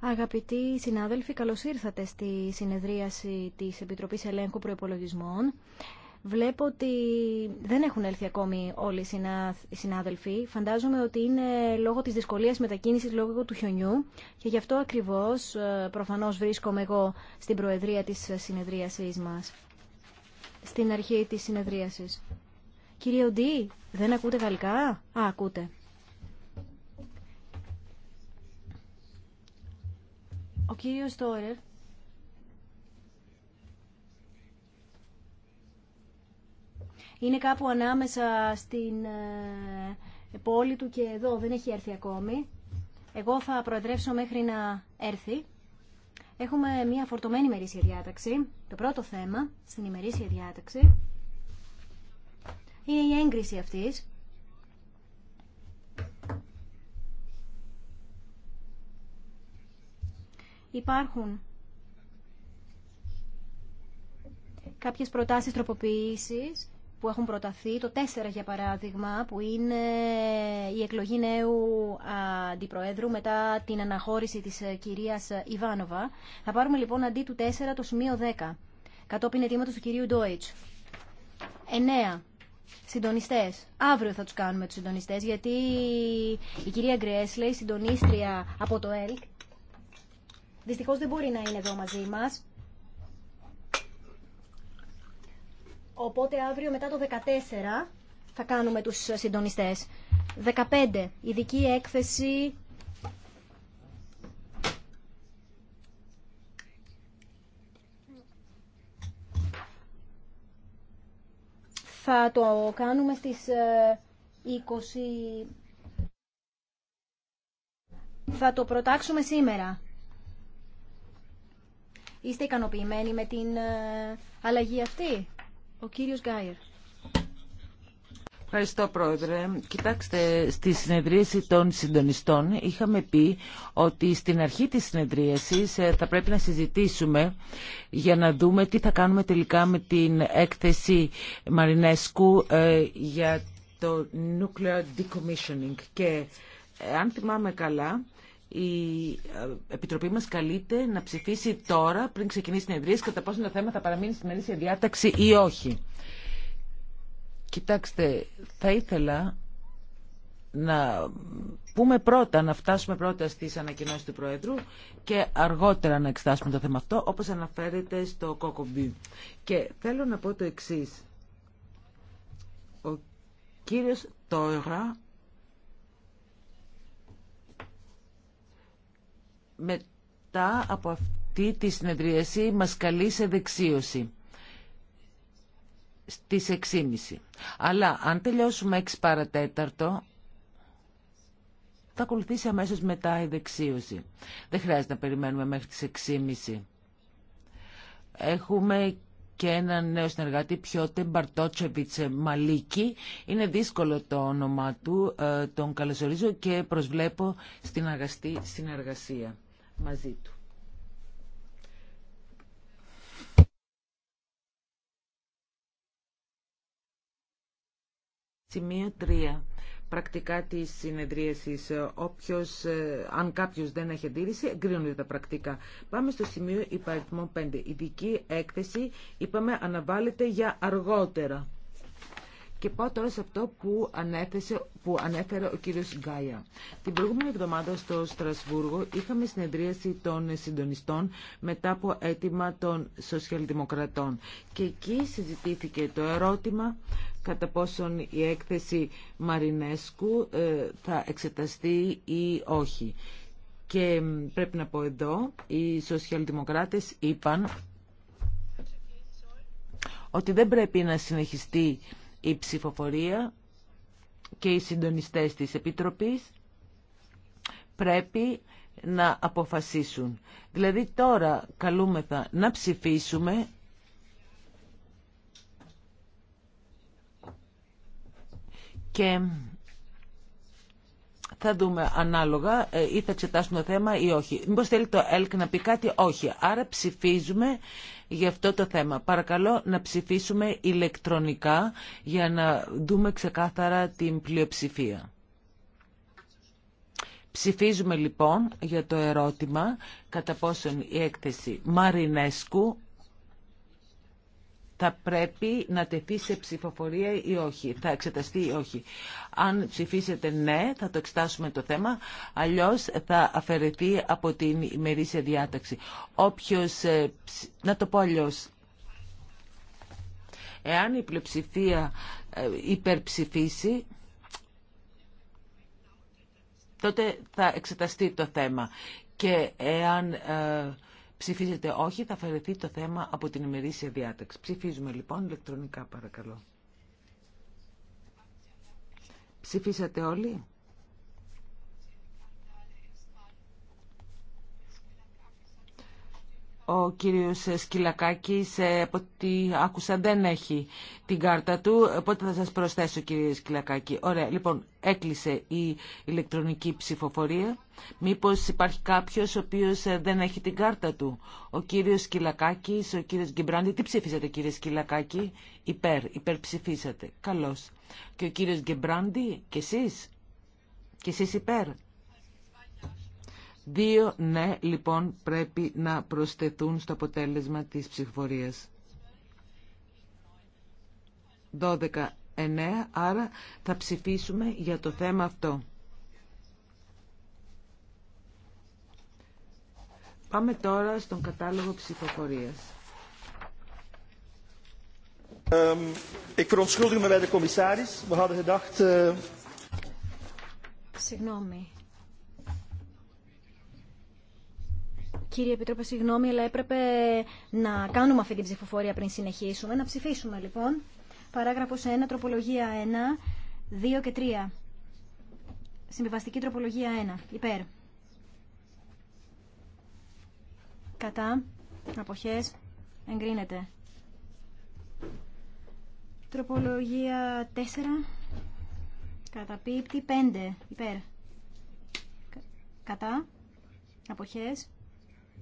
Αγαπητοί συνάδελφοι, καλώ ήρθατε στη συνεδρίαση της Επιτροπής Ελέγχου Προϋπολογισμών. Βλέπω ότι δεν έχουν έλθει ακόμη όλοι οι συνάδελφοι. Φαντάζομαι ότι είναι λόγω της δυσκολίας μετακίνησης λόγω του χιονιού και γι' αυτό ακριβώς ε, προφανώς βρίσκομαι εγώ στην Προεδρία της συνεδρίασής μας στην αρχή της συνεδρίασης. Κύριε Οντί, δεν ακούτε γαλλικά? Α, ακούτε. Ο κύριος Τόρερ είναι κάπου ανάμεσα στην ε, πόλη του και εδώ, δεν έχει έρθει ακόμη. Εγώ θα προεδρεύσω μέχρι να έρθει. Έχουμε μια φορτωμένη ημερήσια διάταξη. Το πρώτο θέμα στην ημερήσια διάταξη είναι η έγκριση αυτής. Υπάρχουν κάποιες προτάσεις τροποποίησης που έχουν προταθεί, το 4 για παράδειγμα, που είναι η εκλογή νέου αντιπροέδρου μετά την αναχώρηση της ε, κυρίας ε, Ιβάνοβα. Θα πάρουμε λοιπόν αντί του 4 το σημείο 10, κατόπιν αιτήματος του κυρίου Ντόιτς. 9. Συντονιστέ. Αύριο θα του κάνουμε του συντονιστέ, γιατί η κυρία Γκρέσλε, η συντονίστρια από το ΕΛΚ, δυστυχώ δεν μπορεί να είναι εδώ μαζί μα. Οπότε αύριο μετά το 14 θα κάνουμε τους συντονιστές. 15. Ειδική έκθεση θα το κάνουμε στις 20... Ε, θα το προτάξουμε σήμερα. Είστε ικανοποιημένοι με την ε, αλλαγή αυτή. Ο κύριος Γκάιερ. Ευχαριστώ Πρόεδρε. Κοιτάξτε, στη συνεδρίαση των συντονιστών είχαμε πει ότι στην αρχή της συνεδρίασης ε, θα πρέπει να συζητήσουμε για να δούμε τι θα κάνουμε τελικά με την έκθεση Μαρινέσκου ε, για το Nuclear Decommissioning. Και ε, αν θυμάμαι καλά, η ε, Επιτροπή μας καλείται να ψηφίσει τώρα, πριν ξεκινήσει την και κατά πόσο το θέμα θα παραμείνει στην μερίσια διάταξη ή όχι. Κοιτάξτε, θα ήθελα να πούμε πρώτα, να φτάσουμε πρώτα στις ανακοινώσεις του Πρόεδρου και αργότερα να εξετάσουμε το θέμα αυτό, όπως αναφέρεται στο κόκομπι. Και θέλω να πω το εξής. Ο κύριος Τόγρα μετά από αυτή τη συνεδρίαση μας καλεί σε δεξίωση στις 6.30. Αλλά αν τελειώσουμε 6 παρατέταρτο, θα ακολουθήσει αμέσως μετά η δεξίωση. Δεν χρειάζεται να περιμένουμε μέχρι τις 6.30. Έχουμε και έναν νέο συνεργάτη, Πιότε Μπαρτότσεβιτσε Μαλίκη. Είναι δύσκολο το όνομά του, ε, τον καλωσορίζω και προσβλέπω στην αγαστή συνεργασία μαζί του. Σημείο 3. Πρακτικά της συνεδρίασης. Όποιος, ε, αν κάποιος δεν έχει αντίρρηση, εγκρίνονται τα πρακτικά. Πάμε στο σημείο υπαριθμό 5. Ειδική έκθεση, είπαμε, αναβάλλεται για αργότερα. Και πάω τώρα σε αυτό που, ανέθεσε, που ανέφερε ο κύριος Γκάια. Την προηγούμενη εβδομάδα στο Στρασβούργο είχαμε συνεδρίαση των συντονιστών μετά από αίτημα των σοσιαλδημοκρατών. Και εκεί συζητήθηκε το ερώτημα κατά πόσον η έκθεση Μαρινέσκου ε, θα εξεταστεί ή όχι. Και πρέπει να πω εδώ, οι σοσιαλδημοκράτες είπαν ότι δεν πρέπει να συνεχιστεί η ψηφοφορία και οι συντονιστές της Επιτροπής πρέπει να αποφασίσουν. Δηλαδή τώρα καλούμεθα να ψηφίσουμε και θα δούμε ανάλογα ε, ή θα εξετάσουμε το θέμα ή όχι. Μήπως θέλει το ΕΛΚ να πει κάτι, όχι. Άρα ψηφίζουμε για αυτό το θέμα. Παρακαλώ να ψηφίσουμε ηλεκτρονικά για να δούμε ξεκάθαρα την πλειοψηφία. Ψηφίζουμε λοιπόν για το ερώτημα κατά πόσον η έκθεση Μαρινέσκου θα πρέπει να τεθεί σε ψηφοφορία ή όχι, θα εξεταστεί ή όχι. Αν ψηφίσετε ναι, θα το εξετάσουμε το θέμα, αλλιώς θα αφαιρεθεί από την ημερήσια διάταξη. Όποιος, ε, να το πω αλλιώς, εάν η πλειοψηφία ε, υπερψηφίσει, τότε θα εξεταστεί το θέμα. Και εάν ε, Ψηφίζετε όχι, θα αφαιρεθεί το θέμα από την ημερήσια διάταξη. Ψηφίζουμε λοιπόν ηλεκτρονικά παρακαλώ. Ψηφίσατε όλοι. Ο κύριος Σκυλακάκης, ε, από ό,τι άκουσα, δεν έχει την κάρτα του, οπότε θα σας προσθέσω κύριε Σκυλακάκη. Ωραία, λοιπόν, έκλεισε η ηλεκτρονική ψηφοφορία. Μήπως υπάρχει κάποιος ο οποίος ε, δεν έχει την κάρτα του. Ο κύριος Σκυλακάκης, ο κύριος Γκεμπράντη, τι ψήφισατε κύριε Σκυλακάκη, υπέρ, υπερψηφίσατε. Καλώς. Και ο κύριος Γκεμπράντη, και εσείς, και εσείς υπέρ. Δύο ναι λοιπόν πρέπει να προσθεθούν στο αποτέλεσμα της ψηφοφορίας. 12-9, άρα θα ψηφίσουμε για το θέμα αυτό. Πάμε τώρα στον κατάλογο ψηφοφορίας. Ehm, eh, Συγγνώμη, Κύριε Επιτρόπε, συγγνώμη, αλλά έπρεπε να κάνουμε αυτή την ψηφοφορία πριν συνεχίσουμε. Να ψηφίσουμε, λοιπόν. Παράγραφος 1, τροπολογία 1, 2 και 3. Συμβιβαστική τροπολογία 1. Υπέρ. Κατά. Αποχές. Εγκρίνεται. Τροπολογία 4. Καταπίπτει 5. Υπέρ. Κατά. Αποχές.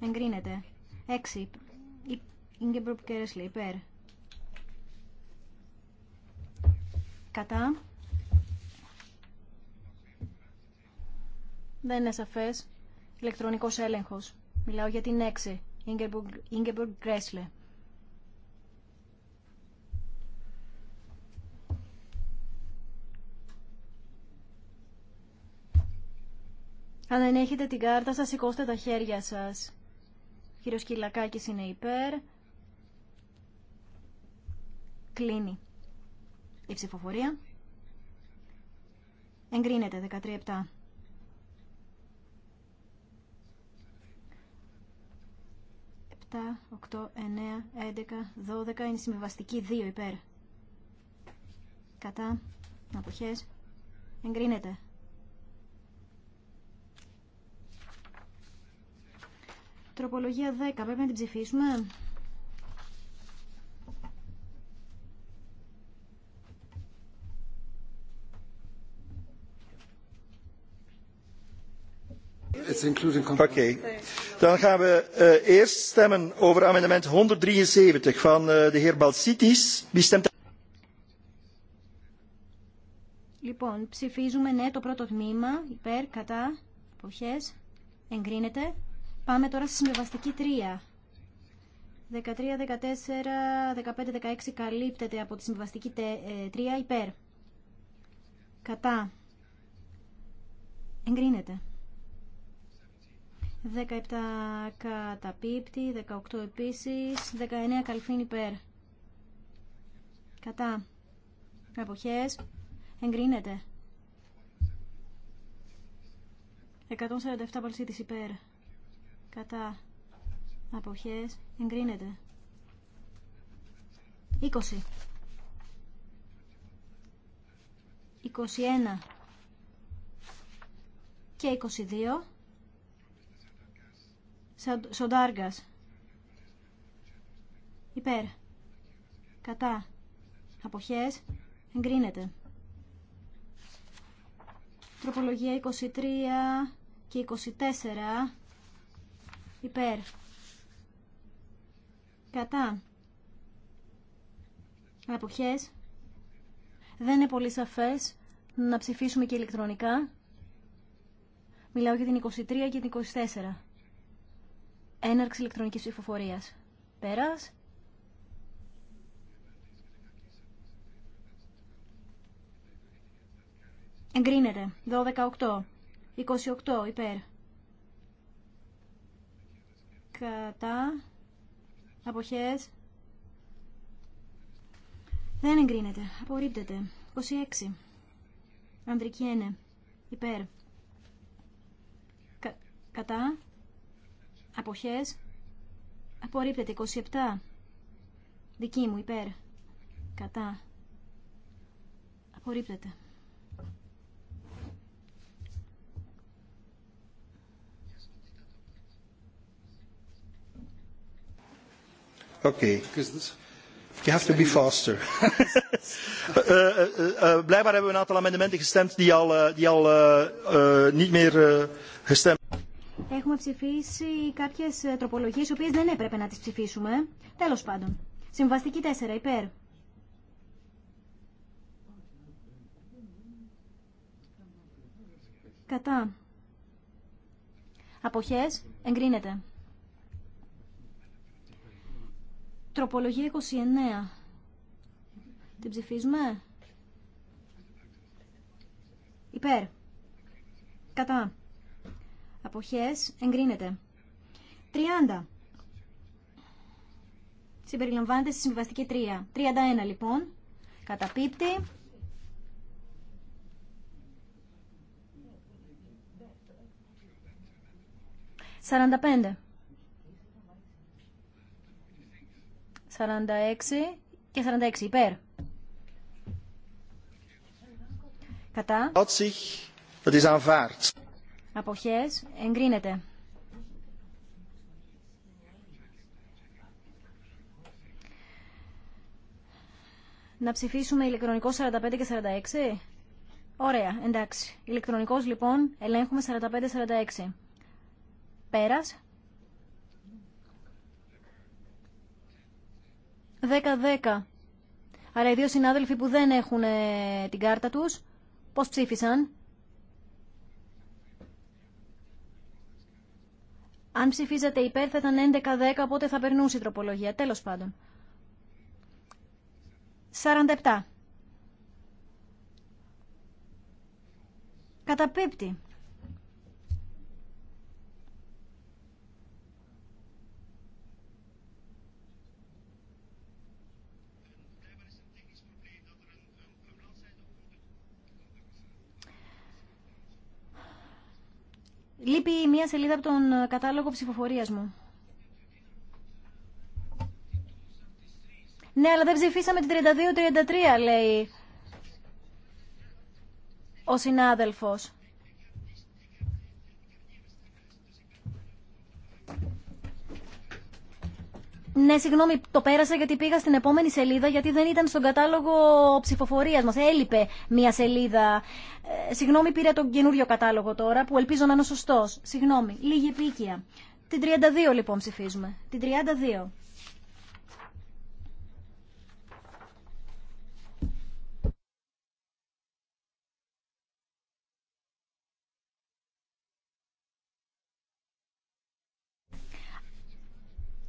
Εγκρίνεται. Έξι. Ιγκεμπροπ κρέσλε. Υπέρ. Κατά. Δεν είναι σαφέ. Ηλεκτρονικός έλεγχο. Μιλάω για την Έξι Ingeborg Gressle. Αν δεν έχετε την κάρτα σας, σηκώστε τα χέρια σας. Κύριο Κυλακάκη είναι υπέρ. Κλείνει η ψηφοφορία. Εγκρίνεται 13-7. 7, 8, 9, 11, 12. Είναι συμβιβαστική 2 υπέρ. Κατά αποχέ. Εγκρίνεται. Τροπολογία 10. Πρέπει να την ψηφίσουμε. Okay. Dan gaan we uh, eerst stemmen over amendement 173 van uh, de heer Balsitis. Wie stemt... Λοιπόν, ψηφίζουμε ναι το πρώτο τμήμα, υπέρ, κατά, en εγκρίνεται. Πάμε τώρα στη συμβιβαστική 3. 13, 14, 15, 16 καλύπτεται από τη συμβιβαστική 3 ε, υπέρ. Κατά. Εγκρίνεται. 17 καταπίπτει, 18 επίσης, 19 καλφίν υπέρ. Κατά. Αποχές. Εγκρίνεται. 147 παλσίτης υπέρ κατά αποχές εγκρίνεται 20 21 και 22 Σοντάργας υπέρ κατά αποχές εγκρίνεται τροπολογία 23 και 24 υπέρ κατά αποχές δεν είναι πολύ σαφές να ψηφίσουμε και ηλεκτρονικά μιλάω για την 23 και την 24 έναρξη ηλεκτρονικής ψηφοφορίας πέρας εγκρίνεται 28 υπέρ κατά αποχές δεν εγκρίνεται, απορρίπτεται 26 ανδρική ένε υπέρ Κα, κατά αποχές απορρίπτεται 27 δική μου υπέρ κατά απορρίπτεται Okay. You have to be faster. Eh, eh, eh, blijkbaar hebben we een aantal amendementen gestemd die al, die al niet meer gestemd Έχουμε ψηφίσει κάποιε τροπολογίε, οι οποίε δεν έπρεπε να τι ψηφίσουμε. Τέλο πάντων. Συμβαστική 4, υπέρ. Κατά. Αποχές εγκρίνεται. Τροπολογία 29. Την ψηφίζουμε. Υπέρ. Κατά. Αποχές. Εγκρίνεται. 30. Συμπεριλαμβάνεται στη συμβιβαστική 3. 31 λοιπόν. Καταπίπτει. Σαράντα 46 και 46 υπέρ. Κατά. Αποχές. Εγκρίνεται. Να ψηφίσουμε ηλεκτρονικό 45 και 46. Ωραία, εντάξει. Ηλεκτρονικός λοιπόν ελέγχουμε 45-46. Πέρας. 10-10. Άρα οι δύο συνάδελφοι που δεν έχουν ε, την κάρτα τους, πώς ψήφισαν. Αν ψηφίζατε υπέρ θα ήταν 11-10, οπότε θα περνούσε η τροπολογία. Τέλος πάντων. 47. Καταπίπτει. Λείπει μία σελίδα από τον ε, κατάλογο ψηφοφορίας μου. Ναι, αλλά δεν ψηφίσαμε την 32-33, λέει ο συνάδελφος. Ναι, συγγνώμη, το πέρασα γιατί πήγα στην επόμενη σελίδα γιατί δεν ήταν στον κατάλογο ψηφοφορία μα. Έλειπε μία σελίδα. Ε, συγγνώμη, πήρα τον καινούριο κατάλογο τώρα που ελπίζω να είναι σωστό. Συγγνώμη, λίγη επίκεια. Την 32 λοιπόν ψηφίζουμε. Την 32.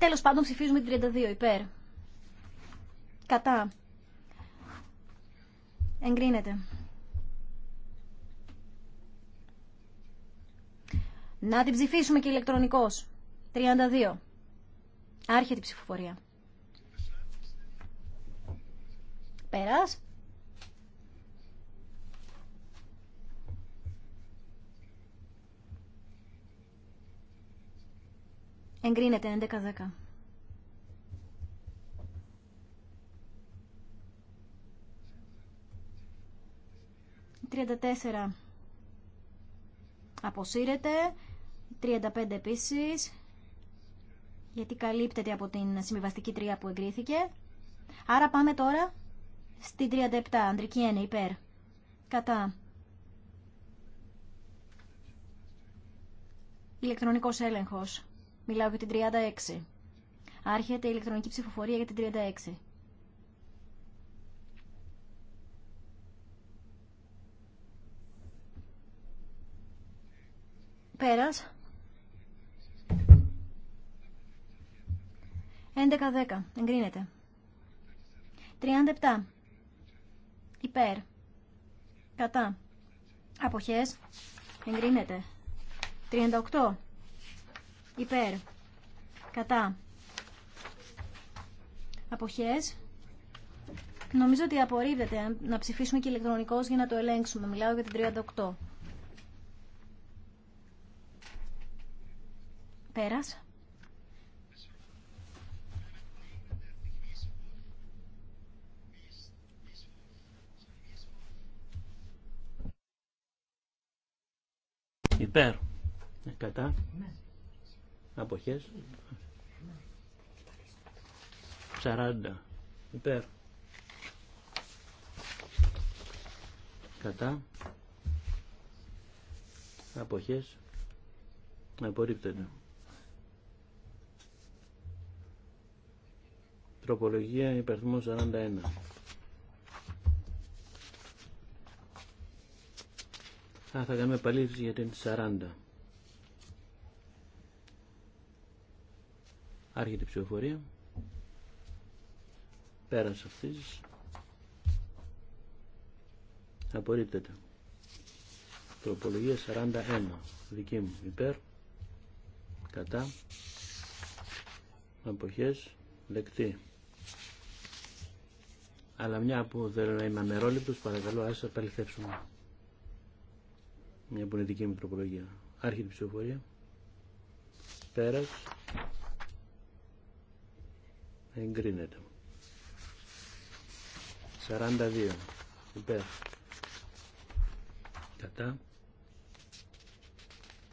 Τέλος πάντων ψηφίζουμε την 32 υπέρ. Κατά. Εγκρίνεται. Να την ψηφίσουμε και ηλεκτρονικώς. 32. Άρχεται η ψηφοφορία. Πέρας. Εγκρίνεται 11-10. 34 αποσύρεται, 35 επίσης, γιατί καλύπτεται από την συμβιβαστική τρία που εγκρίθηκε. Άρα πάμε τώρα στην 37, αντρική 1, υπέρ, κατά. Ηλεκτρονικός έλεγχος. Μιλάω για την 36. Άρχεται η ηλεκτρονική ψηφοφορία για την 36. Πέρας. 11-10. Εγκρίνεται. 37. Υπέρ. Κατά. Αποχές. Εγκρίνεται. 38. Υπέρ. Κατά. Αποχές. Νομίζω ότι απορρίβεται να ψηφίσουμε και ηλεκτρονικώς για να το ελέγξουμε. Μιλάω για την 38. Πέρας. Υπέρ. Ε, κατά. Ναι αποχές 40 υπέρ κατά αποχές απορρίπτεται τροπολογία υπερθμό 41 θα κάνουμε παλήθηση για την 40. Άρχεται η ψηφοφορία. Πέρας αυτής. Απορρίπτεται. Τροπολογία 41. Δική μου. Υπέρ. Κατά. Αποχές. Δεκτή. Αλλά μια που θέλω να είμαι αμερόληπτος, παρακαλώ ας απελευθεύσουμε. Μια που είναι δική μου τροπολογία. Άρχεται η ψηφοφορία. Πέρας εγκρίνεται. 42 υπέρ κατά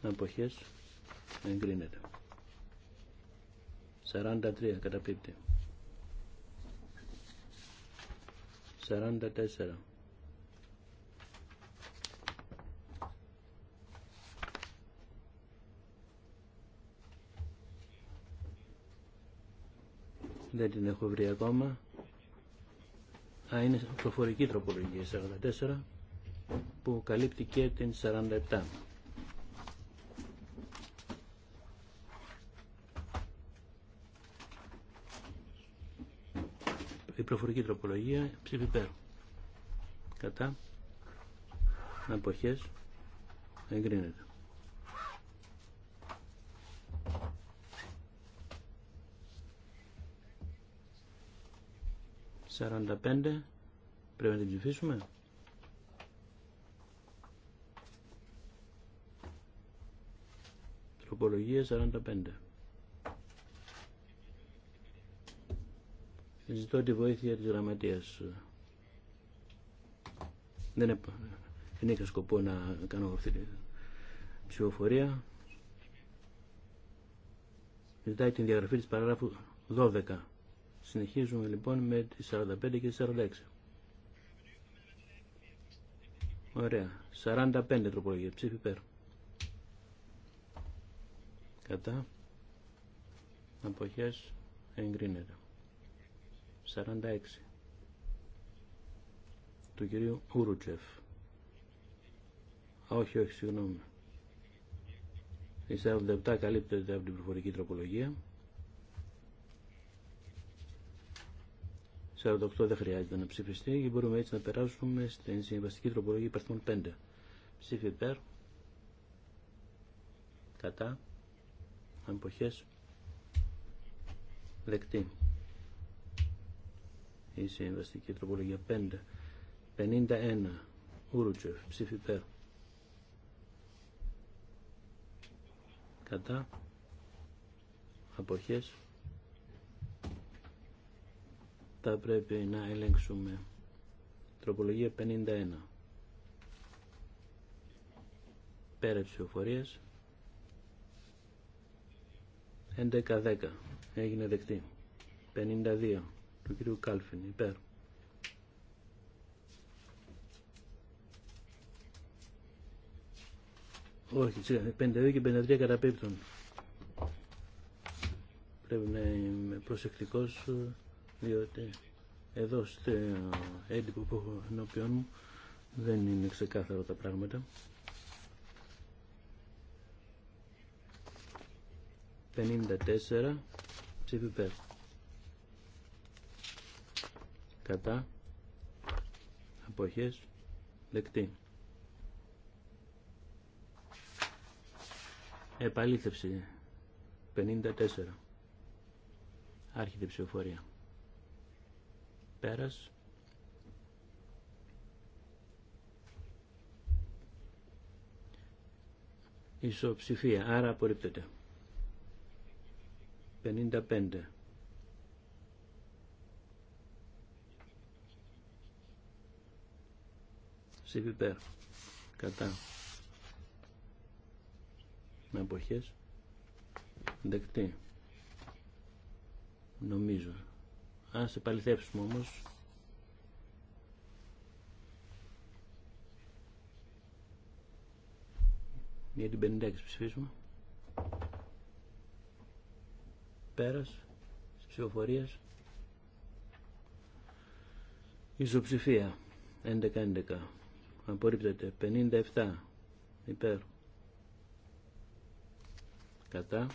αποχές εγκρίνεται. 43 καταπίπτει. 44 δεν την έχω βρει ακόμα. Α, είναι προφορική τροπολογία 44 που καλύπτει και την 47. Η προφορική τροπολογία ψηφιπέρου. Κατά. εποχές Εγκρίνεται. 45 πρέπει να την ψηφίσουμε. Τροπολογία 45. Ζητώ τη βοήθεια της γραμματείας. Δεν, δεν είχα σκοπό να κάνω αυτή τη ψηφοφορία. Ζητάει την διαγραφή της παράγραφου 12. Συνεχίζουμε λοιπόν με τις 45 και 46. Ωραία. 45 τροπολογία. Ψήφι υπέρ. Κατά. Αποχές εγκρίνεται. 46. Του κυρίου Ουρουτσεφ. Α, όχι, όχι, συγγνώμη. Η 47 καλύπτεται από την προφορική τροπολογία. 48 δεν χρειάζεται να ψηφιστεί και μπορούμε έτσι να περάσουμε στην συμβαστική τροπολογία υπαρθμών 5. Ψήφι υπέρ. Κατά. Αποχές. Δεκτή. Η συμβαστική τροπολογία 5. 51. Ούρουτσεφ. Ψήφι υπέρ. Κατά. Αποχές θα πρέπει να ελέγξουμε. Τροπολογία 51. Πέρα ψηφοφορίας. 11-10. Έγινε δεκτή. 52. Του κυρίου Κάλφιν. Υπέρ. Όχι, 52 και 53 καταπίπτουν. Πρέπει να είμαι προσεκτικός διότι εδώ στο έντυπο που έχω ενώπιον μου δεν είναι ξεκάθαρο τα πράγματα. 54 ψήφι Κατά αποχές δεκτή. Επαλήθευση 54. Άρχιδη ψηφοφορία. Πέρας. Ισοψηφία, άρα απορρίπτεται. 55. Ψήφι Κατά. Με αποχές. Δεκτή. Νομίζω. Ας επαληθεύσουμε όμως. Για την 56 ψηφίσουμε. Πέρας της ψηφοφορίας. Ισοψηφία. 11-11. Απορρίπτεται. 57. Υπέρ. Κατά.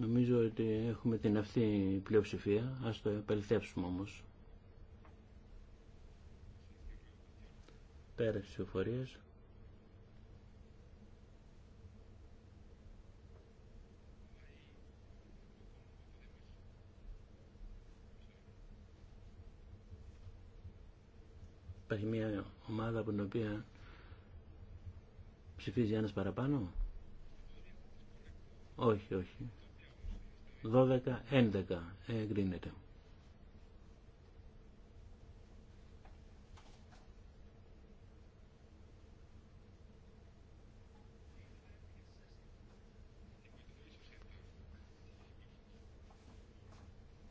Νομίζω ότι έχουμε την αυτή πλειοψηφία. Ας το επαληθεύσουμε όμως. Πέρα στις εφορίες. Υπάρχει μια ομάδα από την οποία ψηφίζει ένας παραπάνω. Όχι, όχι. 12, 11 εγκρίνεται.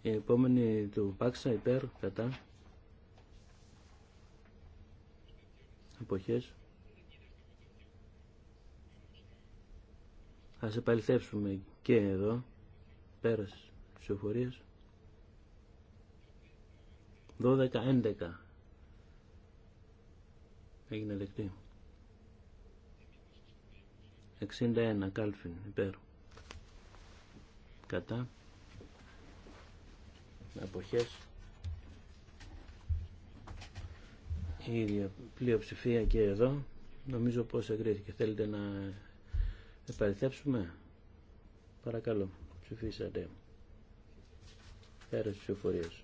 Η επόμενη του Πάξα υπέρ κατά εποχές. Ας επαληθεύσουμε και εδώ πέρας της εφορια 12 12-11 έγινε δεκτή 61 κάλφιν υπέρ κατά αποχές η ίδια πλειοψηφία και εδώ νομίζω πως εγκρίθηκε θέλετε να επαληθεύσουμε παρακαλώ Ψηφίσατε. ψηφοριες ψηφοφορίας.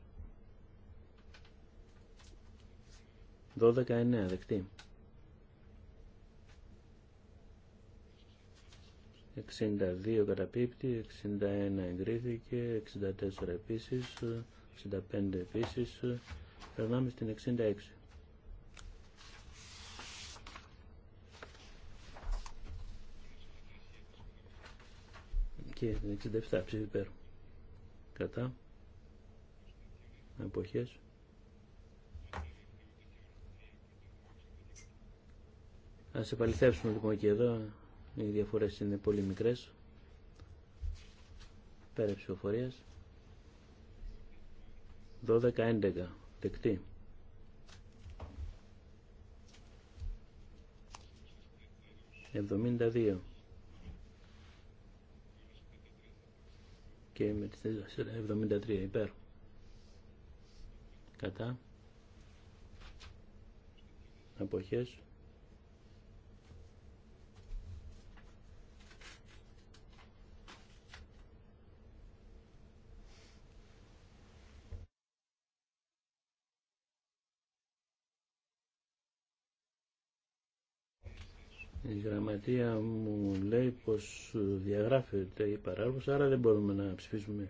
12-9 δεκτή. 62 καταπίπτει, 61 εγκρίθηκε, 64 επίσης, 65 επίσης. Περνάμε στην 66. και δεν 67 ψήφι υπέρ. Κατά. Αποχές. Ας επαληθεύσουμε λοιπόν και εδώ. Οι διαφορε ειναι είναι πολύ μικρές. Πέρα ψηφοφορίας. 12-11. Δεκτή. Εβδομήντα δύο. και με τη 73 υπέρ κατά αποχές Η γραμματεία μου λέει πως διαγράφεται η παράγωση, άρα δεν μπορούμε να ψηφίσουμε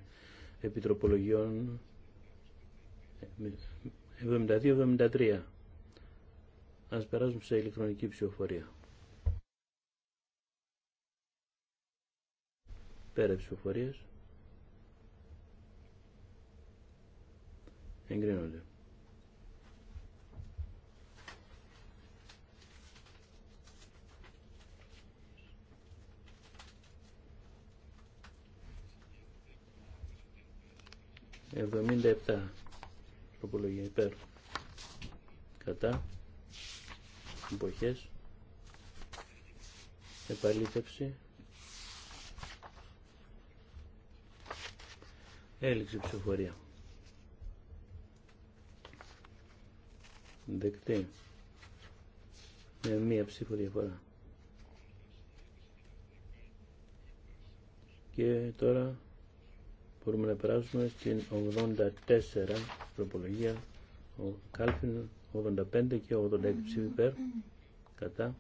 επιτροπολογιών 72-73. Ας περάσουμε σε ηλεκτρονική ψηφοφορία. Πέρα ψηφοφορίας. Εγκρίνονται. 77 τροπολογία υπέρ κατά εποχές επαλήθευση έληξη ψηφοφορία δεκτή με μία ψήφο διαφορά και τώρα Μπορούμε να περάσουμε στην 84 τροπολογία ο Κάλφιν 85 και 86 ψήφι υπέρ κατά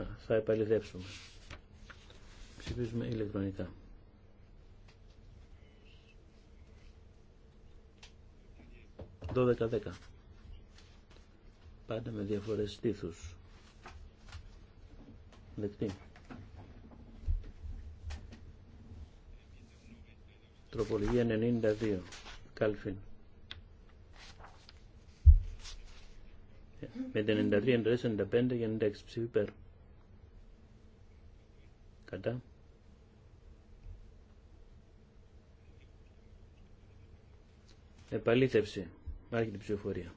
Α, θα επαληθεύσουμε. Ψηφίζουμε ηλεκτρονικά. 12 δέκα. Πάντα με διαφορές στήθους. Δεκτή. Μητροπολιτεία 92. Κάλφιν. Με 93, 94, 95 και 96 ψήφι πέρα. Κατά. Επαλήθευση. Άρχεται την ψηφοφορία.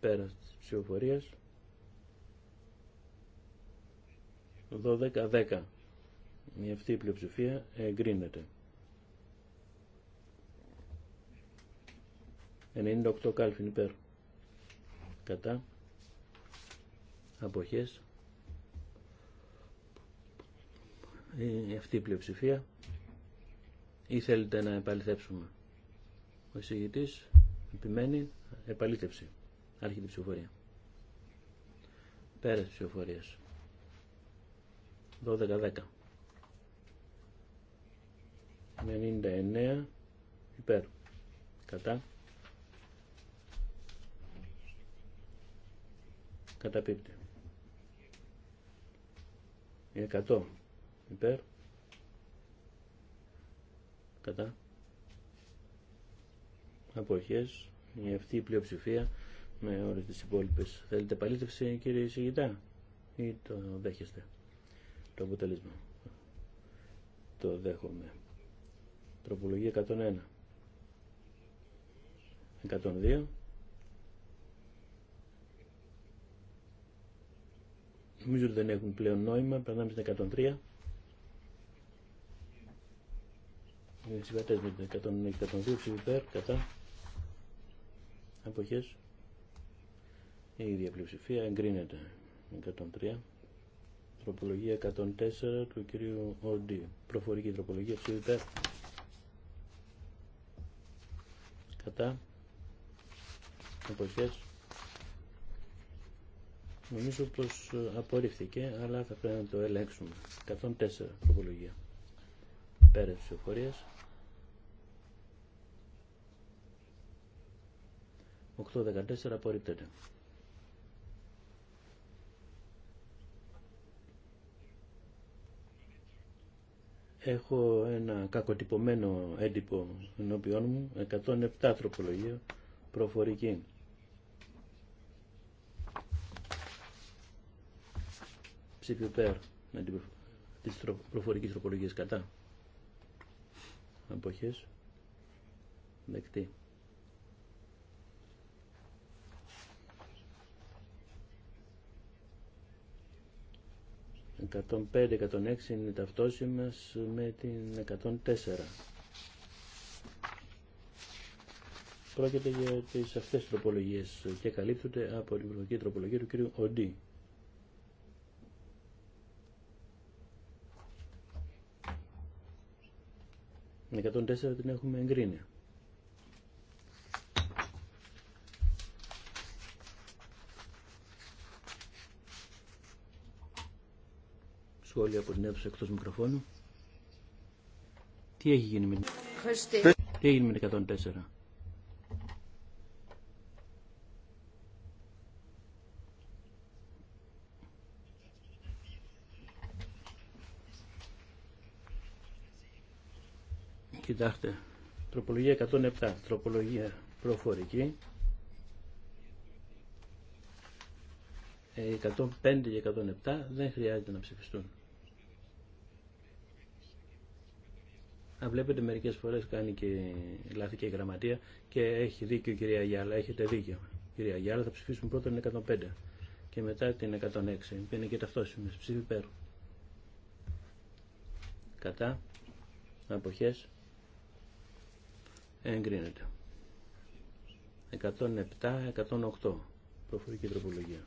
Πέρα τη ψηφοφορία. 12-10. Η αυτή η πλειοψηφία εγκρίνεται. 98 κάλφιν υπέρ. Κατά. Αποχές. Η ε, αυτή η πλειοψηφία. Ή θέλετε να επαληθεύσουμε. Ο εισηγητής επιμένει επαλήθευση. Άρχεται η ψηφοφορία. Πέρας επαλήθευση ψηφοφορια περας 12-10. 99 υπέρ κατά καταπίπτει 100 υπέρ κατά αποχές η αυτή η πλειοψηφία με όλες τις υπόλοιπες θέλετε παλήτευση κύριε Σιγητά ή το δέχεστε το αποτέλεσμα το δέχομαι Τροπολογία 101. 102. Νομίζω ότι δεν έχουν πλέον νόημα. Περνάμε στην 103. Είναι συμβατές με την 102. Ψηφιπέρ, κατά. Αποχές. Η ίδια πλειοψηφία εγκρίνεται. 103. Τροπολογία 104 του κυρίου Ορντή. Προφορική τροπολογία ψηφιπέρ. κατά εποχές νομίζω πως ε, απορρίφθηκε αλλά θα πρέπει να το ελέγξουμε 104 προπολογία. πέρα της 814 8 8-14 απορρίπτεται έχω ένα κακοτυπωμένο έντυπο ενώπιόν μου, 107 τροπολογία, προφορική. Ψήφι υπέρ της προφορικής τροπολογίας κατά. Αποχές. Δεκτή. 105-106 είναι μας με την 104. Πρόκειται για τις αυτές τροπολογίες και καλύπτονται από την προσωπική τροπολογία του κ. Οντί. Με 104 την έχουμε εγκρίνει. σχόλια από την αίθουσα εκτός μικροφώνου. Τι έχει γίνει με την... Τι έγινε με 104. Κοιτάξτε, τροπολογία 107, τροπολογία προφορική, 105 ε, και 107 δεν χρειάζεται να ψηφιστούν. να βλέπετε μερικές φορές κάνει και λάθη και η γραμματεία και έχει δίκιο η κυρία Γιάλα, έχετε δίκιο. Κυρία Γιάλα θα ψηφίσουμε πρώτα την 105 και μετά την 106 που είναι και ταυτόσιμες ψήφι πέρου. Κατά αποχές εγκρίνεται. 107-108 προφορική τροπολογία.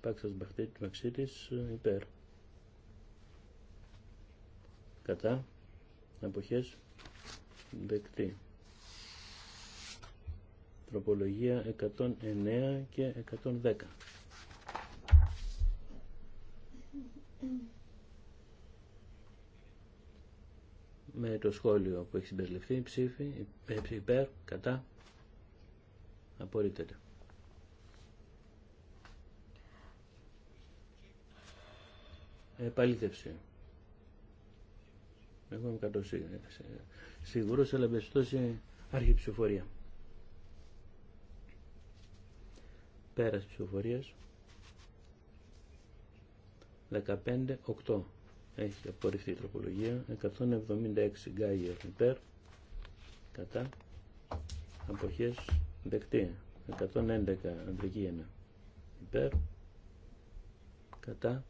Πάξας Μπαχτήτης Μαξίτης ε, υπέρ. Κατά εποχές δεκτή τροπολογία 109 και 110 με το σχόλιο που έχει συμπεριληφθεί ψήφι ε, υπέρ κατά απορρίτεται. επαλήθευση εγώ είμαι κατώ σίγουρος, σε εμπεριστώσει άρχη ψηφοφορία. Πέραση ψηφοφορίας. 15-8 έχει απορριφθεί η τροπολογία. 176 γκάγια υπέρ. Κατά. Αποχές δεκτή. 111 αντρική 1 υπέρ. Κατά.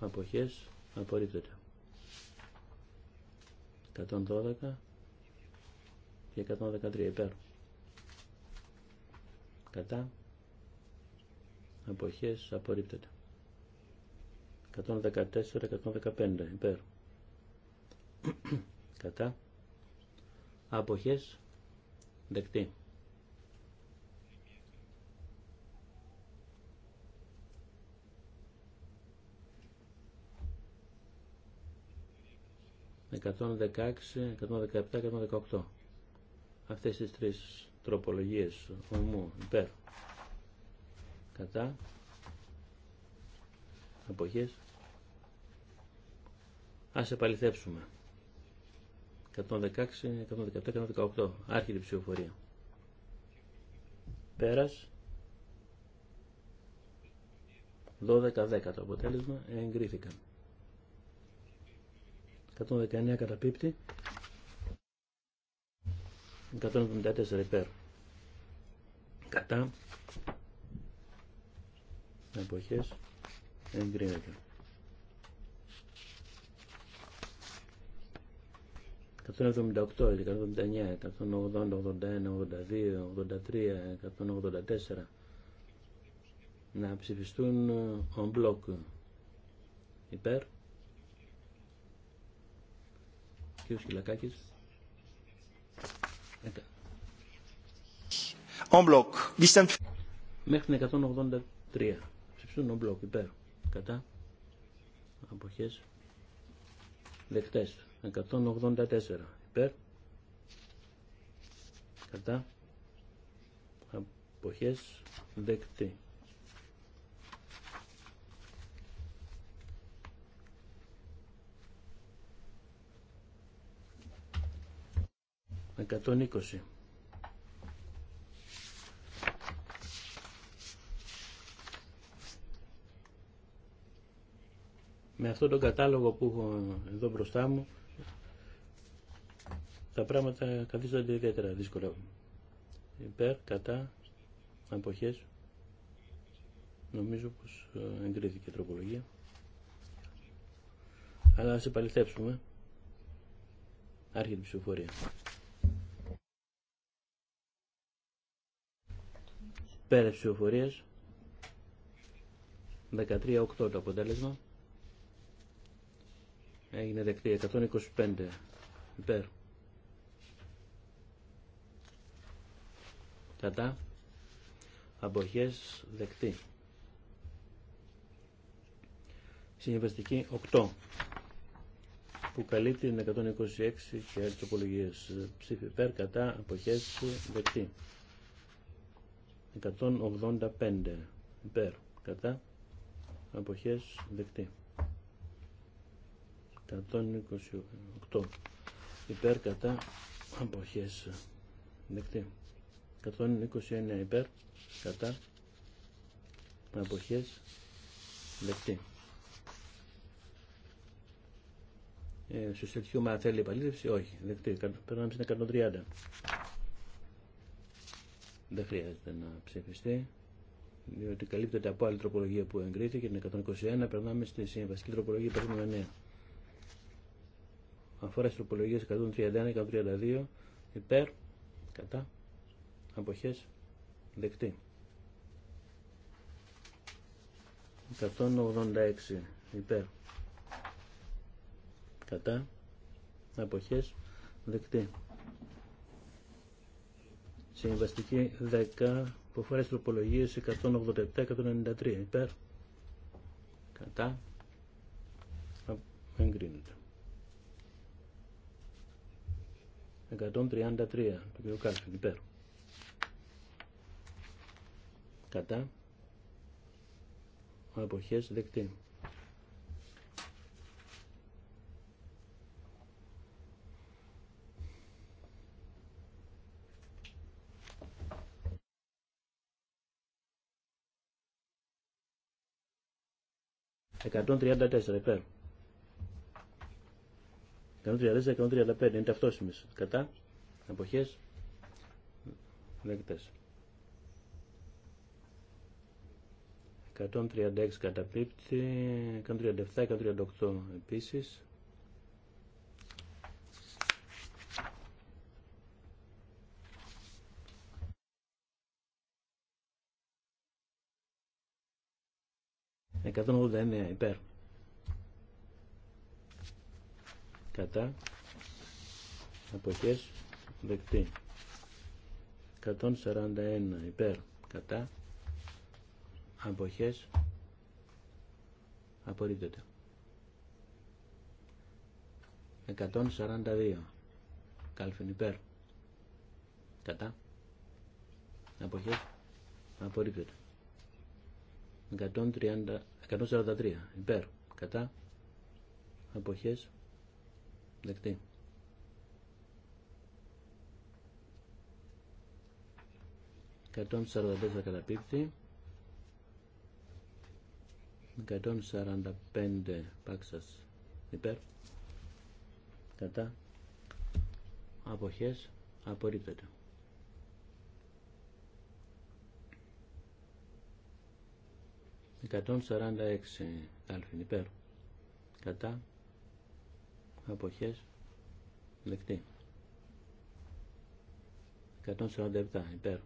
Αποχές απορρίπτεται. 112 και 113 υπέρ. Κατά αποχές απορρίπτεται. 114-115 υπέρ. Κατά αποχές δεκτή. 116, 117, 118. Αυτές τις τρεις τροπολογίες ομού υπέρ κατά αποχές ας επαληθεύσουμε 116, 117, 118 άρχιτη ψηφοφορία πέρας 12-10 το αποτέλεσμα εγκρίθηκαν 119 καταπίπτει. 174 υπέρ. Κατά. Εποχές. Εγκρίνεται. 178, 179, 180, 81, 82, 83, 184 να ψηφιστούν on block υπέρ κύριο Κυλακάκης. En bloc. Μέχρι την 183. Ψηφιστούν ο μπλοκ. Υπέρ. Κατά. αποχέ δεκτέ. 184. Υπέρ. Κατά. Αποχέ. Δεκτή. 120. Με αυτόν τον κατάλογο που έχω εδώ μπροστά μου τα πράγματα καθίστανται ιδιαίτερα δύσκολα. Υπέρ, κατά, εποχές, Νομίζω πως ε, εγκρίθηκε η τροπολογία. Αλλά ας επαληθεύσουμε. Άρχεται η ψηφοφορία. Πέρα της 13 13-8 το αποτέλεσμα. Έγινε δεκτή 125 υπέρ. Κατά. Αποχές δεκτή. Συνεβαστική 8 που καλύπτει 126 και έρχεται τροπολογίες ψήφι υπέρ κατά αποχές δεκτή. 185 υπέρ κατά αποχές δεκτή 128 υπέρ κατά αποχές δεκτή 129 υπέρ κατά αποχές δεκτή ε, στο θέλει επαλήθευση, όχι, δεκτή. Περνάμε στην 130 δεν χρειάζεται να ψηφιστεί διότι καλύπτεται από άλλη τροπολογία που εγκρίθηκε την 121 περνάμε στη συμβασική τροπολογία περνούμε 9 αφορά στις τροπολογίες 131-132 υπέρ κατά αποχές δεκτή 186 υπέρ κατά αποχές δεκτή Συμβαστική 10 που αφορά στις τροπολογίες 187-193 υπέρ κατά εγκρίνεται. 133 το κ. Κάλφιν υπέρ κατά αποχές δεκτή. 134 υπέρ. 134-135 είναι ταυτόσιμε Κατά εποχέ λέγεται. 136 καταπίπτει, 137-138 επίσης. 189 υπέρ. Κατά. Αποχές δεκτή. 141 υπέρ. Κατά. Αποχές απορρίπτεται. 142 κάλφιν υπέρ. Κατά. Αποχές απορρίπτεται. 143 υπέρ κατά αποχές δεκτή. 144 καταπίπτει. 145 πάξας υπέρ κατά αποχές απορρίπτεται. 146 αλφιν υπέρ κατά αποχές δεκτή 147 υπέρ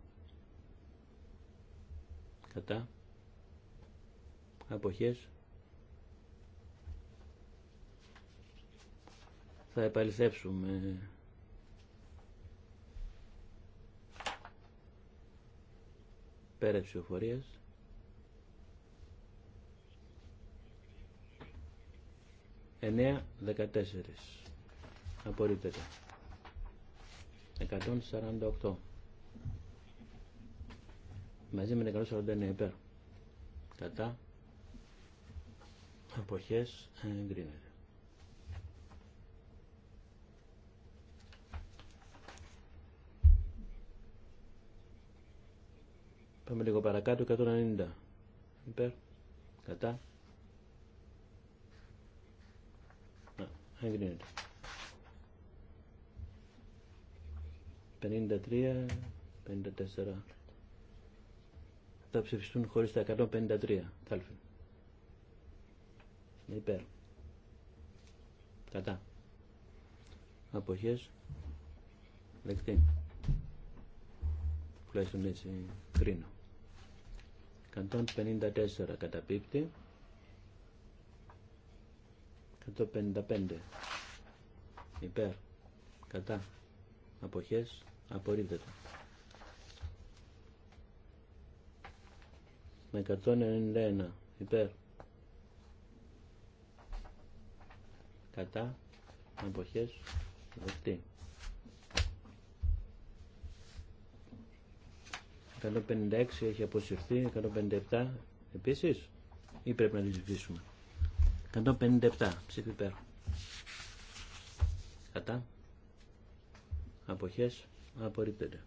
κατά αποχές θα επαληθεύσουμε πέρα ψηφοφορίας 9, 14. Απορρίπτεται. 148. Μαζί με 149 υπέρ. Κατά. Αποχέ. εγκρίνεται. Πάμε λίγο παρακάτω, 190 υπέρ, κατά, εγκρίνεται. 53, 54. Θα ψηφιστούν χωρίς τα 153. Θάλφιν. Υπέρ. Κατά. Αποχές. Δεκτή. Τουλάχιστον έτσι κρίνω. 154 καταπίπτει. 155 υπέρ κατά αποχές απορρίπτεται με 191 υπέρ κατά αποχές δεκτή 156 έχει αποσυρθεί 157 επίσης ή πρέπει να τη ψηφίσουμε 157 ψήφι πέρα. Κατά. Αποχές απορρίπτεται.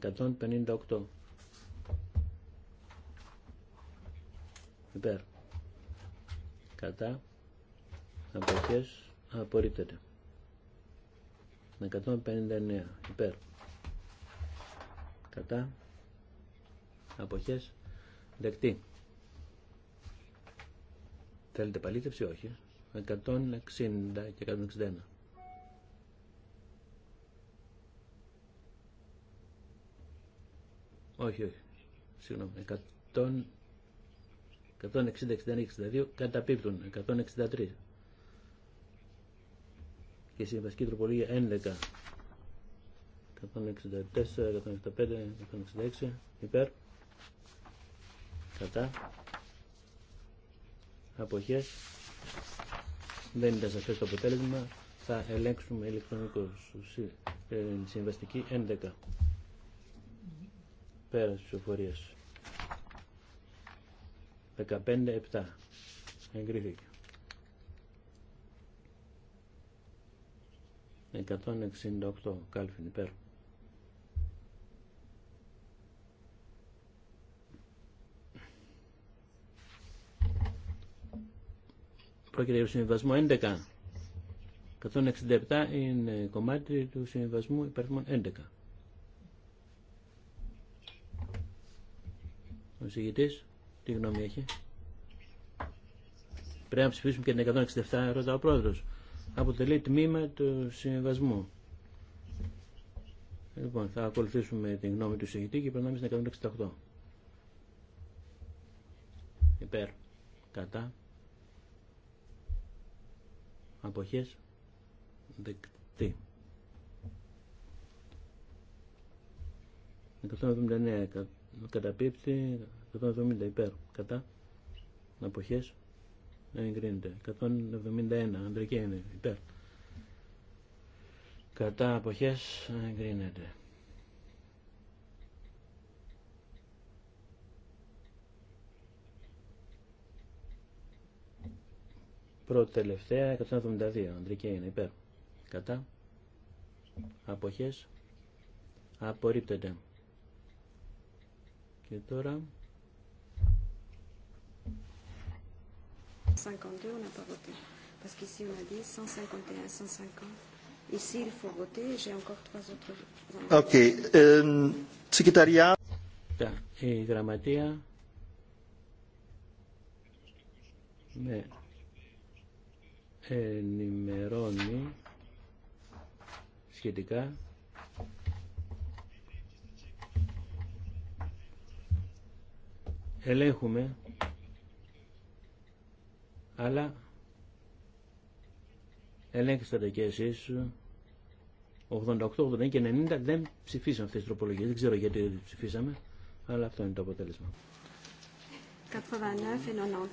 158 υπέρ κατά αποχές απορρίπτεται 159 υπέρ κατά αποχές δεκτή. Θέλετε παλήθευση, όχι. 160 και 161. Όχι, όχι. Συγγνώμη. 160, 61, 62 καταπίπτουν. 163. Και συμβασική τροπολογία 11. 164, 165, 166 υπέρ κατά αποχές δεν ήταν σαφές το αποτέλεσμα θα ελέγξουμε ηλεκτρονικό ε, συμβαστική 11 πέρα της ψηφοφορίας 15-7 εγκρίθηκε 168 κάλφιν υπέρ και για το συμβιβασμό 11. 167 είναι κομμάτι του συμβιβασμού υπαριθμών 11. Ο συγητής, τι γνώμη έχει. Πρέπει να ψηφίσουμε και την 167, ρωτά ο πρόεδρος. Αποτελεί τμήμα του συμβιβασμού. Λοιπόν, θα ακολουθήσουμε την γνώμη του συγητή και περνάμε στην 168. Υπέρ. Κατά αποχές δεκτή 179 καταπίπτει 170 υπέρ κατά αποχές εγκρίνεται 171 αντρική είναι υπέρ κατά αποχές εγκρίνεται πρώτη τελευταία 172 αντρική είναι υπέρ κατά αποχές απορρίπτεται και τώρα η γραμματεία με ενημερώνει σχετικά ελέγχουμε αλλά ελέγξτε τα και εσείς 88, 89 και 90 δεν ψηφίσαν αυτές τις τροπολογίες δεν ξέρω γιατί ψηφίσαμε αλλά αυτό είναι το αποτέλεσμα 89 90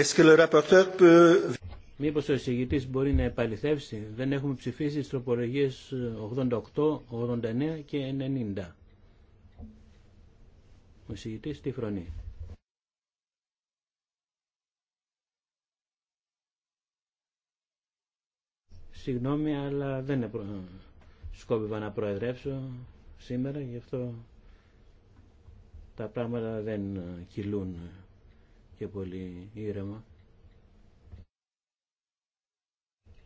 Est-ce que le rapporteur peut... Μήπως ο εισηγητής μπορεί να επαληθεύσει. Δεν έχουμε ψηφίσει τις τροπολογίες 88, ε, 89 και 90. Ο εισηγητής τη φρονεί. Συγγνώμη, αλλά δεν σκόπευα να προεδρεύσω σήμερα, γι' αυτό τα πράγματα δεν ε, κυλούν ε, και πολύ ήρεμα.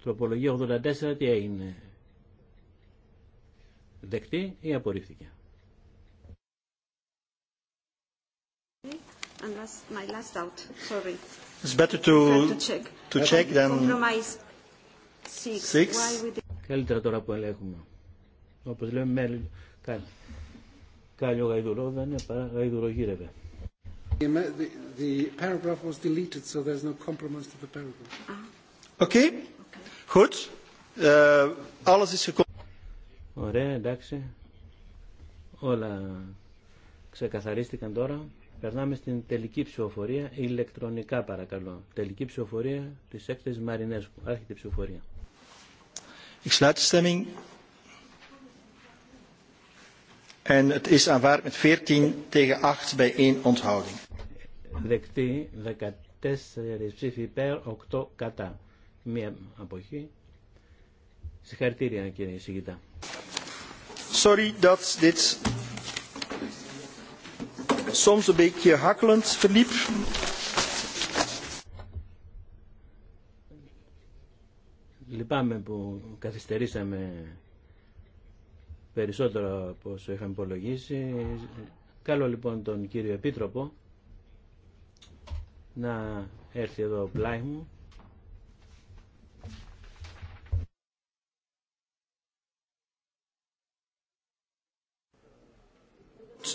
Τροπολογία 84 τι έγινε. Δεκτή ή απορρίφθηκε. And It's better to, to check, to check Six. Καλύτερα τώρα που ελέγχουμε. Όπως λέμε, μέλη... Κάλιο. κάλλιο γαϊδουρό δεν είναι παρά γαϊδουρό γύρευε. The, the paragraph was deleted, so there's no compromise to the paragraph. Ah. Okay. Eh, Ωραία, εντάξει. Όλα ξεκαθαρίστηκαν τώρα. Περνάμε στην τελική ψηφοφορία, ηλεκτρονικά παρακαλώ. Τελική ψηφοφορία της έκθεσης Μαρινέσκου. Άρχεται η ψηφοφορία. Ik Δεκτή 14 ψήφοι υπέρ, 8 κατά μία αποχή. Συγχαρητήρια κύριε Σιγητά. Sorry, Soms een beetje hakkelend verliep. Λυπάμαι που καθυστερήσαμε περισσότερο από όσο είχαμε υπολογίσει. Καλώ λοιπόν τον κύριο Επίτροπο να έρθει εδώ πλάι μου.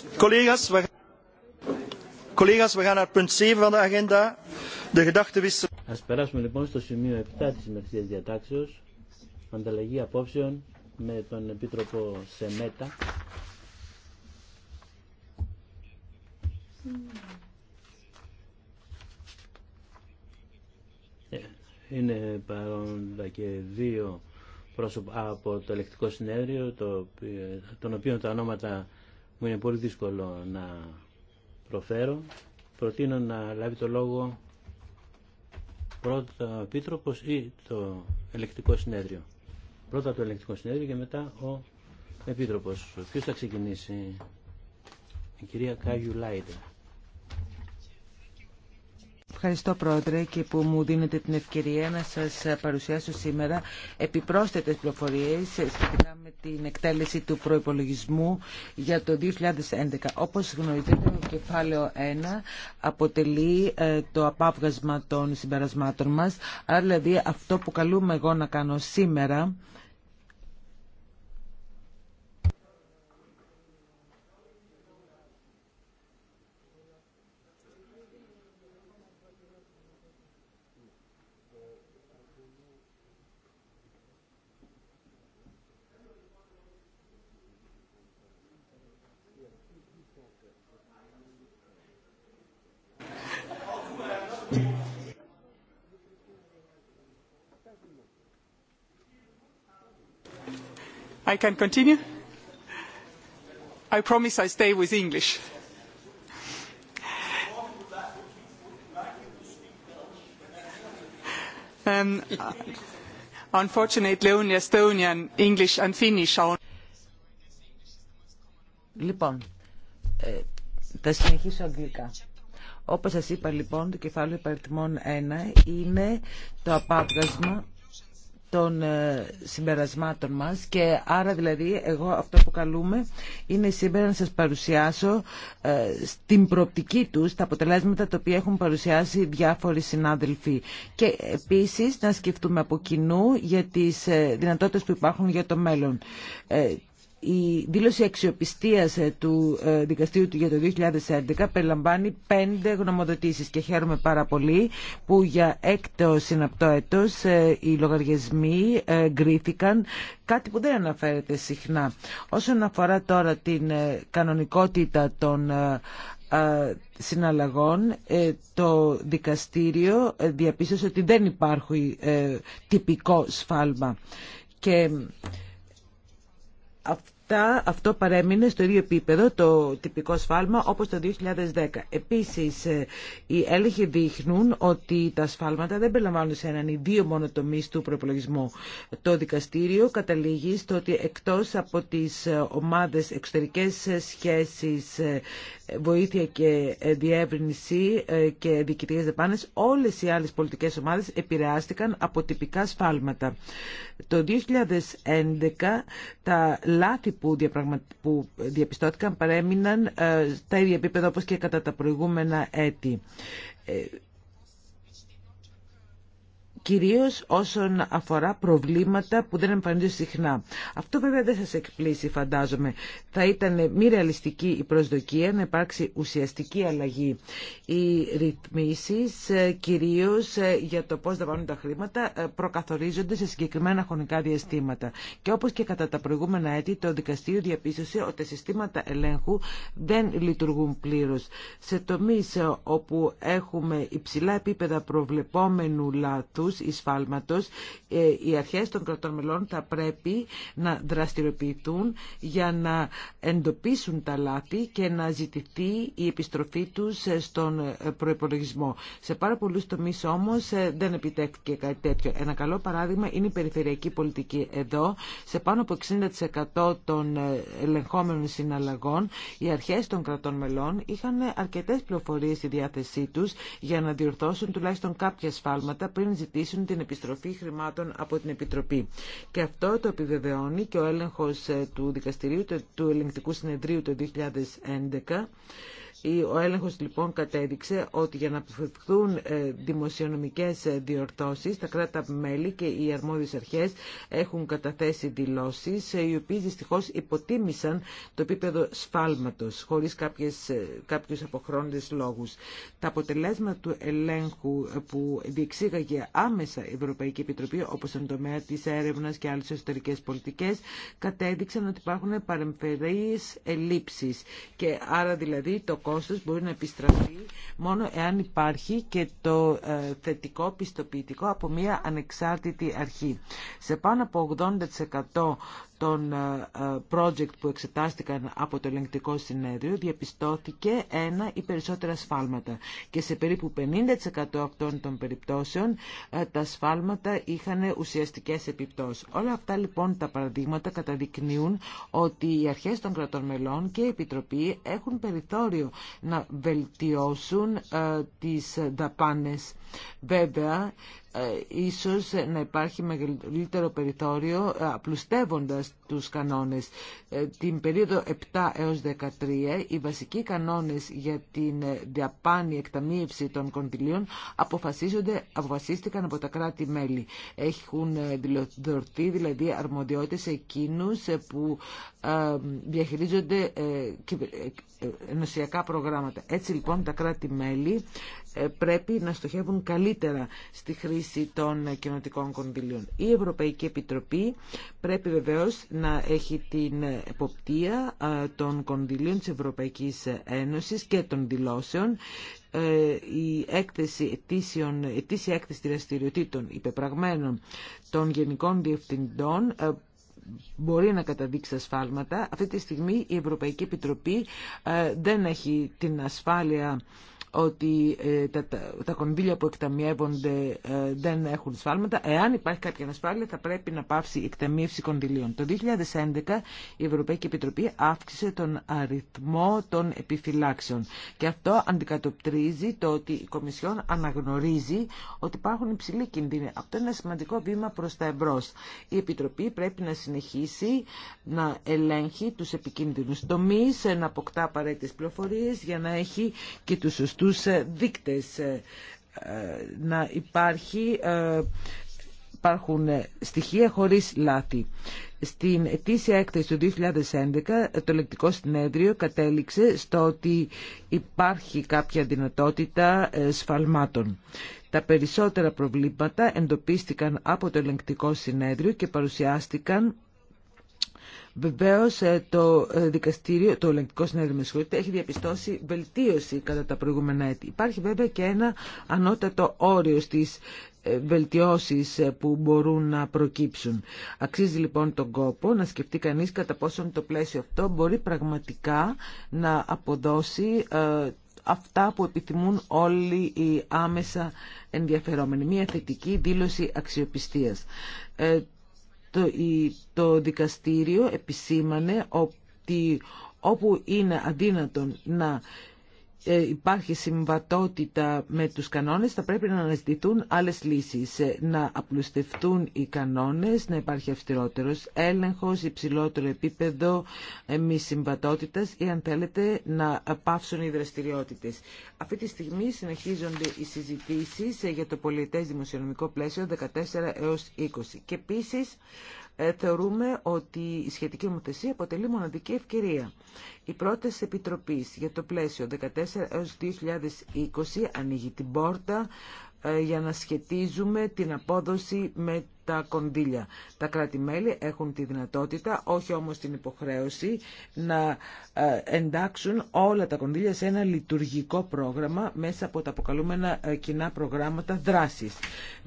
Goed, collega's, we, collega's, we gaan naar punt 7 van de agenda. De gedachtenwisseling. περάσουμε λοιπόν στο σημείο 7 τη ημερησίας διατάξεω. Ανταλλαγή απόψεων με τον Επίτροπο Σεμέτα. Είναι παρόντα και δύο πρόσωπα από το ελεκτικό συνέδριο, το, των οποίων τα ονόματα μου είναι πολύ δύσκολο να προφέρω. Προτείνω να λάβει το λόγο πρώτα ο Επίτροπος ή το ελεκτικό συνέδριο. Πρώτα το ελεκτικό συνέδριο και μετά ο Επίτροπος. Ποιος θα ξεκινήσει, η κυρία Κάγιου Λάιντερ. Ευχαριστώ Πρόεδρε και που μου δίνετε την ευκαιρία να σας παρουσιάσω σήμερα επιπρόσθετες πληροφορίες σχετικά με την εκτέλεση του προϋπολογισμού για το 2011. Όπως γνωρίζετε, το κεφάλαιο 1 αποτελεί ε, το απάβγασμα των συμπερασμάτων μας, άρα δηλαδή αυτό που καλούμε εγώ να κάνω σήμερα I can continue? I promise I stay with English. Unfortunately, only Estonian, English and Finnish are. Λοιπόν, θα συνεχίσω αγγλικά. Όπως σας είπα λοιπόν, το κεφάλαιο υπαριθμών 1 είναι το απάβγασμα των ε, συμπερασμάτων μας και άρα δηλαδή εγώ αυτό που καλούμε είναι σήμερα να σας παρουσιάσω ε, στην προοπτική τους τα αποτελέσματα τα οποία έχουν παρουσιάσει διάφοροι συνάδελφοι και επίσης να σκεφτούμε από κοινού για τις ε, δυνατότητες που υπάρχουν για το μέλλον η δήλωση αξιοπιστία ε, του ε, δικαστήριου του για το 2011 περιλαμβάνει πέντε γνωμοδοτήσεις και χαίρομαι πάρα πολύ που για έκτο συναπτό έτος ε, οι λογαριασμοί γκρίθηκαν κάτι που δεν αναφέρεται συχνά. Όσον αφορά τώρα την κανονικότητα των συναλλαγών το δικαστήριο διαπίστωσε ότι δεν υπάρχει τυπικό σφάλμα και Αυτά, αυτό παρέμεινε στο ίδιο επίπεδο το τυπικό σφάλμα όπως το 2010. Επίσης, ε, οι έλεγχοι δείχνουν ότι τα σφάλματα δεν περιλαμβάνουν σε έναν ή δύο μόνο τομείς του προπολογισμού. Το δικαστήριο καταλήγει στο ότι εκτός από τις ε, ομάδες εξωτερικές ε, σχέσεις βοήθεια και διεύρυνση ε, και διοικητικές δεπάνες, όλες οι άλλες πολιτικές ομάδες επηρεάστηκαν από τυπικά σφάλματα. Το 2011 τα λάθη που, διαπραγμα... που διαπιστώθηκαν παρέμειναν ε, στα ίδια επίπεδα όπως και κατά τα προηγούμενα έτη. Ε, κυρίως όσον αφορά προβλήματα που δεν εμφανίζονται συχνά. Αυτό βέβαια δεν σας εκπλήσει φαντάζομαι. Θα ήταν μη ρεαλιστική η προσδοκία να υπάρξει ουσιαστική αλλαγή. Οι ρυθμίσεις ε, κυρίως ε, για το πώς δαπανούν τα χρήματα ε, προκαθορίζονται σε συγκεκριμένα χρονικά διαστήματα. Και όπως και κατά τα προηγούμενα έτη το δικαστήριο διαπίστωσε ότι τα συστήματα ελέγχου δεν λειτουργούν πλήρως. Σε τομείς όπου έχουμε υψηλά επίπεδα προβλεπόμενου λάθους εισφάλματος, ε, οι αρχές των κρατών μελών θα πρέπει να δραστηριοποιηθούν για να εντοπίσουν τα λάθη και να ζητηθεί η επιστροφή τους ε, στον ε, προϋπολογισμό. Σε πάρα πολλούς τομείς όμως δεν επιτέχθηκε κάτι τέτοιο. Ένα καλό παράδειγμα είναι η περιφερειακή πολιτική. Εδώ, σε πάνω από 60% των ελεγχόμενων συναλλαγών, οι αρχές των κρατών μελών είχαν αρκετές πληροφορίες στη διάθεσή τους για να διορθώσουν τουλάχιστον κάποια σφάλματα πριν ζητήσουν ζητήσουν την επιστροφή χρημάτων από την Επιτροπή. Και αυτό το επιβεβαιώνει και ο έλεγχος ε, του Δικαστηρίου του Ελεγκτικού Συνεδρίου το 2011 ο έλεγχος λοιπόν κατέδειξε ότι για να αποφευχθούν ε, δημοσιονομικές ε, διορθώσεις, τα κράτα-μέλη και οι αρμόδιες αρχές έχουν καταθέσει δηλώσεις, ε, οι οποίες δυστυχώς υποτίμησαν το επίπεδο σφάλματος, χωρίς κάποιες, κάποιους αποχρόνες λόγους. Τα αποτελέσματα του ελέγχου που διεξήγαγε άμεσα η Ευρωπαϊκή Επιτροπή, όπως στον τομέα της έρευνας και άλλες εσωτερικές πολιτικές, κατέδειξαν ότι υπάρχουν παρεμφερείς ελλείψεις και άρα δηλαδή το μπορεί να επιστραφεί μόνο εάν υπάρχει και το ε, θετικό πιστοποιητικό από μια ανεξάρτητη αρχή. Σε πάνω από 80% των ε, ε, project που εξετάστηκαν από το ελεγκτικό συνέδριο διαπιστώθηκε ένα ή περισσότερα σφάλματα και σε περίπου 50% αυτών των περιπτώσεων ε, τα σφάλματα είχαν ουσιαστικές επιπτώσεις. Όλα αυτά λοιπόν τα παραδείγματα καταδεικνύουν ότι οι αρχές των κρατών μελών και οι Επιτροπή έχουν περιθώριο να βελτιώσουν τις δαπάνες. Βέβαια, ε, ίσως να υπάρχει μεγαλύτερο περιθώριο ε, απλουστεύοντας τους κανόνες. Ε, την περίοδο 7 έως 13 οι βασικοί κανόνες για την διαπάνη εκταμείευση των κοντιλίων αποφασίστηκαν από τα κράτη-μέλη. Έχουν δορθεί δηλαδή αρμοδιότητες εκείνους που διαχειρίζονται ενωσιακά προγράμματα. Έτσι λοιπόν τα κράτη-μέλη ε, πρέπει να στοχεύουν καλύτερα στη χρήση των κοινοτικών κονδυλίων. Η Ευρωπαϊκή Επιτροπή πρέπει βεβαίως να έχει την εποπτεία ε, των κονδυλίων της Ευρωπαϊκής Ένωσης και των δηλώσεων ε, η έκθεση ετήσιων, ετήσια έκθεση δραστηριοτήτων υπεπραγμένων των γενικών διευθυντών μπορεί να καταδείξει ασφάλματα. Αυτή τη στιγμή η Ευρωπαϊκή Επιτροπή δεν έχει την ασφάλεια ότι ε, τα, τα, τα κονδύλια που εκταμιεύονται ε, δεν έχουν σφάλματα. Εάν υπάρχει κάποια ασφάλεια θα πρέπει να πάψει η εκταμίευση κονδυλίων. Το 2011 η Ευρωπαϊκή Επιτροπή αύξησε τον αριθμό των επιφυλάξεων και αυτό αντικατοπτρίζει το ότι η Κομισιόν αναγνωρίζει ότι υπάρχουν υψηλοί κινδύνοι. Αυτό είναι ένα σημαντικό βήμα προ τα εμπρός. Η Επιτροπή πρέπει να συνεχίσει να ελέγχει του επικίνδυνου τομεί, να αποκτά απαραίτητε πληροφορίε για να έχει και του σωστού τους ε, δείκτες ε, ε, να υπάρχει υπάρχουν στοιχεία χωρίς λάθη. Στην ετήσια έκθεση του 2011 το λεκτικό συνέδριο κατέληξε στο ότι υπάρχει κάποια δυνατότητα σφαλμάτων. Τα περισσότερα προβλήματα εντοπίστηκαν από το ελεγκτικό συνέδριο και παρουσιάστηκαν Βεβαίω, ε, το ε, δικαστήριο, το ελεγκτικό συνέδριο με έχει διαπιστώσει βελτίωση κατά τα προηγούμενα έτη. Υπάρχει βέβαια και ένα ανώτατο όριο στις ε, βελτιώσεις που μπορούν να προκύψουν. Αξίζει λοιπόν τον κόπο να σκεφτεί κανείς κατά πόσον το πλαίσιο αυτό μπορεί πραγματικά να αποδώσει αυτά που επιθυμούν όλοι οι άμεσα ενδιαφερόμενοι. Μια θετική δήλωση αξιοπιστίας το, το δικαστήριο επισήμανε ότι όπου είναι αδύνατον να ε, υπάρχει συμβατότητα με τους κανόνες θα πρέπει να αναζητηθούν άλλες λύσεις ε, να απλουστευτούν οι κανόνες να υπάρχει αυστηρότερος έλεγχος υψηλότερο επίπεδο ε, μη συμβατότητας ή αν θέλετε να πάυσουν οι δραστηριότητες αυτή τη στιγμή συνεχίζονται οι συζητήσεις για το πολιτές δημοσιονομικό πλαίσιο 14 έως 20 και επίσης ε, θεωρούμε ότι η σχετική ομοθεσία αποτελεί μοναδική ευκαιρία. Η πρώτη επιτροπής για το πλαίσιο 14 έως 2020 ανοίγει την πόρτα ε, για να σχετίζουμε την απόδοση με τα κονδύλια. Τα κράτη-μέλη έχουν τη δυνατότητα, όχι όμως την υποχρέωση, να ε, εντάξουν όλα τα κονδύλια σε ένα λειτουργικό πρόγραμμα μέσα από τα αποκαλούμενα ε, κοινά προγράμματα δράσης.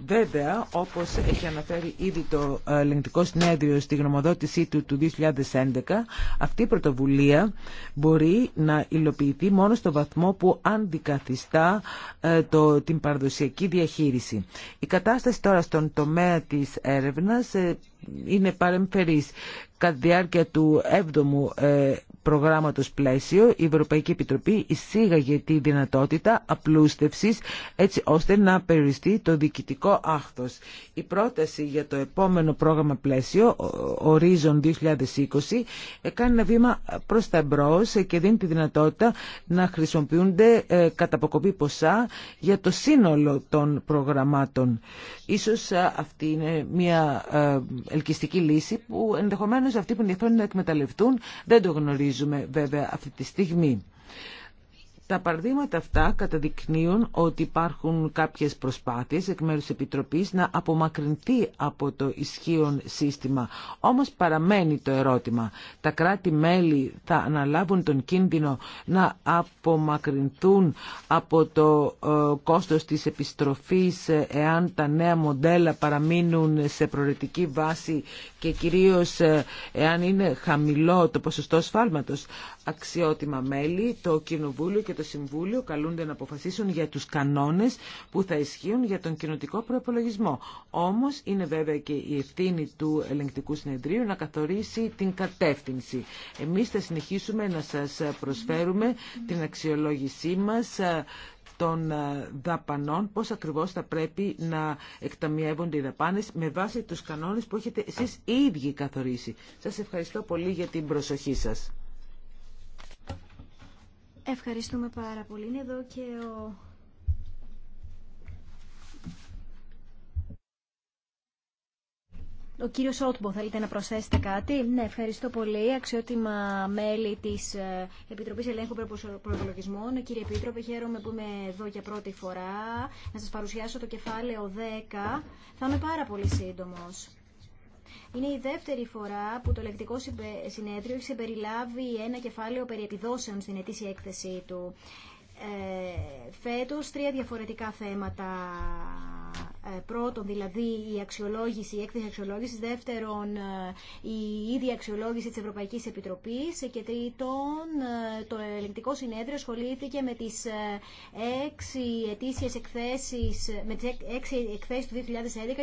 Βέβαια, όπως έχει αναφέρει ήδη το ε, ελεγκτικό συνέδριο στη γνωμοδότησή του του 2011, αυτή η πρωτοβουλία μπορεί να υλοποιηθεί μόνο στο βαθμό που αντικαθιστά το, την παραδοσιακή διαχείριση. Η κατάσταση τώρα στον τομέα της έρευνας ε, είναι παρεμφερής. Κατά τη διάρκεια του 7ου προγράμματος πλαίσιο η Ευρωπαϊκή Επιτροπή εισήγαγε τη δυνατότητα απλούστευσης έτσι ώστε να περιοριστεί το διοικητικό άχθος. Η πρόταση για το επόμενο πρόγραμμα πλαίσιο, Horizon 2020, κάνει ένα βήμα προς τα εμπρός και δίνει τη δυνατότητα να χρησιμοποιούνται ε, κατά αποκοπή ποσά για το σύνολο των προγραμμάτων. Ίσως ε, αυτή είναι μια ε, ελκυστική λύση που ενδεχομένως αυτοί που ενδιαφέρουν να εκμεταλλευτούν δεν το γνωρίζουν γνωρίζουμε βέβαια αυτή τη στιγμή. Τα παραδείγματα αυτά καταδεικνύουν ότι υπάρχουν κάποιες προσπάθειες εκ μέρους Επιτροπής να απομακρυνθεί από το ισχύον σύστημα. Όμως παραμένει το ερώτημα. Τα κράτη-μέλη θα αναλάβουν τον κίνδυνο να απομακρυνθούν από το ε, κόστος της επιστροφής ε, εάν τα νέα μοντέλα παραμείνουν σε προαιρετική βάση και κυρίως ε, εάν είναι χαμηλό το ποσοστό σφάλματος. Αξιότιμα μέλη, το Κοινοβούλιο το Συμβούλιο καλούνται να αποφασίσουν για τους κανόνες που θα ισχύουν για τον κοινοτικό προπολογισμό. Όμως είναι βέβαια και η ευθύνη του ελεγκτικού συνεδρίου να καθορίσει την κατεύθυνση. Εμείς θα συνεχίσουμε να σας προσφέρουμε την αξιολόγησή μας, ε, των ε, δαπανών, πώς ακριβώς θα πρέπει να εκταμιεύονται οι δαπάνες με βάση τους κανόνες που έχετε εσείς οι ίδιοι καθορίσει. Σας ευχαριστώ πολύ για την προσοχή σας. Ευχαριστούμε πάρα πολύ. Είναι εδώ και ο... Ο κύριος Ότμπο, θέλετε να προσθέσετε κάτι. Ναι, ευχαριστώ πολύ. Αξιότιμα μέλη της ε, Επιτροπής Ελέγχου Προπολογισμών. Κύριε Επίτροπε, χαίρομαι που είμαι εδώ για πρώτη φορά. Να σας παρουσιάσω το κεφάλαιο 10. Θα είμαι πάρα πολύ σύντομος. Είναι η δεύτερη φορά που το λεκτικό Συνέδριο έχει συμπεριλάβει ένα κεφάλαιο περί επιδόσεων στην ετήσια έκθεσή του. Ε, φέτος τρία διαφορετικά θέματα ε, πρώτον δηλαδή η αξιολόγηση, η έκθεση αξιολόγηση, δεύτερον ε, η ίδια αξιολόγηση της Ευρωπαϊκής Επιτροπής και τρίτον ε, το ελεγκτικό συνέδριο ασχολήθηκε με τις έξι ετήσιες εκθέσεις, με τι έξι εκθέσεις του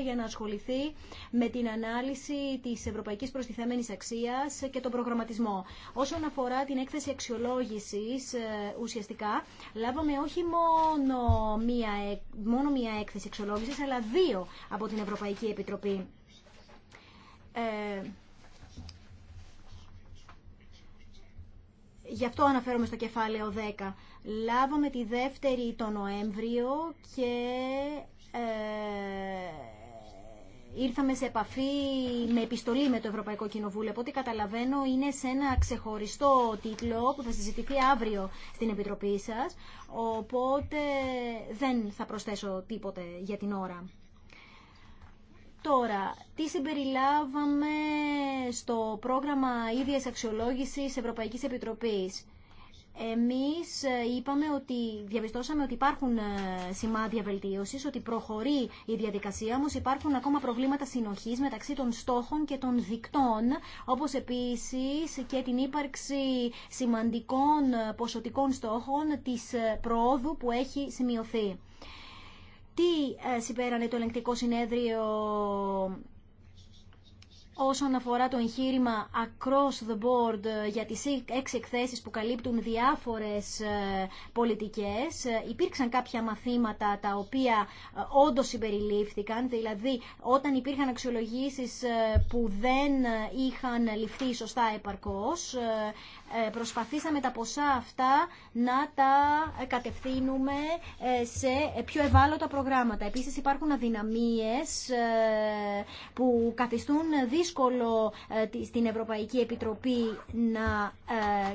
2011 για να ασχοληθεί με την ανάλυση τη Ευρωπαϊκή προστιθέμενης Αξία και τον προγραμματισμό. Όσον αφορά την έκθεση αξιολόγηση, ουσιαστικά λάβαμε όχι μόνο μία, μόνο μία έκθεση αξιολόγησης αλλά δύο από την Ευρωπαϊκή Επιτροπή. Ε, γι' αυτό αναφέρομαι στο κεφάλαιο 10. Λάβαμε τη δεύτερη τον Νοέμβριο και... Ε, ήρθαμε σε επαφή με επιστολή με το Ευρωπαϊκό Κοινοβούλιο. Από καταλαβαίνω είναι σε ένα ξεχωριστό τίτλο που θα συζητηθεί αύριο στην Επιτροπή σας. Οπότε δεν θα προσθέσω τίποτε για την ώρα. Τώρα, τι συμπεριλάβαμε στο πρόγραμμα ίδιας αξιολόγησης Ευρωπαϊκής Επιτροπής. Εμείς ε, είπαμε ότι διαπιστώσαμε ότι υπάρχουν ε, σημάδια βελτίωσης, ότι προχωρεί η διαδικασία, όμως υπάρχουν ακόμα προβλήματα συνοχής μεταξύ των στόχων και των δικτών, όπως επίσης και την ύπαρξη σημαντικών ε, ποσοτικών στόχων της προόδου που έχει σημειωθεί. Τι συμπέρανε το ελεγκτικό συνέδριο όσον αφορά το εγχείρημα Across the Board ε, για τις έξι εκθέσεις που καλύπτουν διάφορες ε, πολιτικές. Ε, υπήρξαν κάποια μαθήματα τα οποία όντως συμπεριλήφθηκαν, δηλαδή όταν υπήρχαν αξιολογήσεις που δεν είχαν ληφθεί σωστά επαρκώς, ε, προσπαθήσαμε τα ποσά αυτά να τα ε, κατευθύνουμε ε, σε πιο ευάλωτα προγράμματα. Επίσης υπάρχουν αδυναμίες που καθιστούν δύσκολο στην Ευρωπαϊκή Επιτροπή να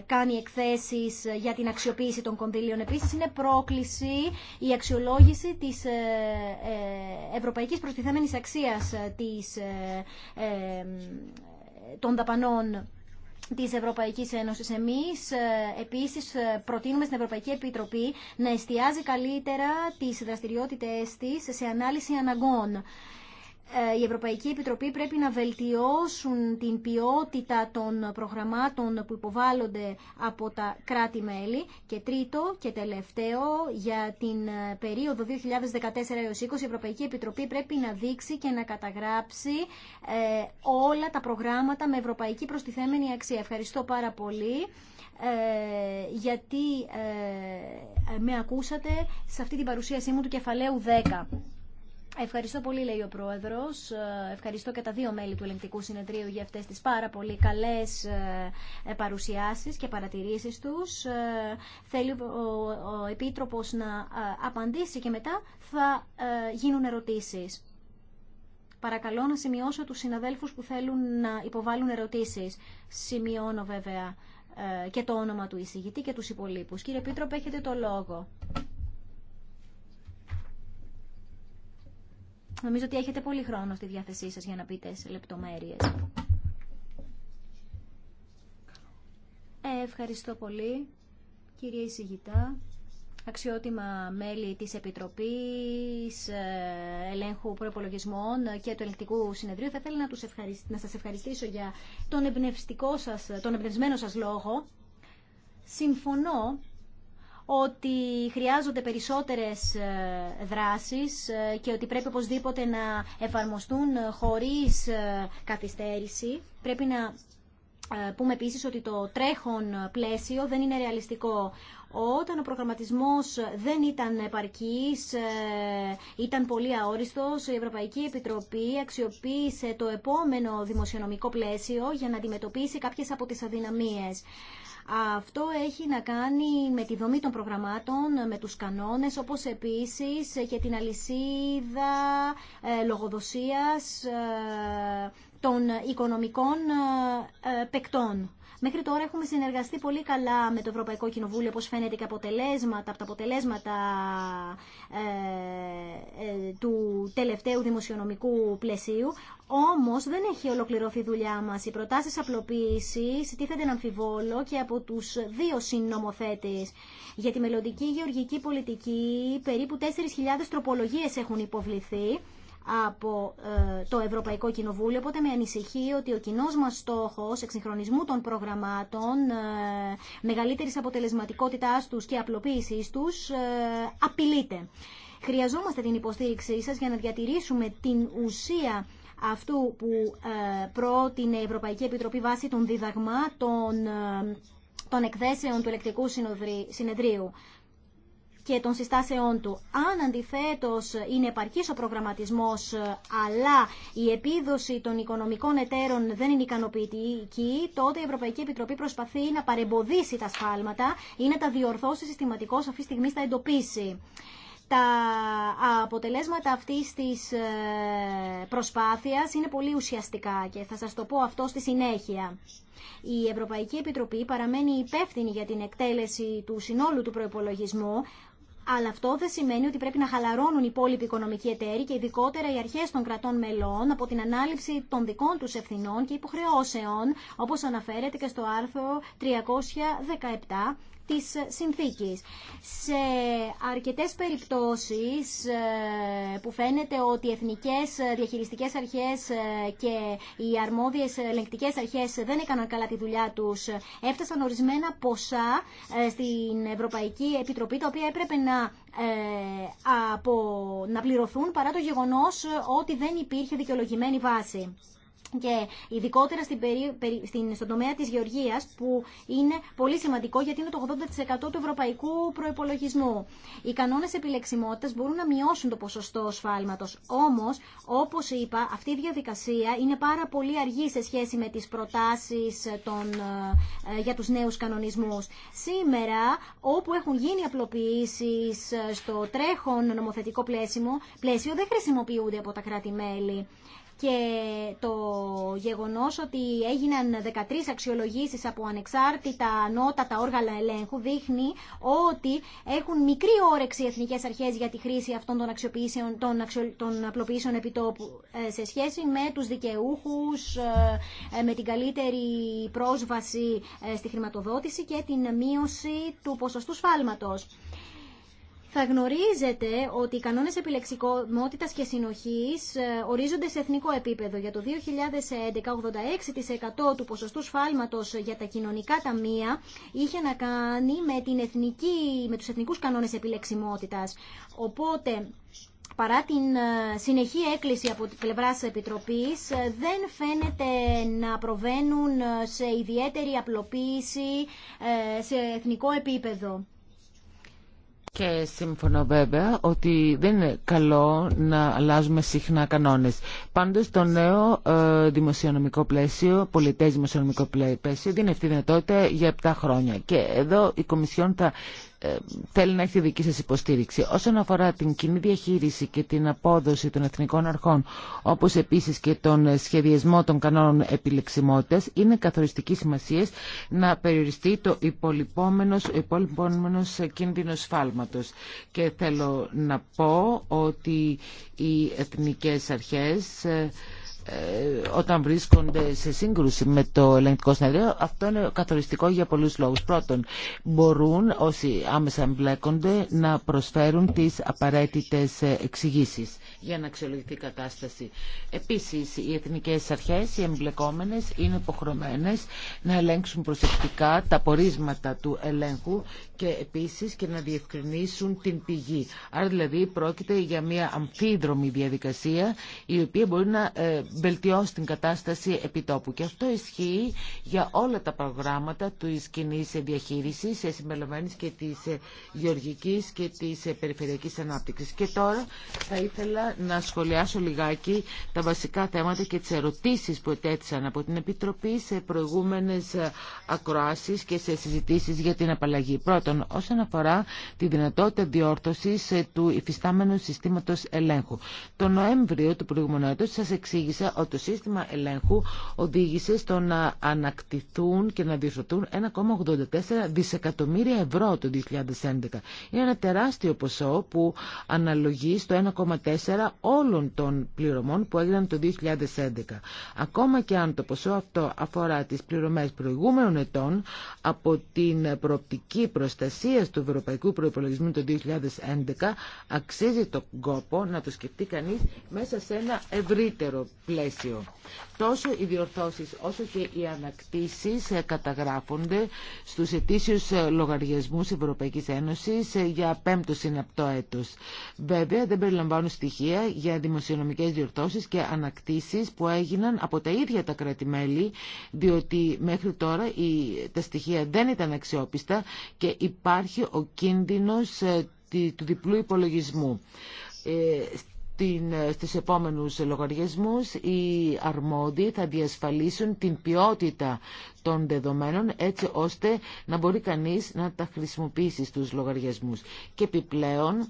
κάνει εκθέσεις για την αξιοποίηση των κονδυλίων. Επίσης είναι πρόκληση η αξιολόγηση της ευρωπαϊκής προστιθέμενης αξίας της των δαπανών της Ευρωπαϊκής Ένωσης. Εμείς ε, επίσης ε, προτείνουμε στην Ευρωπαϊκή Επιτροπή να εστιάζει καλύτερα τις δραστηριότητες της σε ανάλυση αναγκών. Ε, η Ευρωπαϊκή Επιτροπή πρέπει να βελτιώσουν την ποιότητα των προγραμμάτων που υποβάλλονται από τα κράτη-μέλη. Και τρίτο και τελευταίο, για την ε, περίοδο 2014 έως 2020 η Ευρωπαϊκή Επιτροπή πρέπει να δείξει και να καταγράψει ε, όλα τα προγράμματα με ευρωπαϊκή προστιθέμενη αξία. Ευχαριστώ πάρα πολύ γιατί με ακούσατε σε αυτή την παρουσίασή μου του κεφαλαίου 10. Ευχαριστώ πολύ, λέει ο Πρόεδρο. Ε, ευχαριστώ και τα δύο μέλη του Ελεγκτικού Συνεδρίου για αυτέ τι πάρα πολύ καλέ ε, ε, παρουσιάσει και παρατηρήσει του. Θέλει ο Επίτροπο να απαντήσει και μετά θα γίνουν ερωτήσει. Παρακαλώ να σημειώσω τους συναδέλφους που θέλουν να υποβάλουν ερωτήσεις. Σημειώνω βέβαια και το όνομα του εισηγητή και τους υπολείπους. Κύριε Επίτροπο, έχετε το λόγο. Νομίζω ότι έχετε πολύ χρόνο στη διάθεσή σας για να πείτε σε λεπτομέρειες. Ε, ευχαριστώ πολύ, κύριε Ισηγητά. Αξιότιμα μέλη της Επιτροπής ε, Ελέγχου Προπολογισμών και του Ελεκτικού Συνεδρίου. Θα ήθελα να, τους να σας ευχαριστήσω για τον, εμπνευστικό σας, τον εμπνευσμένο σας λόγο. Συμφωνώ ότι χρειάζονται περισσότερες ε, δράσεις ε, και ότι πρέπει οπωσδήποτε να εφαρμοστούν χωρίς ε, καθυστέρηση. Πρέπει να πούμε επίσης ότι το τρέχον πλαίσιο δεν είναι ρεαλιστικό. Όταν ο προγραμματισμός δεν ήταν επαρκής, ήταν πολύ αόριστος, η Ευρωπαϊκή Επιτροπή αξιοποίησε το επόμενο δημοσιονομικό πλαίσιο για να αντιμετωπίσει κάποιες από τις αδυναμίες. Αυτό έχει να κάνει με τη δομή των προγραμμάτων, με τους κανόνες, όπως επίσης και την αλυσίδα ε, λογοδοσίας ε, των οικονομικών ε, παικτών. Μέχρι τώρα έχουμε συνεργαστεί πολύ καλά με το Ευρωπαϊκό Κοινοβούλιο, όπως φαίνεται και αποτελέσματα, από τα αποτελέσματα ε, ε, του τελευταίου δημοσιονομικού πλαισίου. Όμως δεν έχει ολοκληρωθεί η δουλειά μας. Οι προτάσεις απλοποίησης τίθενται αμφιβόλο και από τους δύο συνομοθέτε Για τη μελλοντική γεωργική πολιτική περίπου 4.000 τροπολογίε έχουν υποβληθεί από ε, το Ευρωπαϊκό Κοινοβούλιο, οπότε με ανησυχεί ότι ο κοινό μα στόχο εξυγχρονισμού των προγραμμάτων, ε, μεγαλύτερη αποτελεσματικότητά του και απλοποίησή του ε, απειλείται. Χρειαζόμαστε την υποστήριξή σας για να διατηρήσουμε την ουσία αυτού που πρότεινε η Ευρωπαϊκή Επιτροπή βάσει των διδαγμάτων των εκθέσεων του Ελεκτικού Συνεδρίου και των συστάσεών του. Αν αντιθέτω είναι επαρκή ο προγραμματισμό, ε, αλλά η επίδοση των οικονομικών εταίρων δεν είναι ικανοποιητική, τότε η Ευρωπαϊκή Επιτροπή προσπαθεί να παρεμποδίσει τα σφάλματα ή να τα διορθώσει συστηματικώ αυτή τη στιγμή στα εντοπίσει. Τα αποτελέσματα αυτής της ε, προσπάθειας είναι πολύ ουσιαστικά και θα σας το πω αυτό στη συνέχεια. Η Ευρωπαϊκή Επιτροπή παραμένει υπεύθυνη για την εκτέλεση του συνόλου του προϋπολογισμού, αλλά αυτό δεν σημαίνει ότι πρέπει να χαλαρώνουν οι υπόλοιποι οικονομικοί εταίροι και ειδικότερα οι αρχέ των κρατών μελών από την ανάληψη των δικών του ευθυνών και υποχρεώσεων, όπω αναφέρεται και στο άρθρο 317 της ε, Σε αρκετές περιπτώσεις ε, που φαίνεται ότι οι εθνικές ε, διαχειριστικές αρχές και οι αρμόδιες ελεγκτικές αρχές δεν έκαναν καλά τη δουλειά τους, έφτασαν ορισμένα ποσά στην Ευρωπαϊκή Επιτροπή, τα οποία έπρεπε να από, να πληρωθούν παρά το γεγονός ότι δεν υπήρχε δικαιολογημένη βάση και ειδικότερα στην στην, στον τομέα της γεωργίας που είναι πολύ σημαντικό γιατί είναι το 80% του ευρωπαϊκού προϋπολογισμού. Οι κανόνες επιλεξιμότητας μπορούν να μειώσουν το ποσοστό σφάλματος. Όμως, όπως είπα, αυτή η διαδικασία είναι πάρα πολύ αργή σε σχέση με τις προτάσεις των, ε, για τους νέους κανονισμούς. Σήμερα, όπου έχουν γίνει απλοποιήσεις στο τρέχον νομοθετικό πλαίσιο δεν χρησιμοποιούνται από τα κράτη-μέλη και το γεγονός ότι έγιναν 13 αξιολογήσεις από ανεξάρτητα τα όργανα ελέγχου δείχνει ότι έχουν μικρή όρεξη οι εθνικές αρχές για τη χρήση αυτών των, αξιοποιήσεων, των, αξιο, των απλοποιήσεων επιτόπου ε, σε σχέση με τους δικαιούχους, ε, ε, με την καλύτερη πρόσβαση στη χρηματοδότηση και την μείωση του ποσοστού σφάλματος θα γνωρίζετε ότι οι κανόνες επιλεξικότητας και συνοχής ε, ορίζονται σε εθνικό επίπεδο. Για το 2011, 86% του ποσοστού σφάλματος για τα κοινωνικά ταμεία είχε να κάνει με, την εθνική, με τους εθνικούς κανόνες επιλεξιμότητας. Οπότε, παρά την ε, συνεχή έκκληση από την πλευρά τη Επιτροπής, ε, δεν φαίνεται να προβαίνουν σε ιδιαίτερη απλοποίηση σε εθνικό επίπεδο. Και σύμφωνο βέβαια ότι δεν είναι καλό να αλλάζουμε συχνά κανόνες. Πάντως το νέο ε, δημοσιονομικό πλαίσιο, πολιτές δημοσιονομικό πλαίσιο, δίνει αυτή τη δυνατότητα για 7 χρόνια. Και εδώ η Κομισιόν θα ε, θέλει να έχει δική σας υποστήριξη. Όσον αφορά την κοινή διαχείριση και την απόδοση των εθνικών αρχών, όπως επίσης και τον σχεδιασμό των κανόνων επιλεξιμότητας, είναι καθοριστική σημασία να περιοριστεί το υπολοιπόμενος, κίνδυνο σφάλματο. Και θέλω να πω ότι οι εθνικές αρχές ε, ε, όταν βρίσκονται σε σύγκρουση με το ελεγκτικό συνεδρίο, αυτό είναι καθοριστικό για πολλούς λόγους. Πρώτον, μπορούν όσοι άμεσα εμπλέκονται να προσφέρουν τις απαραίτητες εξηγήσει για να αξιολογηθεί η κατάσταση. Επίσης, οι εθνικές αρχές, οι εμπλεκόμενες, είναι υποχρεωμένες να ελέγξουν προσεκτικά τα πορίσματα του ελέγχου και επίσης και να διευκρινίσουν την πηγή. Άρα δηλαδή πρόκειται για μια αμφίδρομη διαδικασία η οποία μπορεί να ε, βελτιώσει την κατάσταση επιτόπου. Και αυτό ισχύει για όλα τα προγράμματα του κοινή διαχείριση, συμπεριλαμβάνει και τη γεωργική και τη περιφερειακή ανάπτυξη. Και τώρα θα ήθελα να σχολιάσω λιγάκι τα βασικά θέματα και τι ερωτήσει που ετέθησαν από την Επιτροπή σε προηγούμενε ακροάσει και σε συζητήσει για την απαλλαγή. Πρώτον, όσον αφορά τη δυνατότητα διόρθωση του υφιστάμενου συστήματο ελέγχου. Το Νοέμβριο του προηγούμενου έτου σα εξήγησα ότι το σύστημα ελέγχου οδήγησε στο να ανακτηθούν και να διορθωθούν 1,84 δισεκατομμύρια ευρώ το 2011. Είναι ένα τεράστιο ποσό που αναλογεί στο 1,4 όλων των πληρωμών που έγιναν το 2011. Ακόμα και αν το ποσό αυτό αφορά τις πληρωμές προηγούμενων ετών από την προοπτική προστασία του Ευρωπαϊκού Προϋπολογισμού το 2011 αξίζει τον κόπο να το σκεφτεί κανείς μέσα σε ένα ευρύτερο πλήρωμα Τόσο οι διορθώσεις όσο και οι ανακτήσεις ε, καταγράφονται στους ετήσιους ε, λογαριασμούς Ευρωπαϊκής Ένωσης ε, για πέμπτο συναπτό έτος. Βέβαια δεν περιλαμβάνουν στοιχεία για δημοσιονομικές διορθώσεις και ανακτήσεις που έγιναν από τα ίδια τα κρατημέλη διότι μέχρι τώρα τα στοιχεία δεν ήταν αξιόπιστα και υπάρχει ο κίνδυνος του διπλού υπολογισμού την, ε, στους επόμενους λογαριασμούς οι αρμόδιοι θα διασφαλίσουν την ποιότητα των δεδομένων έτσι ώστε να μπορεί κανείς να τα χρησιμοποιήσει στους λογαριασμούς. Και επιπλέον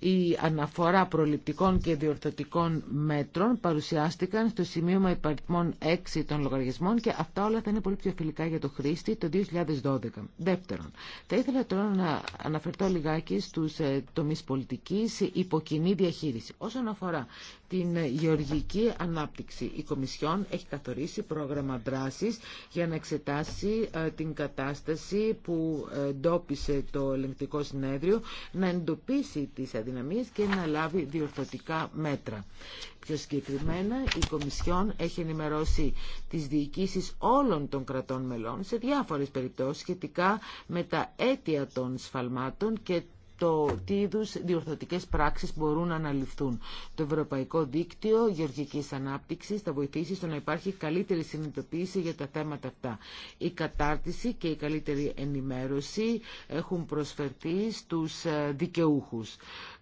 η αναφορά προληπτικών και διορθωτικών μέτρων παρουσιάστηκαν στο σημείο με υπαριθμών 6 των λογαριασμών και αυτά όλα θα είναι πολύ πιο φιλικά για το χρήστη το 2012. Δεύτερον, θα ήθελα τώρα να αναφερθώ λιγάκι στους ε, τομείς πολιτικής υποκοινή διαχείριση. Όσον αφορά την γεωργική ανάπτυξη. Η Κομισιόν έχει καθορίσει πρόγραμμα δράσης για να εξετάσει ε, την κατάσταση που εντόπισε το ελεγκτικό συνέδριο, να εντοπίσει τις αδυναμίες και να λάβει διορθωτικά μέτρα. Πιο συγκεκριμένα, η Κομισιόν έχει ενημερώσει τις διοικήσεις όλων των κρατών μελών σε διάφορες περιπτώσεις σχετικά με τα αίτια των σφαλμάτων και το τι είδου διορθωτικές πράξεις μπορούν να αναλυφθούν. Το Ευρωπαϊκό Δίκτυο Γεωργικής Ανάπτυξης θα βοηθήσει στο να υπάρχει καλύτερη συνειδητοποίηση για τα θέματα αυτά. Η κατάρτιση και η καλύτερη ενημέρωση έχουν προσφερθεί στους ε, δικαιούχους.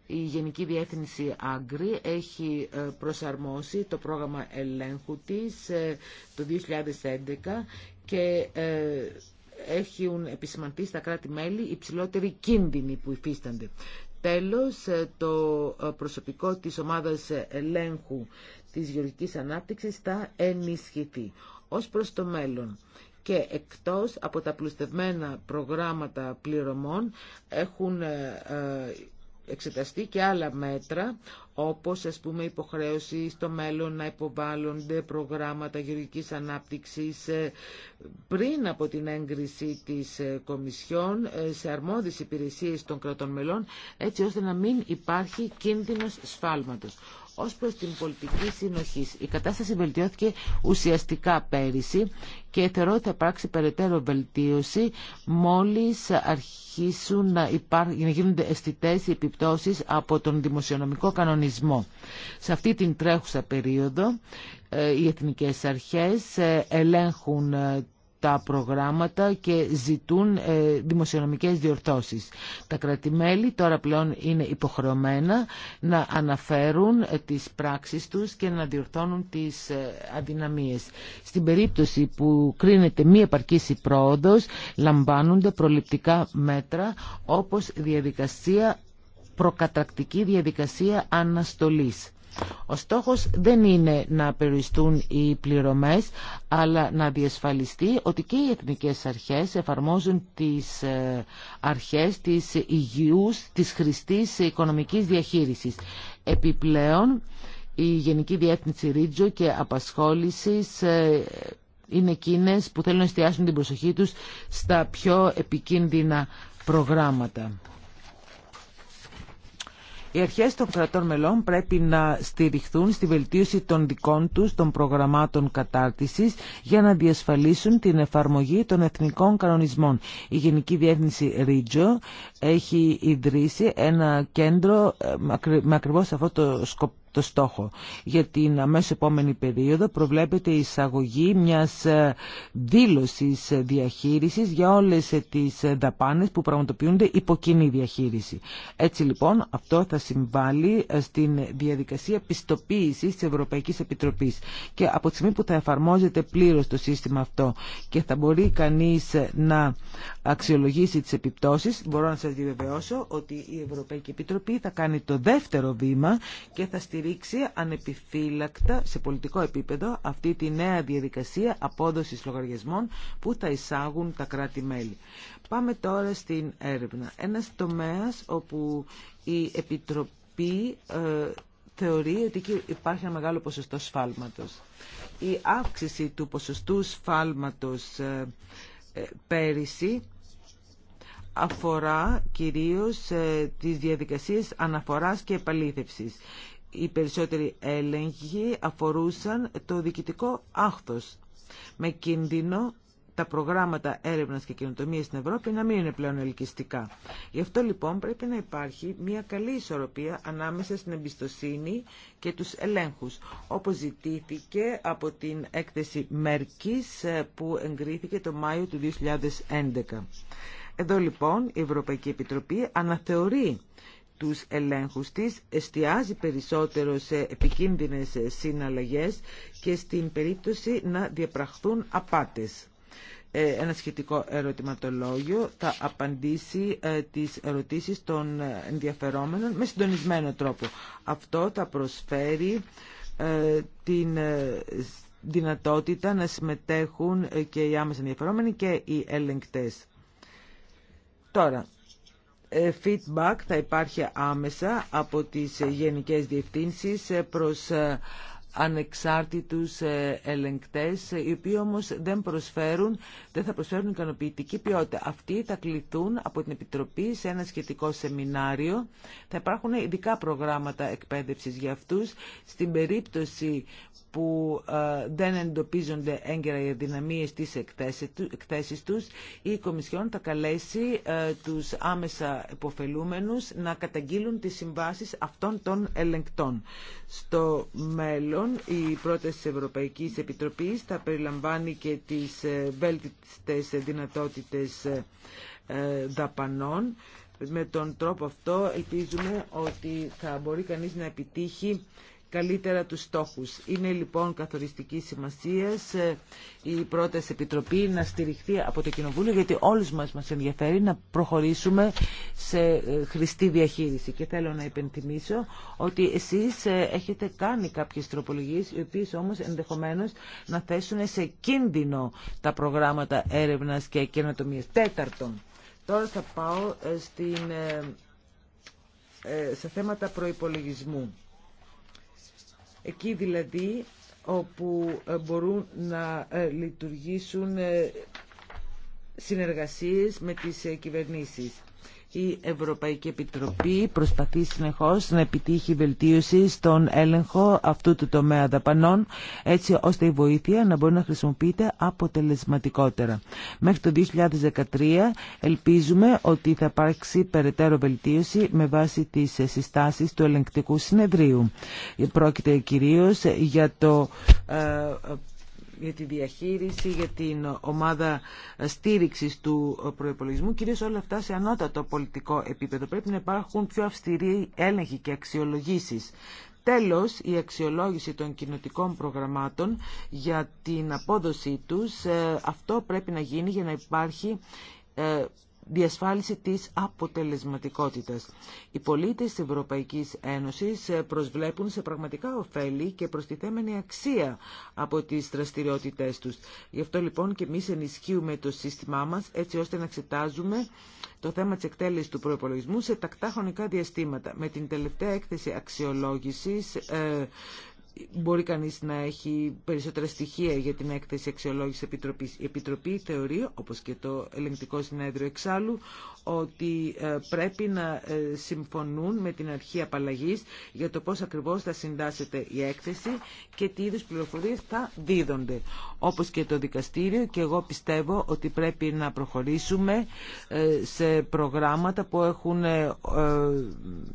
Η Γενική Διεύθυνση Άγκρη έχει ε, προσαρμόσει το πρόγραμμα ελέγχου της ε, το 2011 και έχουν επισημανθεί στα κράτη-μέλη οι ψηλότεροι κίνδυνοι που υφίστανται. Τέλος, ε, το ε, προσωπικό της ομάδας ελέγχου της γεωργικής ανάπτυξης θα ενισχυθεί ως προς το μέλλον. Και εκτός από τα πλουστευμένα προγράμματα πληρωμών έχουν ε, εξεταστεί και άλλα μέτρα, όπως ας πούμε υποχρέωση στο μέλλον να υποβάλλονται προγράμματα γεωργικής ανάπτυξης ε, πριν από την έγκριση της ε, Κομισιόν ε, σε αρμόδιες υπηρεσίες των κρατών μελών, έτσι ώστε να μην υπάρχει κίνδυνος σφάλματος. Ως προς την πολιτική συνοχή. Η κατάσταση βελτιώθηκε ουσιαστικά πέρυσι και θεωρώ ότι θα υπάρξει περαιτέρω βελτίωση μόλις αρχίσουν να, να γίνονται αισθητέ οι επιπτώσεις από τον δημοσιονομικό κανονισμό. Σε αυτή την τρέχουσα περίοδο ε, οι εθνικές αρχές ε, ελέγχουν ε, τα προγράμματα και ζητούν ε, δημοσιονομικές διορθώσεις. Τα κρατημέλη τώρα πλέον είναι υποχρεωμένα να αναφέρουν ε, τις πράξεις τους και να διορθώνουν τις ε, αδυναμίες. Στην περίπτωση που κρίνεται μη επαρκής η πρόοδος, λαμβάνονται προληπτικά μέτρα όπως διαδικασία προκατακτική διαδικασία αναστολής. Ο στόχος δεν είναι να περιστούν οι πληρωμές, αλλά να διασφαλιστεί ότι και οι εθνικές αρχές εφαρμόζουν τις ε, αρχές της υγιούς, της χρηστής οικονομικής διαχείρισης. Επιπλέον, η Γενική Διεύθυνση Ρίτζο και Απασχόλησης ε, είναι εκείνε που θέλουν να εστιάσουν την προσοχή τους στα πιο επικίνδυνα προγράμματα. Οι αρχές των κρατών μελών πρέπει να στηριχθούν στη βελτίωση των δικών τους των προγραμμάτων κατάρτισης για να διασφαλίσουν την εφαρμογή των εθνικών κανονισμών. Η Γενική Διεύθυνση Ρίτζο έχει ιδρύσει ένα κέντρο ε, με ακριβώς αυτό το σκοπό το στόχο. Για την αμέσως επόμενη περίοδο προβλέπεται η εισαγωγή μιας ε, δήλωσης διαχείρισης για όλες ε, τις ε, δαπάνες που πραγματοποιούνται υπό κοινή διαχείριση. Έτσι λοιπόν αυτό θα συμβάλλει στην διαδικασία πιστοποίησης της Ευρωπαϊκής Επιτροπής και από τη στιγμή που θα εφαρμόζεται πλήρως το σύστημα αυτό και θα μπορεί κανείς να αξιολογήσει τις επιπτώσεις. Μπορώ να σας διαβεβαιώσω ότι η Ευρωπαϊκή Επιτροπή θα κάνει το δεύτερο βήμα και θα στηρίξει ανεπιφύλακτα σε πολιτικό επίπεδο αυτή τη νέα διαδικασία απόδοσης λογαριασμών που θα εισάγουν τα κράτη-μέλη. Πάμε τώρα στην έρευνα. Ένας τομέας όπου η Επιτροπή ε, θεωρεί ότι υπάρχει ένα μεγάλο ποσοστό σφάλματος. Η αύξηση του ποσοστού σφάλματος ε, ε, πέρυσι αφορά κυρίως ε, τις διαδικασίες αναφοράς και επαλήθευσης. Οι περισσότεροι έλεγχοι αφορούσαν το διοικητικό άχθος με κίνδυνο τα προγράμματα έρευνας και καινοτομία στην Ευρώπη να μην είναι πλέον ελκυστικά. Γι' αυτό λοιπόν πρέπει να υπάρχει μια καλή ισορροπία ανάμεσα στην εμπιστοσύνη και τους ελέγχους, όπως ζητήθηκε από την έκθεση Μέρκης ε, που εγκρίθηκε το Μάιο του 2011. Εδώ λοιπόν η Ευρωπαϊκή Επιτροπή αναθεωρεί τους ελέγχους της, εστιάζει περισσότερο σε επικίνδυνες συναλλαγές και στην περίπτωση να διαπραχθούν απάτες. Ε, ένα σχετικό ερωτηματολόγιο θα απαντήσει ε, τις ερωτήσεις των ε, ενδιαφερόμενων με συντονισμένο τρόπο. Αυτό θα προσφέρει την δυνατότητα να συμμετέχουν και οι άμεσα ενδιαφερόμενοι και οι ελεγκτές. Τώρα, ε, feedback θα υπάρχει άμεσα από τις ε, γενικές διευθύνσεις ε, προς ανεξάρτητους ελεγκτές, οι οποίοι όμως δεν, προσφέρουν, δεν θα προσφέρουν ικανοποιητική ποιότητα. Αυτοί θα κληθούν από την Επιτροπή σε ένα σχετικό σεμινάριο. Θα υπάρχουν ειδικά προγράμματα εκπαίδευσης για αυτούς. Στην περίπτωση που ε, δεν εντοπίζονται έγκαιρα οι αδυναμίες της εκθέσεις τους, η Κομισιόν θα καλέσει ε, τους άμεσα υποφελούμενους να καταγγείλουν τις συμβάσεις αυτών των ελεγκτών. Στο μέλλον, η πρόταση της Ευρωπαϊκής Επιτροπής θα περιλαμβάνει και τις ε, βέλτιστες δυνατότητες δαπανών. Με τον τρόπο αυτό ελπίζουμε ότι θα μπορεί κανείς να επιτύχει καλύτερα τους στόχους. Είναι λοιπόν καθοριστική σημασία ε, η πρώτη Επιτροπή να στηριχθεί από το Κοινοβούλιο γιατί όλους μας μας ενδιαφέρει να προχωρήσουμε σε ε, χρηστή διαχείριση. Και θέλω να υπενθυμίσω ότι εσείς ε, έχετε κάνει κάποιες τροπολογίες οι οποίες όμως ενδεχομένως να θέσουν σε κίνδυνο τα προγράμματα έρευνας και καινοτομία. Τέταρτον, τώρα θα πάω στην σε θέματα προϋπολογισμού. Εκεί δηλαδή όπου ε, μπορούν να ε, λειτουργήσουν ε, συνεργασίες με τις κυβερνήσεις η Ευρωπαϊκή Επιτροπή προσπαθεί συνεχώς να επιτύχει βελτίωση στον έλεγχο αυτού του τομέα δαπανών, έτσι ώστε η βοήθεια να μπορεί να χρησιμοποιείται αποτελεσματικότερα. Μέχρι το 2013 ελπίζουμε ότι θα υπάρξει περαιτέρω βελτίωση με βάση τις συστάσεις του ελεγκτικού συνεδρίου. Πρόκειται κυρίως για το ε, για τη διαχείριση, για την ομάδα στήριξης του προϋπολογισμού, κυρίως όλα αυτά σε ανώτατο πολιτικό επίπεδο. Πρέπει να υπάρχουν πιο αυστηροί έλεγχοι και αξιολογήσεις. Τέλος, η αξιολόγηση των κοινοτικών προγραμμάτων για την απόδοσή τους, ε, αυτό πρέπει να γίνει για να υπάρχει ε, διασφάλιση της αποτελεσματικότητας. Οι πολίτες της Ευρωπαϊκής Ένωσης ε, προσβλέπουν σε πραγματικά ωφέλη και προστιθέμενη αξία από τις δραστηριότητές τους. Γι' αυτό λοιπόν και εμείς ενισχύουμε το σύστημά μας έτσι ώστε να εξετάζουμε το θέμα της εκτέλεσης του προϋπολογισμού σε τακτά χρονικά διαστήματα. Με την τελευταία έκθεση αξιολόγησης ε, μπορεί κανείς να έχει περισσότερα στοιχεία για την έκθεση αξιολόγηση επιτροπής. Η Επιτροπή θεωρεί, όπως και το ελεγκτικό συνέδριο εξάλλου, ότι ε, πρέπει να ε, συμφωνούν με την αρχή απαλλαγής για το πώς ακριβώς θα συντάσσεται η έκθεση και τι είδους πληροφορίες θα δίδονται. Όπως και το δικαστήριο και εγώ πιστεύω ότι πρέπει να προχωρήσουμε ε, σε προγράμματα που έχουν,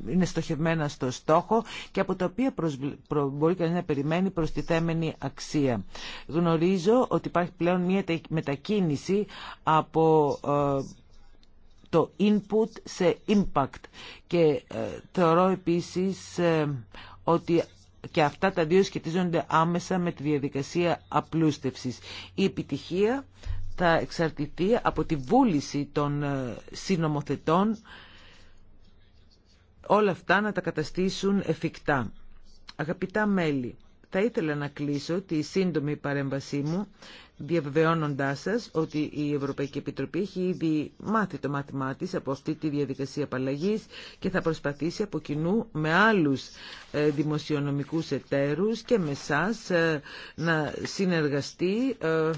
είναι στοχευμένα στο στόχο και από τα οποία προσβλ... μπορεί να περιμένει προστιθέμενη αξία. Γνωρίζω ότι υπάρχει πλέον μια μετακίνηση από ε, το input σε impact και ε, θεωρώ επίσης ε, ότι και αυτά τα δύο σχετίζονται άμεσα με τη διαδικασία απλούστευσης. Η επιτυχία θα εξαρτηθεί από τη βούληση των συνομοθετών όλα αυτά να τα καταστήσουν εφικτά. Αγαπητά μέλη, θα ήθελα να κλείσω τη σύντομη παρέμβασή μου διαβεβαιώνοντάς σας ότι η Ευρωπαϊκή Επιτροπή έχει ήδη μάθει το μάθημά της από αυτή τη διαδικασία απαλλαγής και θα προσπαθήσει από κοινού με άλλους ε, δημοσιονομικούς εταίρους και με εσά να συνεργαστεί. Ε,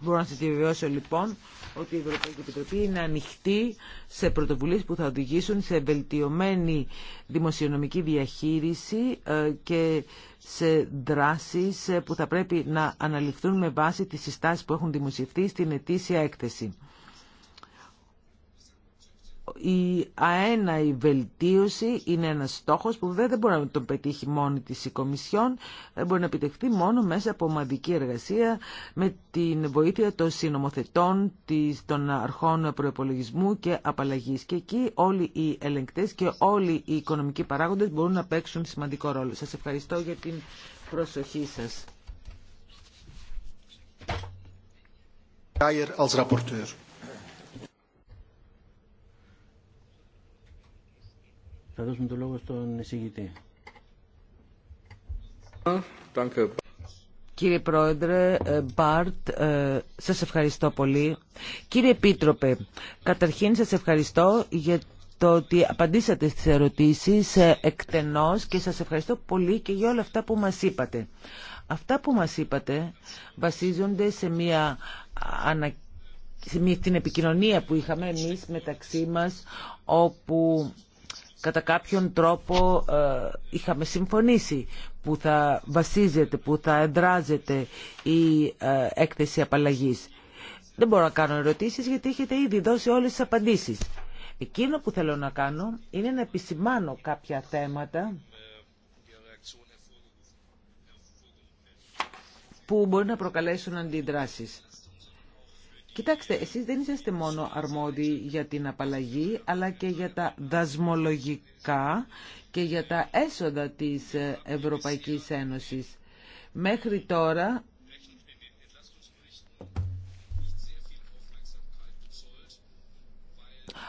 μπορώ να σας διαβεβαιώσω λοιπόν ότι η Ευρωπαϊκή Επιτροπή είναι ανοιχτή σε πρωτοβουλίες που θα οδηγήσουν σε βελτιωμένη δημοσιονομική διαχείριση ε, και σε δράσεις ε, που θα πρέπει να αναλυφθούν με βάση τις συστάσεις που έχουν δημοσιευτεί στην ετήσια έκθεση η αέναη βελτίωση είναι ένας στόχος που δεν, δεν μπορεί να τον πετύχει μόνη της η Κομισιόν, μπορεί να επιτευχθεί μόνο μέσα από ομαδική εργασία με την βοήθεια των συνομοθετών, των αρχών προπολογισμού και απαλλαγή. Και εκεί όλοι οι ελεγκτές και όλοι οι οικονομικοί παράγοντες μπορούν να παίξουν σημαντικό ρόλο. Σα ευχαριστώ για την προσοχή σας. Als rapporteur. Θα δώσουμε το λόγο στον εισηγητή. Κύριε Πρόεδρε, ε, Μπάρτ, ε, σας ευχαριστώ πολύ. Κύριε Επίτροπε, καταρχήν σας ευχαριστώ για το ότι απαντήσατε στις ερωτήσεις ε, εκτενώς και σας ευχαριστώ πολύ και για όλα αυτά που μας είπατε. Αυτά που μας είπατε βασίζονται σε μια σε την επικοινωνία που είχαμε εμείς μεταξύ μας όπου κατά κάποιον τρόπο ε, είχαμε συμφωνήσει που θα βασίζεται, που θα εντράζεται η ε, έκθεση απαλλαγής. Δεν μπορώ να κάνω ερωτήσεις γιατί έχετε ήδη δώσει όλες τις απαντήσεις. Εκείνο που θέλω να κάνω είναι να επισημάνω κάποια θέματα που μπορεί να προκαλέσουν αντιδράσεις. Κοιτάξτε, εσείς δεν είσαστε μόνο αρμόδιοι για την απαλλαγή, αλλά και για τα δασμολογικά και για τα έσοδα της Ευρωπαϊκής Ένωσης. Μέχρι τώρα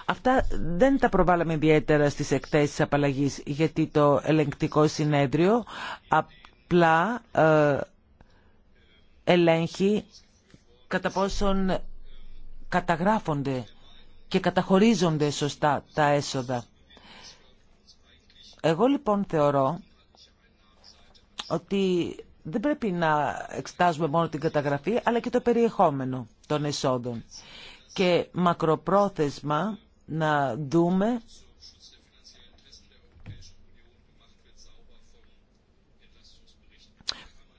Αυτά δεν τα προβάλαμε ιδιαίτερα στις εκθέσεις απαλλαγής, γιατί το ελεγκτικό συνέδριο απλά ε, ελέγχει κατά πόσον καταγράφονται και καταχωρίζονται σωστά τα έσοδα. Εγώ λοιπόν θεωρώ ότι δεν πρέπει να εξτάζουμε μόνο την καταγραφή, αλλά και το περιεχόμενο των εσόδων. Και μακροπρόθεσμα να δούμε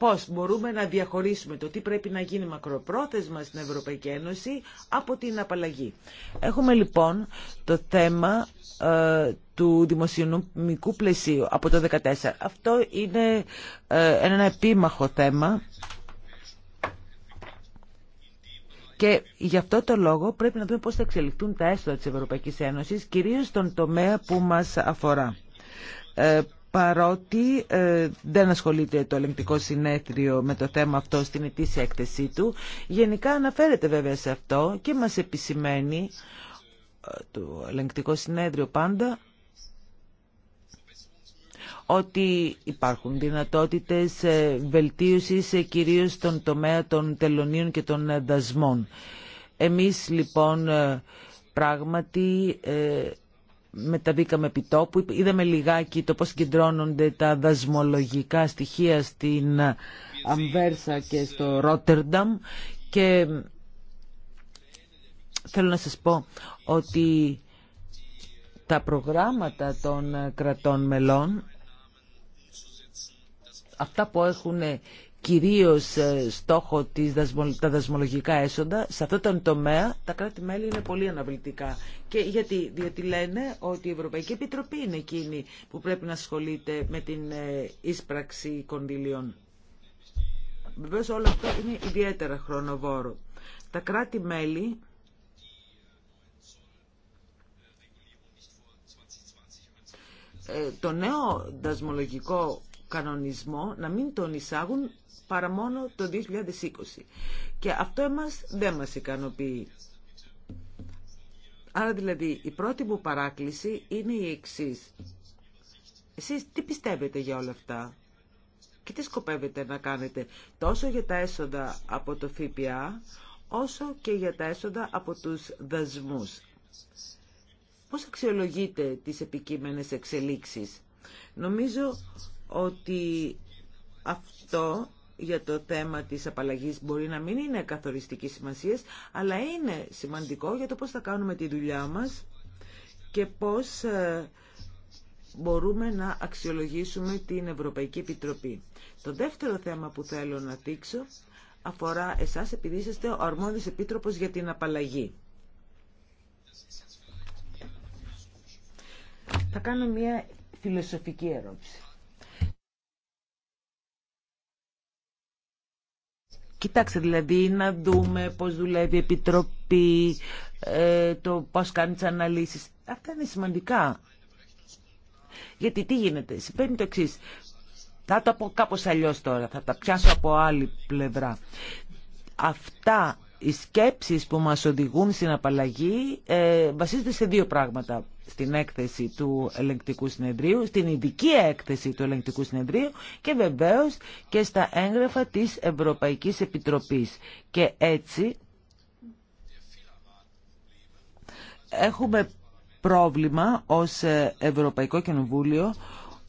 πώς μπορούμε να διαχωρίσουμε το τι πρέπει να γίνει μακροπρόθεσμα στην Ευρωπαϊκή Ένωση από την απαλλαγή. Έχουμε λοιπόν το θέμα ε, του δημοσιονομικού πλαισίου από το 2014. Αυτό είναι ε, ένα επίμαχο θέμα και γι' αυτό το λόγο πρέπει να δούμε πώς θα εξελιχθούν τα έσοδα της Ευρωπαϊκής Ένωσης, κυρίως στον τομέα που μας αφορά. Ε, παρότι ε, δεν ασχολείται το ελεγκτικό συνέδριο με το θέμα αυτό στην ετήσια έκθεσή του, γενικά αναφέρεται βέβαια σε αυτό και μας επισημαίνει ε, το ελεγκτικό συνέδριο πάντα ότι υπάρχουν δυνατότητες ε, βελτίωσης κυρίως στον τομέα των τελωνίων και των δασμών. Εμείς λοιπόν πράγματι μεταβήκαμε επί τόπου, είδαμε λιγάκι το πώς συγκεντρώνονται τα δασμολογικά στοιχεία στην ε, Αμβέρσα και στο Ρότερνταμ και θέλω να σας πω ότι τα προγράμματα των ε, κρατών μελών αυτά που έχουν κυρίως ε, στόχο της τα δασμολογικά έσοδα, σε αυτό τον τομέα τα κράτη-μέλη είναι πολύ αναβλητικά. Και γιατί, διότι λένε ότι η Ευρωπαϊκή Επιτροπή είναι εκείνη που πρέπει να ασχολείται με την ε, ίσπραξη κονδυλίων. Βεβαίως όλο αυτό είναι ιδιαίτερα χρονοβόρο. Τα κράτη-μέλη ε, το νέο δασμολογικό κανονισμό να μην τον εισάγουν παρά μόνο το 2020. Και αυτό εμάς δεν μας ικανοποιεί. Άρα δηλαδή η πρώτη μου παράκληση είναι η εξή. Εσείς τι πιστεύετε για όλα αυτά και τι σκοπεύετε να κάνετε τόσο για τα έσοδα από το ΦΠΑ όσο και για τα έσοδα από τους δασμούς. Πώς αξιολογείτε τις επικείμενες εξελίξεις. Νομίζω ότι αυτό για το θέμα της απαλλαγής μπορεί να μην είναι καθοριστική σημασίας, αλλά είναι σημαντικό για το πώς θα κάνουμε τη δουλειά μας και πώς ε, μπορούμε να αξιολογήσουμε την Ευρωπαϊκή Επιτροπή. Το δεύτερο θέμα που θέλω να δείξω αφορά εσάς επειδή είστε ο αρμόδιος επίτροπος για την απαλλαγή. Θα κάνω μια φιλοσοφική ερώτηση. Κοιτάξτε δηλαδή να δούμε πώς δουλεύει η Επιτροπή, ε, το πώς κάνει τι αναλύσεις. Αυτά είναι σημαντικά. Γιατί τι γίνεται, συμβαίνει το εξή. Θα τα πω κάπως αλλιώς τώρα, θα τα πιάσω από άλλη πλευρά. Αυτά οι σκέψεις που μας οδηγούν στην απαλλαγή ε, βασίζονται σε δύο πράγματα στην έκθεση του ελεγκτικού συνεδρίου, στην ειδική έκθεση του ελεγκτικού συνεδρίου και βεβαίως και στα έγγραφα της Ευρωπαϊκής Επιτροπής. Και έτσι έχουμε πρόβλημα ως Ευρωπαϊκό Κοινοβούλιο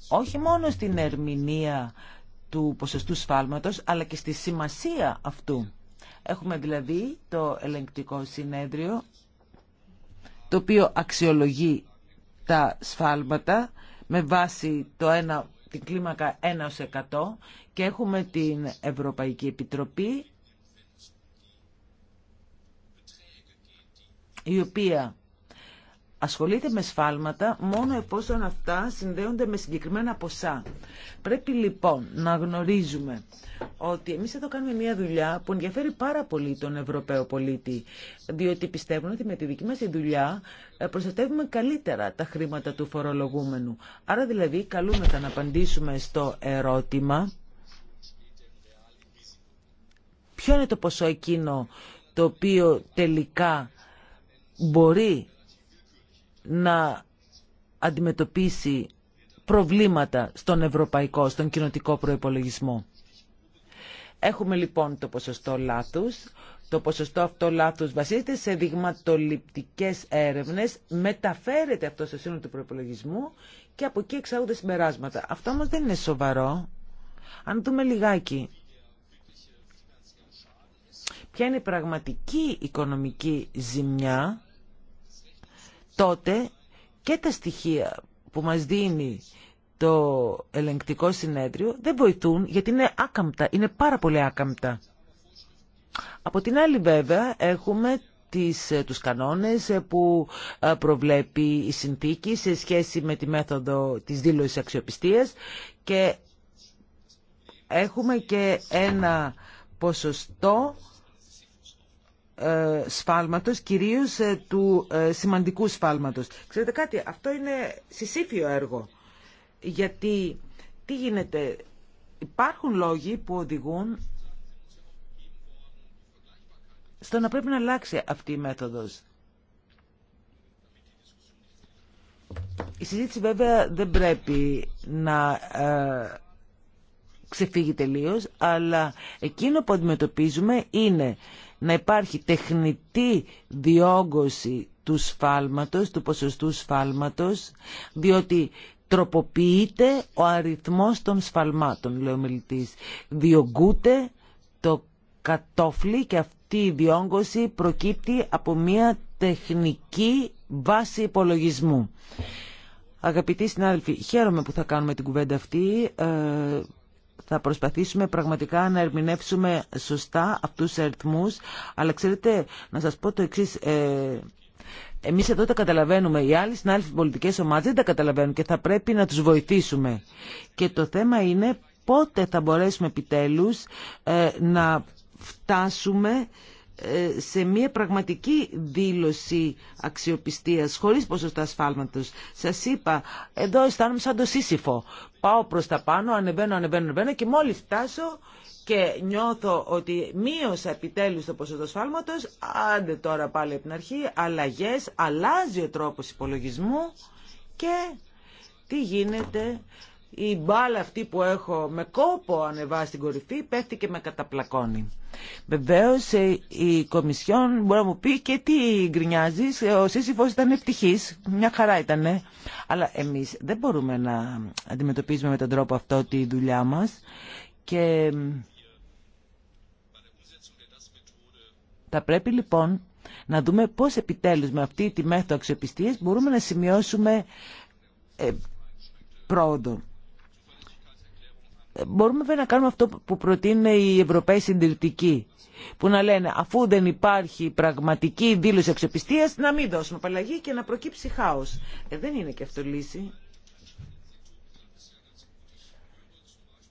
όχι μόνο στην ερμηνεία του ποσοστού σφάλματος αλλά και στη σημασία αυτού. Έχουμε δηλαδή το ελεγκτικό συνέδριο το οποίο αξιολογεί τα σφάλματα με βάση το ένα, την κλίμακα 1% και έχουμε την Ευρωπαϊκή Επιτροπή η οποία ασχολείται με σφάλματα μόνο εφόσον αυτά συνδέονται με συγκεκριμένα ποσά. Πρέπει λοιπόν να γνωρίζουμε ότι εμείς εδώ κάνουμε μια δουλειά που ενδιαφέρει πάρα πολύ τον Ευρωπαίο πολίτη, διότι πιστεύουν ότι με τη δική μας δουλειά ε, προστατεύουμε καλύτερα τα χρήματα του φορολογούμενου. Άρα δηλαδή καλούμεθα να απαντήσουμε στο ερώτημα ποιο είναι το ποσό εκείνο το οποίο τελικά μπορεί να αντιμετωπίσει προβλήματα στον ευρωπαϊκό, στον κοινοτικό προϋπολογισμό. Έχουμε λοιπόν το ποσοστό λάθους. Το ποσοστό αυτό λάθος βασίζεται σε δειγματοληπτικές έρευνες, μεταφέρεται αυτό στο σύνολο του προϋπολογισμού και από εκεί εξάγονται συμπεράσματα. Αυτό όμως δεν είναι σοβαρό. Αν δούμε λιγάκι ποια είναι η πραγματική οικονομική ζημιά τότε και τα στοιχεία που μας δίνει το ελεγκτικό συνέδριο δεν βοηθούν γιατί είναι άκαμπτα, είναι πάρα πολύ άκαμπτα. Από την άλλη βέβαια έχουμε τις, ε, τους κανόνες ε, που ε, προβλέπει η συνθήκη σε σχέση με τη μέθοδο της δήλωσης αξιοπιστίας και έχουμε και ένα ποσοστό ε, σφάλματος, κυρίως ε, του ε, σημαντικού σφάλματος. Ξέρετε κάτι, αυτό είναι συσήφιο έργο. Γιατί τι γίνεται, υπάρχουν λόγοι που οδηγούν στο να πρέπει να αλλάξει αυτή η μέθοδος. Η συζήτηση βέβαια δεν πρέπει να ξεφύγει τελείως, αλλά εκείνο που αντιμετωπίζουμε είναι να υπάρχει τεχνητή διόγκωση του σφάλματος, του ποσοστού σφάλματος, διότι τροποποιείται ο αριθμός των σφαλμάτων, λέει ο μιλητής. Διογκούται το κατόφλι και αυτή η διόγκωση προκύπτει από μια τεχνική βάση υπολογισμού. Αγαπητοί συνάδελφοι, χαίρομαι που θα κάνουμε την κουβέντα αυτή. Ε, θα προσπαθήσουμε πραγματικά να ερμηνεύσουμε σωστά αυτούς τους αριθμούς. Αλλά ξέρετε, να σας πω το εξής... Ε, εμείς εδώ τα καταλαβαίνουμε, οι άλλοι συνάδελφοι πολιτικές ομάδες δεν τα καταλαβαίνουν και θα πρέπει να τους βοηθήσουμε. Και το θέμα είναι πότε θα μπορέσουμε επιτέλους ε, να φτάσουμε ε, σε μια πραγματική δήλωση αξιοπιστίας χωρίς ποσοστά ασφάλματος. Σας είπα, εδώ αισθάνομαι σαν το σύσυφο πάω προς τα πάνω, ανεβαίνω, ανεβαίνω, ανεβαίνω και μόλις φτάσω και νιώθω ότι μείωσα επιτέλους το ποσοστό σφάλματος, άντε τώρα πάλι από την αρχή, αλλαγές, αλλάζει ο τρόπος υπολογισμού και τι γίνεται η μπάλα αυτή που έχω με κόπο ανεβάσει στην κορυφή πέφτει και με καταπλακώνει. Βεβαίω ε, η Κομισιόν μπορεί να μου πει και τι γκρινιάζει. Ε, ο Σύσυφο ήταν ευτυχή. Μια χαρά ήταν. Αλλά εμεί δεν μπορούμε να αντιμετωπίζουμε με τον τρόπο αυτό τη δουλειά μα. Και θα πρέπει λοιπόν να δούμε πώς επιτέλους με αυτή τη μέθοδο αξιοπιστίας μπορούμε να σημειώσουμε ε, πρόοδο μπορούμε βέβαια να κάνουμε αυτό που προτείνουν οι Ευρωπαίοι συντηρητικοί. Που να λένε αφού δεν υπάρχει πραγματική δήλωση αξιοπιστίας να μην δώσουμε απαλλαγή και να προκύψει χάος. Ε, δεν είναι και αυτό λύση.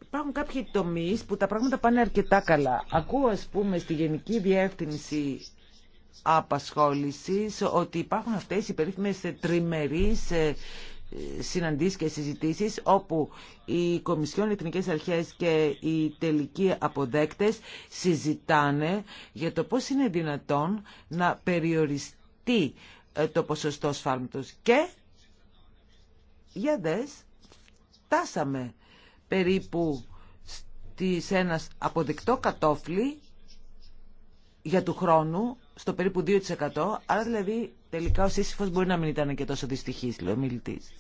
Υπάρχουν κάποιοι τομείς που τα πράγματα πάνε αρκετά καλά. Ακούω ας πούμε στη Γενική Διεύθυνση απασχόλησης ότι υπάρχουν αυτές οι περίφημες τριμερείς ε, συναντήσεις και συζητήσεις όπου οι Κομισιόν οι Εθνικές Αρχές και οι τελικοί αποδέκτες συζητάνε για το πώς είναι δυνατόν να περιοριστεί ε, το ποσοστό σφάλματος. Και για δες, φτάσαμε περίπου σε ένα αποδεκτό κατόφλι για του χρόνου στο περίπου 2%, άρα δηλαδή Τελικά ο Σύσυφος μπορεί να μην ήταν και τόσο δυστυχής, λέει ο μιλητής.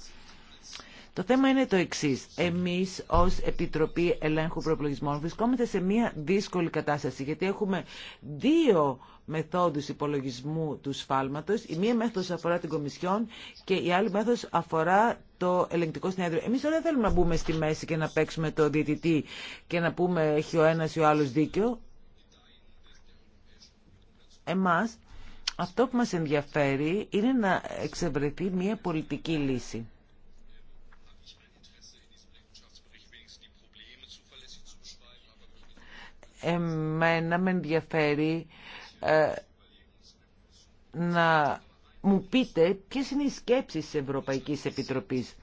Το θέμα είναι το εξή. Εμεί ω Επιτροπή Ελέγχου Προπολογισμών βρισκόμαστε σε μια δύσκολη κατάσταση γιατί έχουμε δύο μεθόδου υπολογισμού του σφάλματο. Η μία μέθοδο αφορά την Κομισιόν και η άλλη μέθοδο αφορά το ελεγκτικό συνέδριο. Εμεί τώρα δεν θέλουμε να μπούμε στη μέση και να παίξουμε το διαιτητή και να πούμε έχει ο ένα ή ο άλλο δίκιο. Εμά. Αυτό που μας ενδιαφέρει είναι να εξευρεθεί μια πολιτική λύση. Εμένα με ενδιαφέρει ε, να μου πείτε ποιες είναι οι σκέψεις της Ευρωπαϊκής Επιτροπής.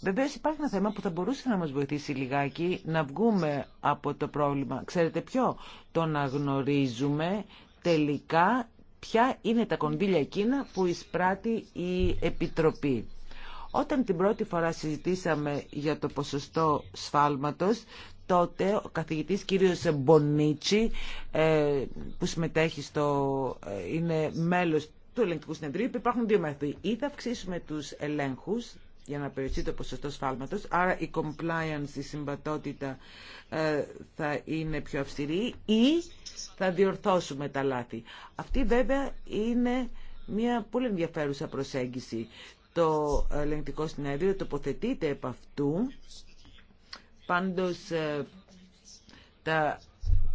Βεβαίω υπάρχει ένα θέμα που θα μπορούσε να μας βοηθήσει λιγάκι να βγούμε από το πρόβλημα. Ξέρετε ποιο, το να γνωρίζουμε τελικά ποια είναι τα κονδύλια εκείνα που εισπράττει η Επιτροπή. Όταν την πρώτη φορά συζητήσαμε για το ποσοστό σφάλματος, τότε ο καθηγητής κύριος Μπονίτσι, ε, που συμμετέχει στο, ε, είναι μέλος του ελεγκτικού συνεδρίου, υπάρχουν δύο μέθοδοι. Ή θα αυξήσουμε τους ελέγχους, για να περιοριστεί το ποσοστό σφάλματος, άρα η compliance, η συμβατότητα ε, θα είναι πιο αυστηρή, ή θα διορθώσουμε τα λάθη. Αυτή βέβαια είναι μια πολύ ενδιαφέρουσα προσέγγιση. Το ελεγκτικό συνέδριο τοποθετείται επ' αυτού. Πάντως ε, τα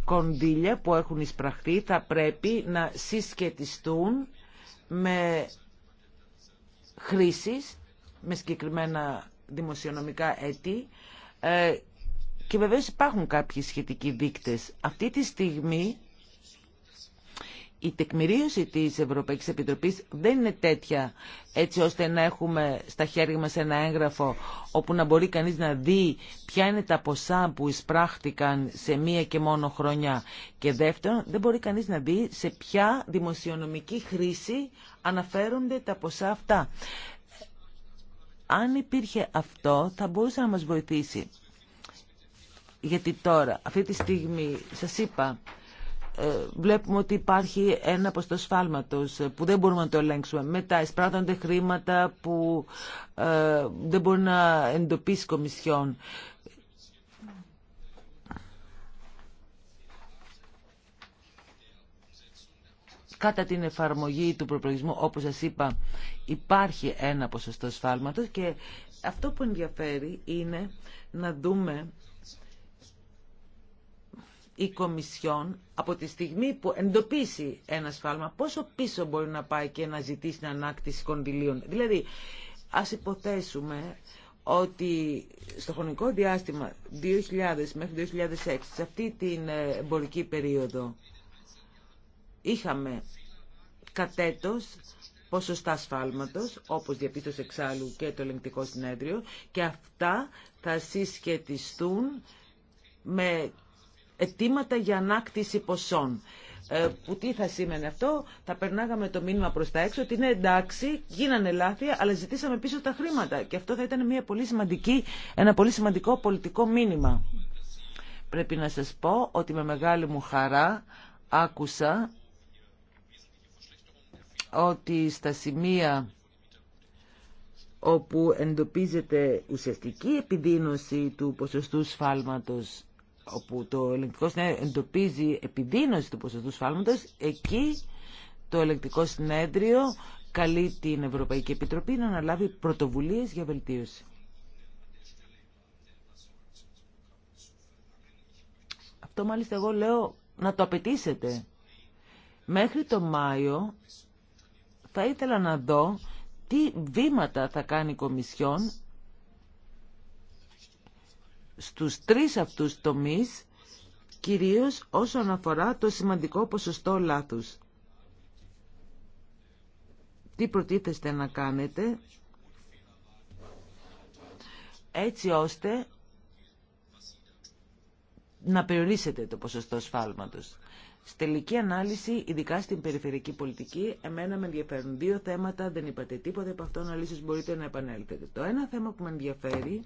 κονδύλια που έχουν εισπραχθεί θα πρέπει να συσχετιστούν με χρήσεις, με συγκεκριμένα δημοσιονομικά έτη ε, και βεβαίως υπάρχουν κάποιοι σχετικοί δείκτες. Αυτή τη στιγμή η τεκμηρίωση της Ευρωπαϊκής Επιτροπής δεν είναι τέτοια έτσι ώστε να έχουμε στα χέρια μας ένα έγγραφο όπου να μπορεί κανείς να δει ποια είναι τα ποσά που εισπράχτηκαν σε μία και μόνο χρονιά. Και δεύτερον, δεν μπορεί κανείς να δει σε ποια δημοσιονομική χρήση αναφέρονται τα ποσά αυτά. Αν υπήρχε αυτό, θα μπορούσε να μας βοηθήσει. Γιατί τώρα, αυτή τη στιγμή, σας είπα, ε, βλέπουμε ότι υπάρχει ένα ποστό σφάλματος που δεν μπορούμε να το ελέγξουμε. Μετά εισπράττονται χρήματα που ε, δεν μπορεί να εντοπίσει κομισιόν. Κατά την εφαρμογή του προπολογισμού, όπως σας είπα, υπάρχει ένα ποσοστό σφάλματος και αυτό που ενδιαφέρει είναι να δούμε η Κομισιόν από τη στιγμή που εντοπίσει ένα σφάλμα πόσο πίσω μπορεί να πάει και να ζητήσει την ανάκτηση κονδυλίων. Δηλαδή, ας υποθέσουμε ότι στο χρονικό διάστημα 2000 μέχρι 2006, σε αυτή την ε, εμπορική περίοδο, είχαμε κατέτος ποσοστά σφάλματος, όπως διαπίστωσε εξάλλου και το ελεγκτικό συνέδριο, και αυτά θα συσχετιστούν με αιτήματα για ανάκτηση ποσών. Ε, που τι θα σήμαινε αυτό, θα περνάγαμε το μήνυμα προς τα έξω ότι είναι εντάξει, γίνανε λάθη, αλλά ζητήσαμε πίσω τα χρήματα. Και αυτό θα ήταν μια πολύ σημαντική, ένα πολύ σημαντικό πολιτικό μήνυμα. Πρέπει να σας πω ότι με μεγάλη μου χαρά άκουσα ότι στα σημεία όπου εντοπίζεται ουσιαστική επιδείνωση του ποσοστού σφάλματος όπου το ελεγκτικό συνέδριο εντοπίζει επιδείνωση του ποσοστού σφάλματος, εκεί το ελεγκτικό συνέδριο καλεί την Ευρωπαϊκή Επιτροπή να αναλάβει πρωτοβουλίες για βελτίωση. Αυτό μάλιστα εγώ λέω να το απαιτήσετε. Μέχρι το Μάιο θα ήθελα να δω τι βήματα θα κάνει η Κομισιόν στους τρεις αυτούς τομείς, κυρίως όσον αφορά το σημαντικό ποσοστό λάθους. Τι προτίθεστε να κάνετε, έτσι ώστε να περιορίσετε το ποσοστό σφάλματος. Στη τελική ανάλυση, ειδικά στην περιφερειακή πολιτική, εμένα με ενδιαφέρουν δύο θέματα, δεν είπατε τίποτα από αυτό, αλλά μπορείτε να επανέλθετε. Το ένα θέμα που με ενδιαφέρει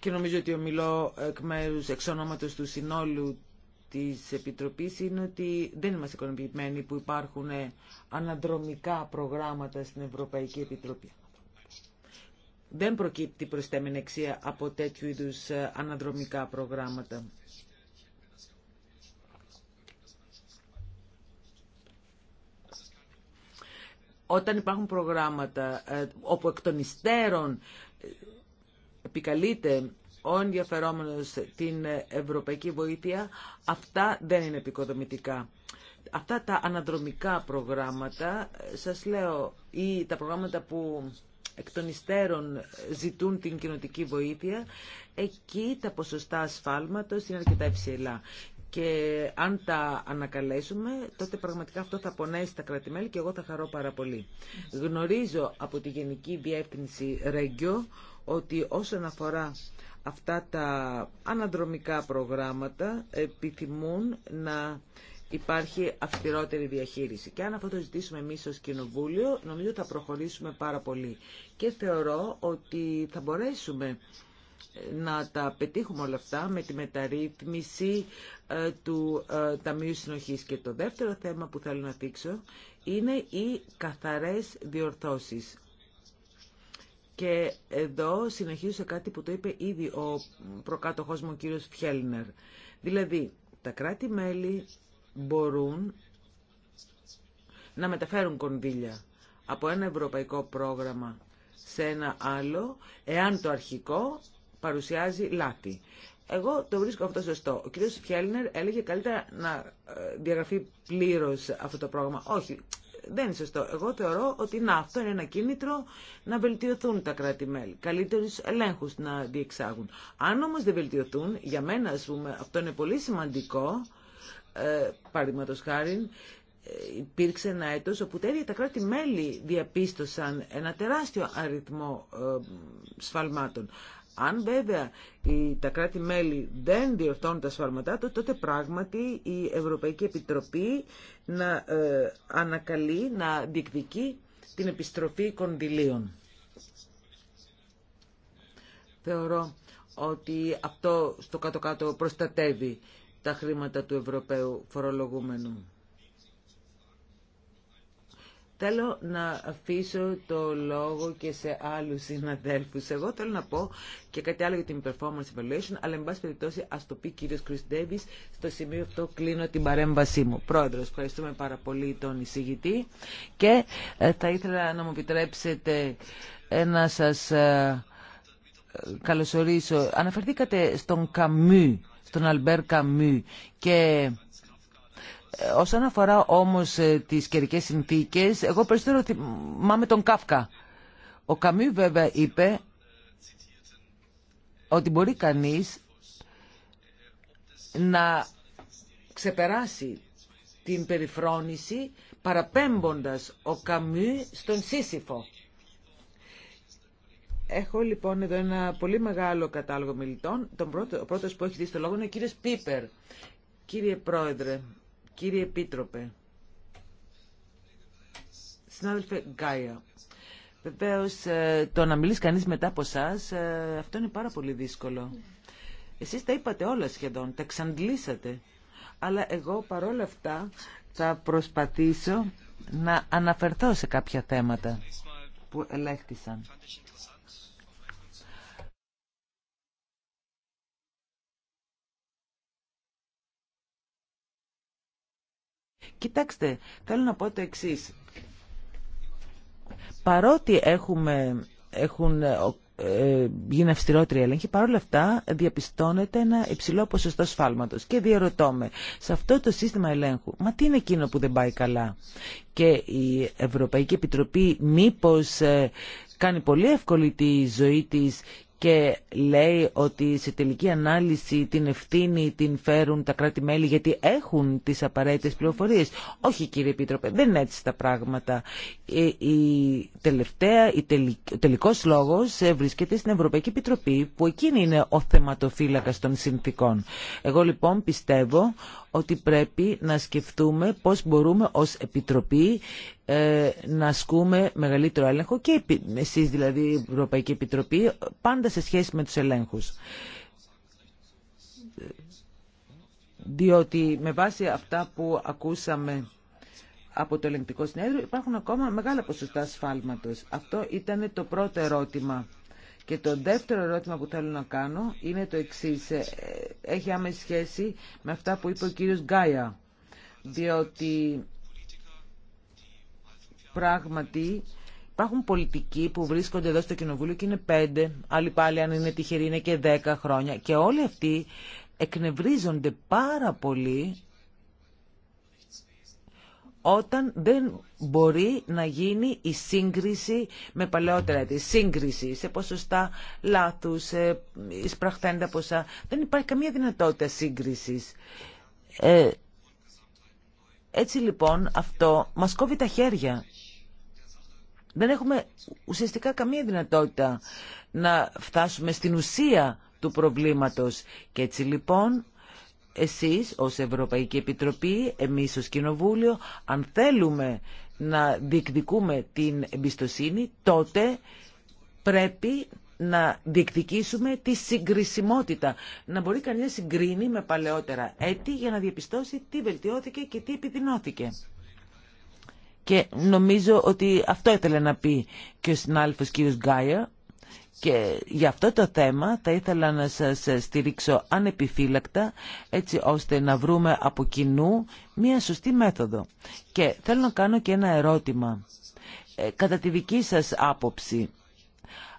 και νομίζω ότι ομιλώ εκ μέρου εξ του συνόλου της Επιτροπής είναι ότι δεν είμαστε ικανοποιημένοι που υπάρχουν αναδρομικά προγράμματα στην Ευρωπαϊκή Επιτροπή. Δεν προκύπτει προστέμενη αξία από τέτοιου είδους αναδρομικά προγράμματα. Όταν υπάρχουν προγράμματα ε, όπου εκ των υστέρων επικαλείται ο ενδιαφερόμενος την ευρωπαϊκή βοήθεια, αυτά δεν είναι επικοδομητικά. Αυτά τα αναδρομικά προγράμματα, σας λέω, ή τα προγράμματα που εκ των υστέρων ζητούν την κοινοτική βοήθεια, εκεί τα ποσοστά ασφάλματος είναι αρκετά υψηλά. Και αν τα ανακαλέσουμε, τότε πραγματικά αυτό θα πονέσει τα κράτη-μέλη και εγώ θα χαρώ πάρα πολύ. Γνωρίζω από τη Γενική Διεύθυνση Ρέγκιο ότι όσον αφορά αυτά τα αναδρομικά προγράμματα επιθυμούν να υπάρχει αυστηρότερη διαχείριση. Και αν αυτό το ζητήσουμε εμείς ως Κοινοβούλιο, νομίζω θα προχωρήσουμε πάρα πολύ. Και θεωρώ ότι θα μπορέσουμε ε, να τα πετύχουμε όλα αυτά με τη μεταρρύθμιση ε, του ε, Ταμείου Συνοχής. Και το δεύτερο θέμα που θέλω να δείξω είναι οι καθαρές διορθώσεις. Και εδώ συνεχίζω κάτι που το είπε ήδη ο προκάτοχός μου, ο κύριος Φιέλνερ. Δηλαδή, τα κράτη-μέλη μπορούν να μεταφέρουν κονδύλια από ένα ευρωπαϊκό πρόγραμμα σε ένα άλλο, εάν το αρχικό παρουσιάζει λάθη. Εγώ το βρίσκω αυτό σωστό. Ο κ. Φιέλνερ έλεγε καλύτερα να ε, διαγραφεί πλήρως αυτό το πρόγραμμα. Όχι, δεν είναι σωστό. Εγώ θεωρώ ότι να, αυτό είναι ένα κίνητρο να βελτιωθούν τα κράτη-μέλη. Καλύτερου ελέγχου να διεξάγουν. Αν όμω δεν βελτιωθούν, για μένα ας πούμε, αυτό είναι πολύ σημαντικό, ε, χάρη, ε, υπήρξε ένα έτο όπου τα τα κράτη-μέλη διαπίστωσαν ένα τεράστιο αριθμό ε, σφαλμάτων. Αν βέβαια τα κράτη-μέλη δεν διορθώνουν τα σφάλματά του, τότε πράγματι η Ευρωπαϊκή Επιτροπή να ε, ανακαλεί, να διεκδικεί την επιστροφή κονδυλίων. Θεωρώ ότι αυτό στο κάτω-κάτω προστατεύει τα χρήματα του Ευρωπαίου φορολογούμενου. Θέλω να αφήσω το λόγο και σε άλλους συναδέλφους. Εγώ θέλω να πω και κάτι άλλο για την performance evaluation, αλλά εν πάση περιπτώσει ας το πει κύριος Chris Davis. Στο σημείο αυτό κλείνω την παρέμβασή μου. Πρόεδρος, ευχαριστούμε πάρα πολύ τον εισηγητή και ε, θα ήθελα να μου επιτρέψετε ε, να σας ε, καλωσορίσω. Αναφερθήκατε στον Καμού, στον Αλμπέρ Καμού και Όσον αφορά όμως ε, τις καιρικές συνθήκες, εγώ περισσότερο θυμάμαι τον Κάφκα. Ο Καμίου βέβαια είπε ότι μπορεί κανείς να ξεπεράσει την περιφρόνηση παραπέμποντας ο Καμίου στον Σύσυφο. Έχω λοιπόν εδώ ένα πολύ μεγάλο κατάλογο μιλητών. Τον πρώτο, ο πρώτος που έχει δει στο λόγο είναι ο κύριος Πίπερ. Κύριε Πρόεδρε, Κύριε Επίτροπε, συνάδελφε Γκάια, βεβαίω ε, το να μιλήσει κανείς μετά από εσά, ε, αυτό είναι πάρα πολύ δύσκολο. Εσείς τα είπατε όλα σχεδόν, τα εξαντλήσατε. Αλλά εγώ παρόλα αυτά θα προσπαθήσω να αναφερθώ σε κάποια θέματα που ελέγχθησαν. Κοιτάξτε, θέλω να πω το εξή. Παρότι έχουμε, έχουν ε, ε, γίνει αυστηρότερη ελέγχοι, παρόλα αυτά διαπιστώνεται ένα υψηλό ποσοστό σφάλματος. Και διαρωτώ με, σε αυτό το σύστημα ελέγχου, μα τι είναι εκείνο που δεν πάει καλά. Και η Ευρωπαϊκή Επιτροπή μήπως ε, κάνει πολύ εύκολη τη ζωή της και λέει ότι σε τελική ανάλυση την ευθύνη την φέρουν τα κράτη-μέλη γιατί έχουν τις απαραίτητες πληροφορίες. Όχι κύριε Επίτροπε, δεν είναι έτσι τα πράγματα. Ε, η τελευταία, η ο τελικός λόγος ε, βρίσκεται στην Ευρωπαϊκή Επιτροπή που εκείνη είναι ο θεματοφύλακας των συνθήκων. Εγώ λοιπόν πιστεύω ότι πρέπει να σκεφτούμε πώς μπορούμε ως Επιτροπή ε, να ασκούμε μεγαλύτερο έλεγχο και εσείς δηλαδή η Ευρωπαϊκή Επιτροπή πάντα σε σχέση με τους ελέγχους διότι με βάση αυτά που ακούσαμε από το ελεγκτικό συνέδριο υπάρχουν ακόμα μεγάλα ποσοστά σφάλματος. Αυτό ήταν το πρώτο ερώτημα και το δεύτερο ερώτημα που θέλω να κάνω είναι το εξή. Ε, έχει άμεση σχέση με αυτά που είπε ο κύριος Γκάια. Διότι πράγματι υπάρχουν πολιτικοί που βρίσκονται εδώ στο Κοινοβούλιο και είναι πέντε, άλλοι πάλι αν είναι τυχεροί είναι και δέκα χρόνια. Και όλοι αυτοί εκνευρίζονται πάρα πολύ όταν δεν μπορεί να γίνει η σύγκριση με παλαιότερα τη σύγκριση σε ποσοστά λάθους, σε εισπραχθέντα ποσά. Δεν υπάρχει καμία δυνατότητα σύγκρισης. Ε, έτσι λοιπόν αυτό μας κόβει τα χέρια. Δεν έχουμε ουσιαστικά καμία δυνατότητα να φτάσουμε στην ουσία του προβλήματος. Και έτσι λοιπόν εσείς ως Ευρωπαϊκή Επιτροπή, εμείς ως Κοινοβούλιο, αν θέλουμε να διεκδικούμε την εμπιστοσύνη, τότε πρέπει να διεκδικήσουμε τη συγκρισιμότητα. Να μπορεί κανείς να συγκρίνει με παλαιότερα έτη για να διαπιστώσει τι βελτιώθηκε και τι επιδεινώθηκε. Και νομίζω ότι αυτό ήθελε να πει και ο συνάδελφος κ. Γκάιερ, και για αυτό το θέμα θα ήθελα να σας στηρίξω ανεπιφύλακτα έτσι ώστε να βρούμε από κοινού μία σωστή μέθοδο. Και θέλω να κάνω και ένα ερώτημα. Ε, κατά τη δική σας άποψη,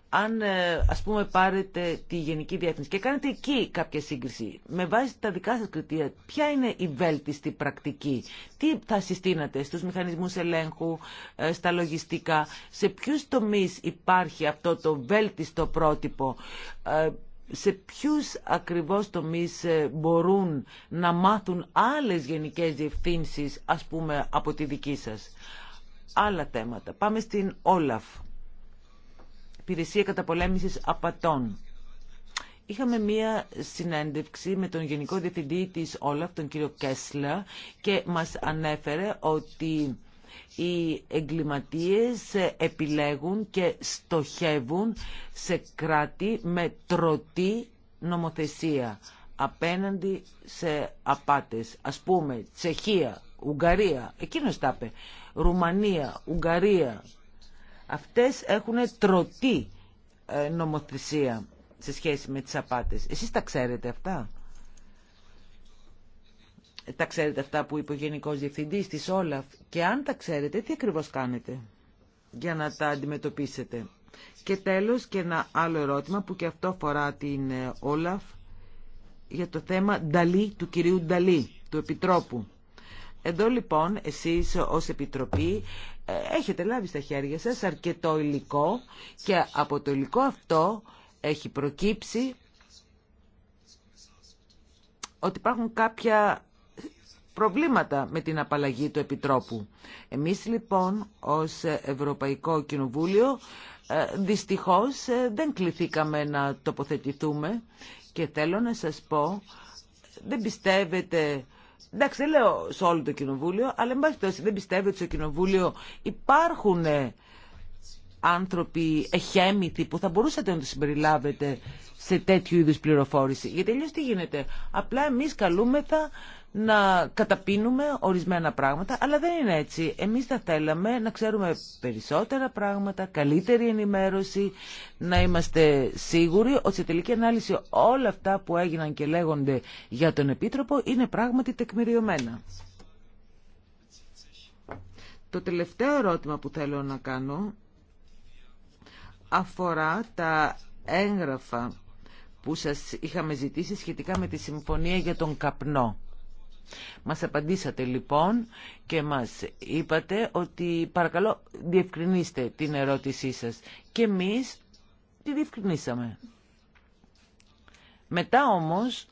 αν ε, ας πούμε πάρετε τη Γενική Διεύθυνση και κάνετε εκεί κάποια σύγκριση με βάση τα δικά σας κριτήρια, ποια είναι η βέλτιστη πρακτική, τι θα συστήνατε στους μηχανισμούς ελέγχου, ε, στα λογιστικά, σε ποιους τομείς υπάρχει αυτό το βέλτιστο πρότυπο, ε, σε ποιους ακριβώς τομείς μπορούν να μάθουν άλλες γενικές διευθύνσεις, ας πούμε, από τη δική σας. Άλλα θέματα. Πάμε στην Όλαφ υπηρεσία καταπολέμησης απατών. Είχαμε μία συνέντευξη με τον Γενικό Διευθυντή της Όλαφ, τον κύριο Κέσλα, και μας ανέφερε ότι οι εγκληματίες επιλέγουν και στοχεύουν σε κράτη με τρωτή νομοθεσία απέναντι σε απάτες. Ας πούμε, Τσεχία, Ουγγαρία, εκείνος τα είπε, Ρουμανία, Ουγγαρία, αυτές έχουν τρωτή ε, νομοθεσία σε σχέση με τις απάτες. Εσείς τα ξέρετε αυτά. Τα ξέρετε αυτά που είπε ο Γενικός Διευθυντής της Όλαφ. Και αν τα ξέρετε, τι ακριβώς κάνετε για να τα αντιμετωπίσετε. Και τέλος και ένα άλλο ερώτημα που και αυτό αφορά την ε, Όλαφ για το θέμα Νταλή, του κυρίου Νταλή, του Επιτρόπου. Εδώ λοιπόν εσείς ως Επιτροπή ε, έχετε λάβει στα χέρια σας αρκετό υλικό και από το υλικό αυτό έχει προκύψει ότι υπάρχουν κάποια προβλήματα με την απαλλαγή του Επιτρόπου. Εμείς λοιπόν ως Ευρωπαϊκό Κοινοβούλιο ε, δυστυχώς ε, δεν κληθήκαμε να τοποθετηθούμε και θέλω να σας πω δεν πιστεύετε εντάξει δεν λέω σε όλο το κοινοβούλιο, αλλά εν πάση δεν πιστεύετε ότι στο κοινοβούλιο υπάρχουν ε, άνθρωποι εχέμηθοι που θα μπορούσατε να τους συμπεριλάβετε σε τέτοιου είδους πληροφόρηση. Γιατί αλλιώ τι γίνεται. Απλά εμεί καλούμεθα να καταπίνουμε ορισμένα πράγματα, αλλά δεν είναι έτσι. Εμείς θα θέλαμε να ξέρουμε περισσότερα πράγματα, καλύτερη ενημέρωση, να είμαστε σίγουροι ότι σε τελική ανάλυση όλα αυτά που έγιναν και λέγονται για τον Επίτροπο είναι πράγματι τεκμηριωμένα. Το τελευταίο ερώτημα που θέλω να κάνω αφορά τα έγγραφα που σας είχαμε ζητήσει σχετικά με τη συμφωνία για τον καπνό. Μας απαντήσατε λοιπόν και μας είπατε ότι παρακαλώ διευκρινίστε την ερώτησή σας. Και εμείς τη διευκρινίσαμε. Μετά όμως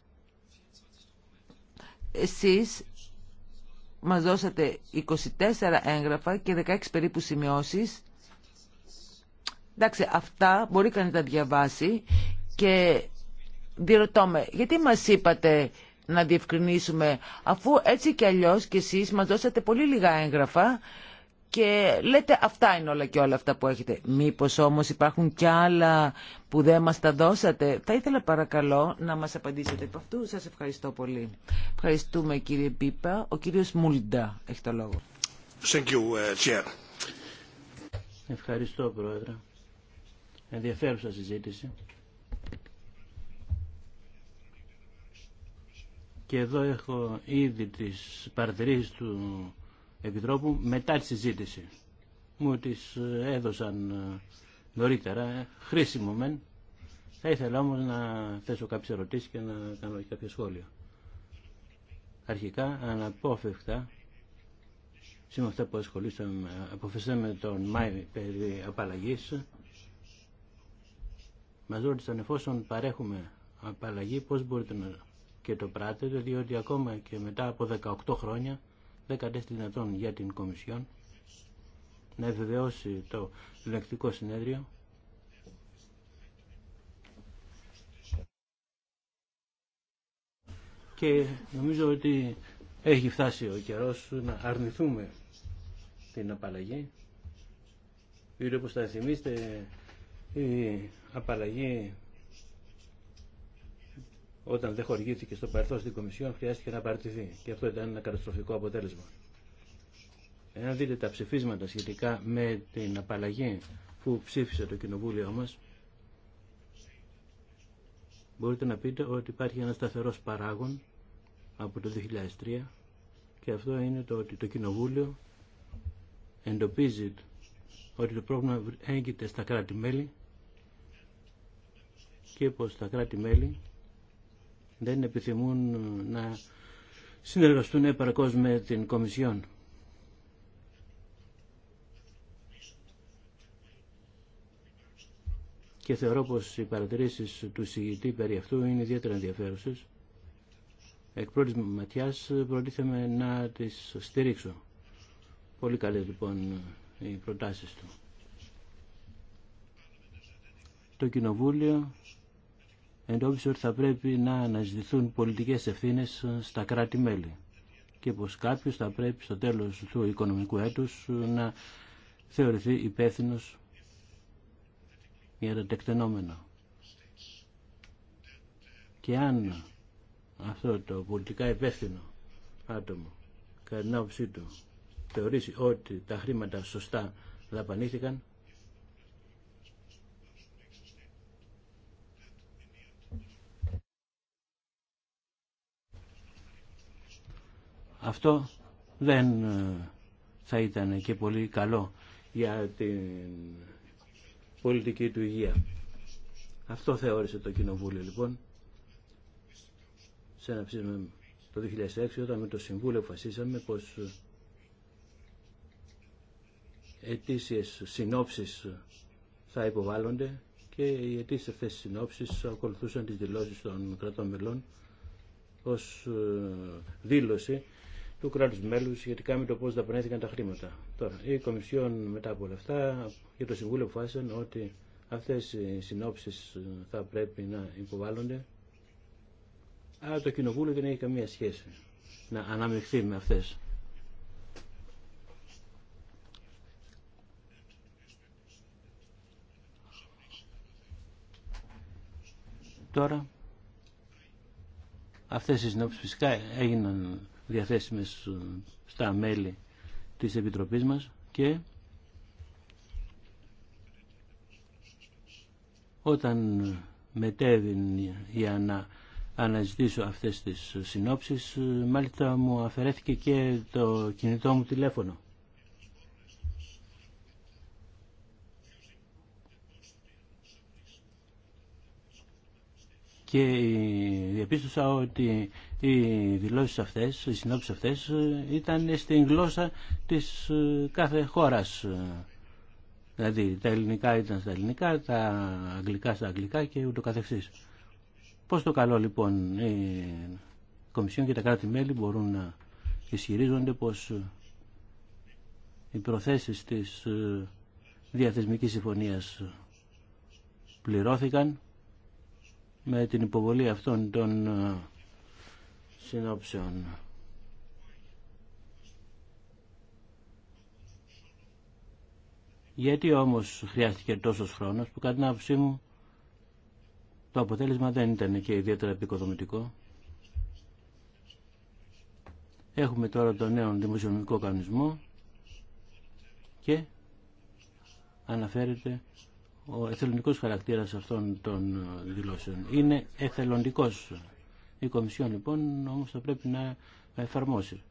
εσείς μας δώσατε 24 έγγραφα και 16 περίπου σημειώσεις. Εντάξει, αυτά μπορεί κανείς να διαβάσει και διερωτώ γιατί μας είπατε να διευκρινίσουμε, αφού έτσι και αλλιώς κι εσείς μας δώσατε πολύ λιγά έγγραφα και λέτε αυτά είναι όλα και όλα αυτά που έχετε. Μήπως όμως υπάρχουν κι άλλα που δεν μας τα δώσατε. Θα ήθελα παρακαλώ να μας απαντήσετε από αυτού. Σας ευχαριστώ πολύ. Ευχαριστούμε κύριε Πίπα. Ο κύριος Μούλντα έχει το λόγο. Uh, ευχαριστώ Πρόεδρε. Ενδιαφέρουσα συζήτηση. και εδώ έχω ήδη τις παρατηρήσεις του Επιτρόπου μετά τη συζήτηση. Μου τις έδωσαν ε, νωρίτερα, ε, χρήσιμο μεν. Θα ήθελα όμως να θέσω κάποιες ερωτήσεις και να κάνω κάποια σχόλια. Αρχικά, αναπόφευκτα, σήμερα αυτά που ασχολήσαμε, αποφασίσαμε τον Μάη περί απαλλαγής, μας ρώτησαν εφόσον παρέχουμε απαλλαγή, πώς μπορείτε να και το πράτεται διότι ακόμα και μετά από 18 χρόνια δεν κατέστη δυνατόν για την Κομισιόν να επιβεβαιώσει το λεκτικό συνέδριο και νομίζω ότι έχει φτάσει ο καιρός να αρνηθούμε την απαλλαγή διότι όπως θα θυμίστε η απαλλαγή όταν δεν χορηγήθηκε στο παρελθόν στην Κομισιόν χρειάστηκε να παρτιθεί και αυτό ήταν ένα καταστροφικό αποτέλεσμα. Εάν δείτε τα ψηφίσματα σχετικά με την απαλλαγή που ψήφισε το Κοινοβούλιο μας, μπορείτε να πείτε ότι υπάρχει ένα σταθερός παράγον από το 2003 και αυτό είναι το ότι το Κοινοβούλιο εντοπίζει ότι το πρόβλημα έγκυται στα κράτη-μέλη και πως τα κράτη-μέλη δεν επιθυμούν να συνεργαστούν επαρκώς με την Κομισιόν. Και θεωρώ πως οι παρατηρήσεις του συγητή περί αυτού είναι ιδιαίτερα ενδιαφέρουσες. Εκ πρώτης ματιάς προτίθεμαι να τις στηρίξω. Πολύ καλές λοιπόν οι προτάσεις του. Το Κοινοβούλιο εντόπισε ότι θα πρέπει να αναζητηθούν πολιτικές ευθύνες στα κράτη-μέλη και πως κάποιος θα πρέπει στο τέλος του οικονομικού έτους να θεωρηθεί υπεύθυνο για τα τεκτενόμενα. Και αν αυτό το πολιτικά υπεύθυνο άτομο κατά την άποψή του θεωρήσει ότι τα χρήματα σωστά δαπανήθηκαν Αυτό δεν ε, θα ήταν και πολύ καλό για την πολιτική του υγεία. Αυτό θεώρησε το Κοινοβούλιο λοιπόν σε ένα το 2006 όταν με το Συμβούλιο αποφασίσαμε πως αιτήσιες ε, συνόψεις θα υποβάλλονται και οι αιτήσεις αυτές τις συνόψεις ακολουθούσαν τις δηλώσεις των κρατών μελών ως ε, δήλωση του κράτου μέλους γιατί με το πώ δαπανέθηκαν τα χρήματα. Τώρα, η Κομισιόν μετά από όλα αυτά για το Συμβούλιο αποφάσισαν ότι αυτές οι συνόψεις ε, θα πρέπει να υποβάλλονται αλλά το Κοινοβούλιο δεν έχει καμία σχέση να αναμειχθεί με αυτές. Τώρα αυτές οι συνόψεις φυσικά έγιναν διαθέσιμες ε, στα μέλη της Επιτροπής μας και όταν μετέβην για να αναζητήσω αυτές τις συνόψεις ε, μάλιστα μου αφαιρέθηκε και το κινητό μου τηλέφωνο και διαπίστωσα ότι οι δηλώσεις αυτές, οι συνόψεις αυτές ήταν στην γλώσσα της ε, κάθε χώρας. Δηλαδή τα ελληνικά ήταν στα ελληνικά, τα αγγλικά στα αγγλικά και ούτω καθεξής. Πώς το καλό λοιπόν η Κομισιόν και τα κράτη-μέλη μπορούν να ισχυρίζονται πως ε, οι προθέσεις της ε, διαθεσμικής συμφωνίας πληρώθηκαν με την υποβολή αυτών των ε, συνόψεων. Γιατί όμως χρειάστηκε τόσος χρόνος που κατά την άποψή μου το αποτέλεσμα δεν ήταν και ιδιαίτερα επικοδομητικό. Έχουμε τώρα τον νέο δημοσιονομικό κανονισμό και αναφέρεται ο εθελοντικός χαρακτήρας αυτών των ε, δηλώσεων. Είναι εθελοντικός. Η Κομισιόν λοιπόν όμως θα πρέπει να εφαρμόσει.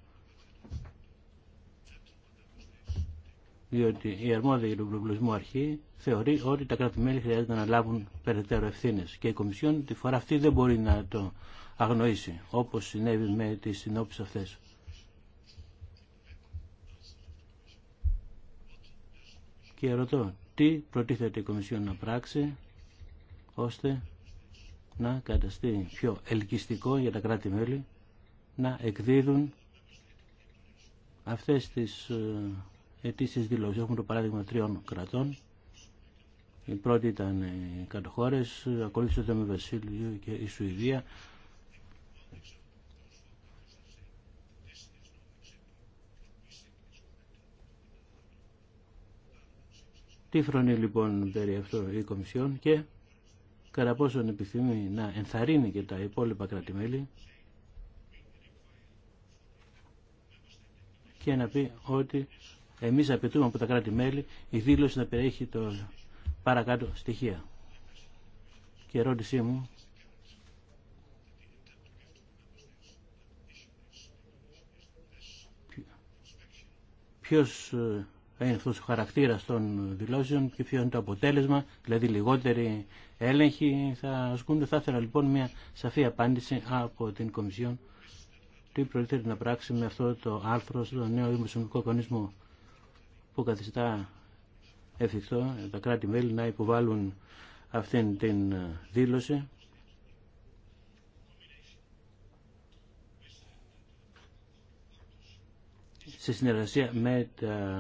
Διότι η αρμόδια τον προβλησμό αρχή θεωρεί ότι τα κράτη-μέλη χρειάζεται να λάβουν περαιτέρω ευθύνε. Και η Κομισιόν τη φορά αυτή δεν μπορεί να το αγνοήσει, όπω συνέβη με τι συνόψει αυτέ. Και ρωτώ, τι προτίθεται η Κομισιόν να πράξει ώστε να καταστεί πιο ελκυστικό για τα κράτη-μέλη να εκδίδουν αυτές τις ε, αιτήσει δηλώσεις. Έχουμε το παράδειγμα τριών κρατών. Η πρώτη ήταν οι κατοχώρες, ακολούθησε το Βασίλειο και η Σουηδία. Τι λοιπόν περί αυτού η Κομισιόν και κατά πόσον επιθυμεί να ενθαρρύνει και τα υπόλοιπα κρατημέλη και να πει ότι εμείς απαιτούμε από τα κράτη-μέλη η δήλωση να περιέχει το παρακάτω στοιχεία. Και ερώτησή μου ποιος ε, είναι αυτό ο χαρακτήρας των δηλώσεων και ποιο είναι το αποτέλεσμα, δηλαδή λιγότεροι έλεγχοι θα ασκούνται. Θα ήθελα λοιπόν μια σαφή απάντηση από την Κομισιόν τι προτείνεται να πράξει με αυτό το άρθρο στο νέο δημοσιονομικό κανονισμό που καθιστά εφικτό τα κράτη-μέλη να υποβάλουν αυτήν την δήλωση σε συνεργασία με τα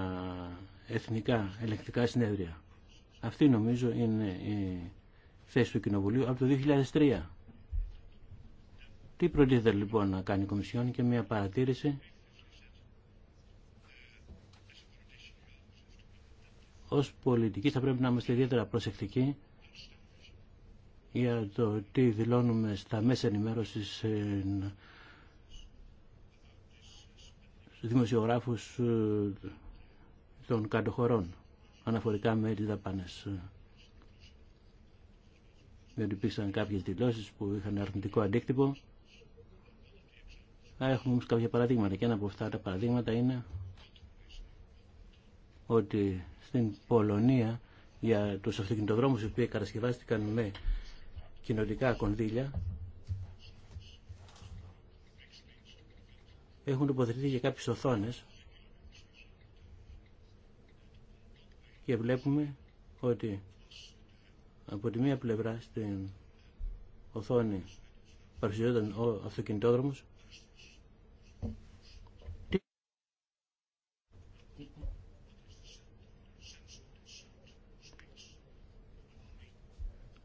εθνικά ελεκτικά συνέδρια. Αυτή νομίζω είναι η θέση του Κοινοβουλίου από το 2003. Τι προτίθεται λοιπόν να κάνει η Κομισιόν και μια παρατήρηση ως πολιτικοί θα πρέπει να είμαστε ιδιαίτερα προσεκτικοί για το τι δηλώνουμε στα μέσα ενημέρωσης ε, δημοσιογράφους ε, των κατοχωρών αναφορικά με τις δαπάνες. Ε, δεν υπήρξαν κάποιες δηλώσεις που είχαν αρνητικό αντίκτυπο. θα έχουμε όμως κάποια παραδείγματα και ένα από αυτά τα παραδείγματα είναι ότι στην Πολωνία για τους αυτοκινητοδρόμους οι οποίοι κατασκευάστηκαν με κοινωτικά κονδύλια έχουν υποθετηθεί για κάποιες οθόνες και βλέπουμε ότι από τη μία πλευρά στην οθόνη παρουσιαζόταν ο αυτοκινητόδρομος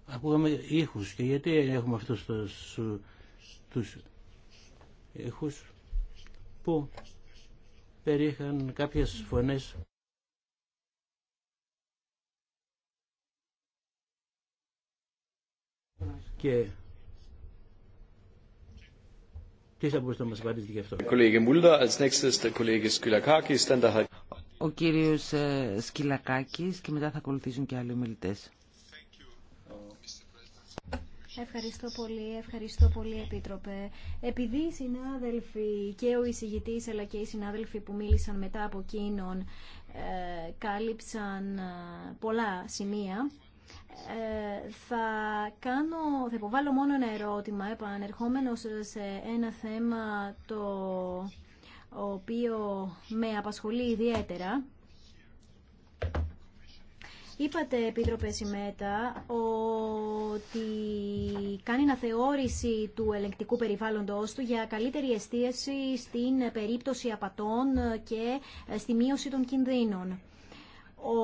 Ακούγαμε ήχους και γιατί έχουμε αυτούς τους, τους ήχους που περιέχαν κάποιες φωνές και τι θα μπορούσε να μας απαντήσει γι' αυτό. Ο κύριος ε, Σκυλακάκης και μετά θα ακολουθήσουν και άλλοι ομιλητές. Ευχαριστώ πολύ, ευχαριστώ πολύ Επίτροπε. Επειδή οι συνάδελφοι και ο εισηγητή αλλά και οι συνάδελφοι που μίλησαν μετά από εκείνον ε, κάλυψαν ε, πολλά σημεία, ε, θα, κάνω, θα υποβάλω μόνο ένα ερώτημα επανερχόμενο σε ένα θέμα το οποίο με απασχολεί ιδιαίτερα Είπατε, Επίτροπε Σιμέτα, ότι κάνει να αναθεώρηση του ελεγκτικού περιβάλλοντος του για καλύτερη εστίαση στην περίπτωση απατών και στη μείωση των κινδύνων ο,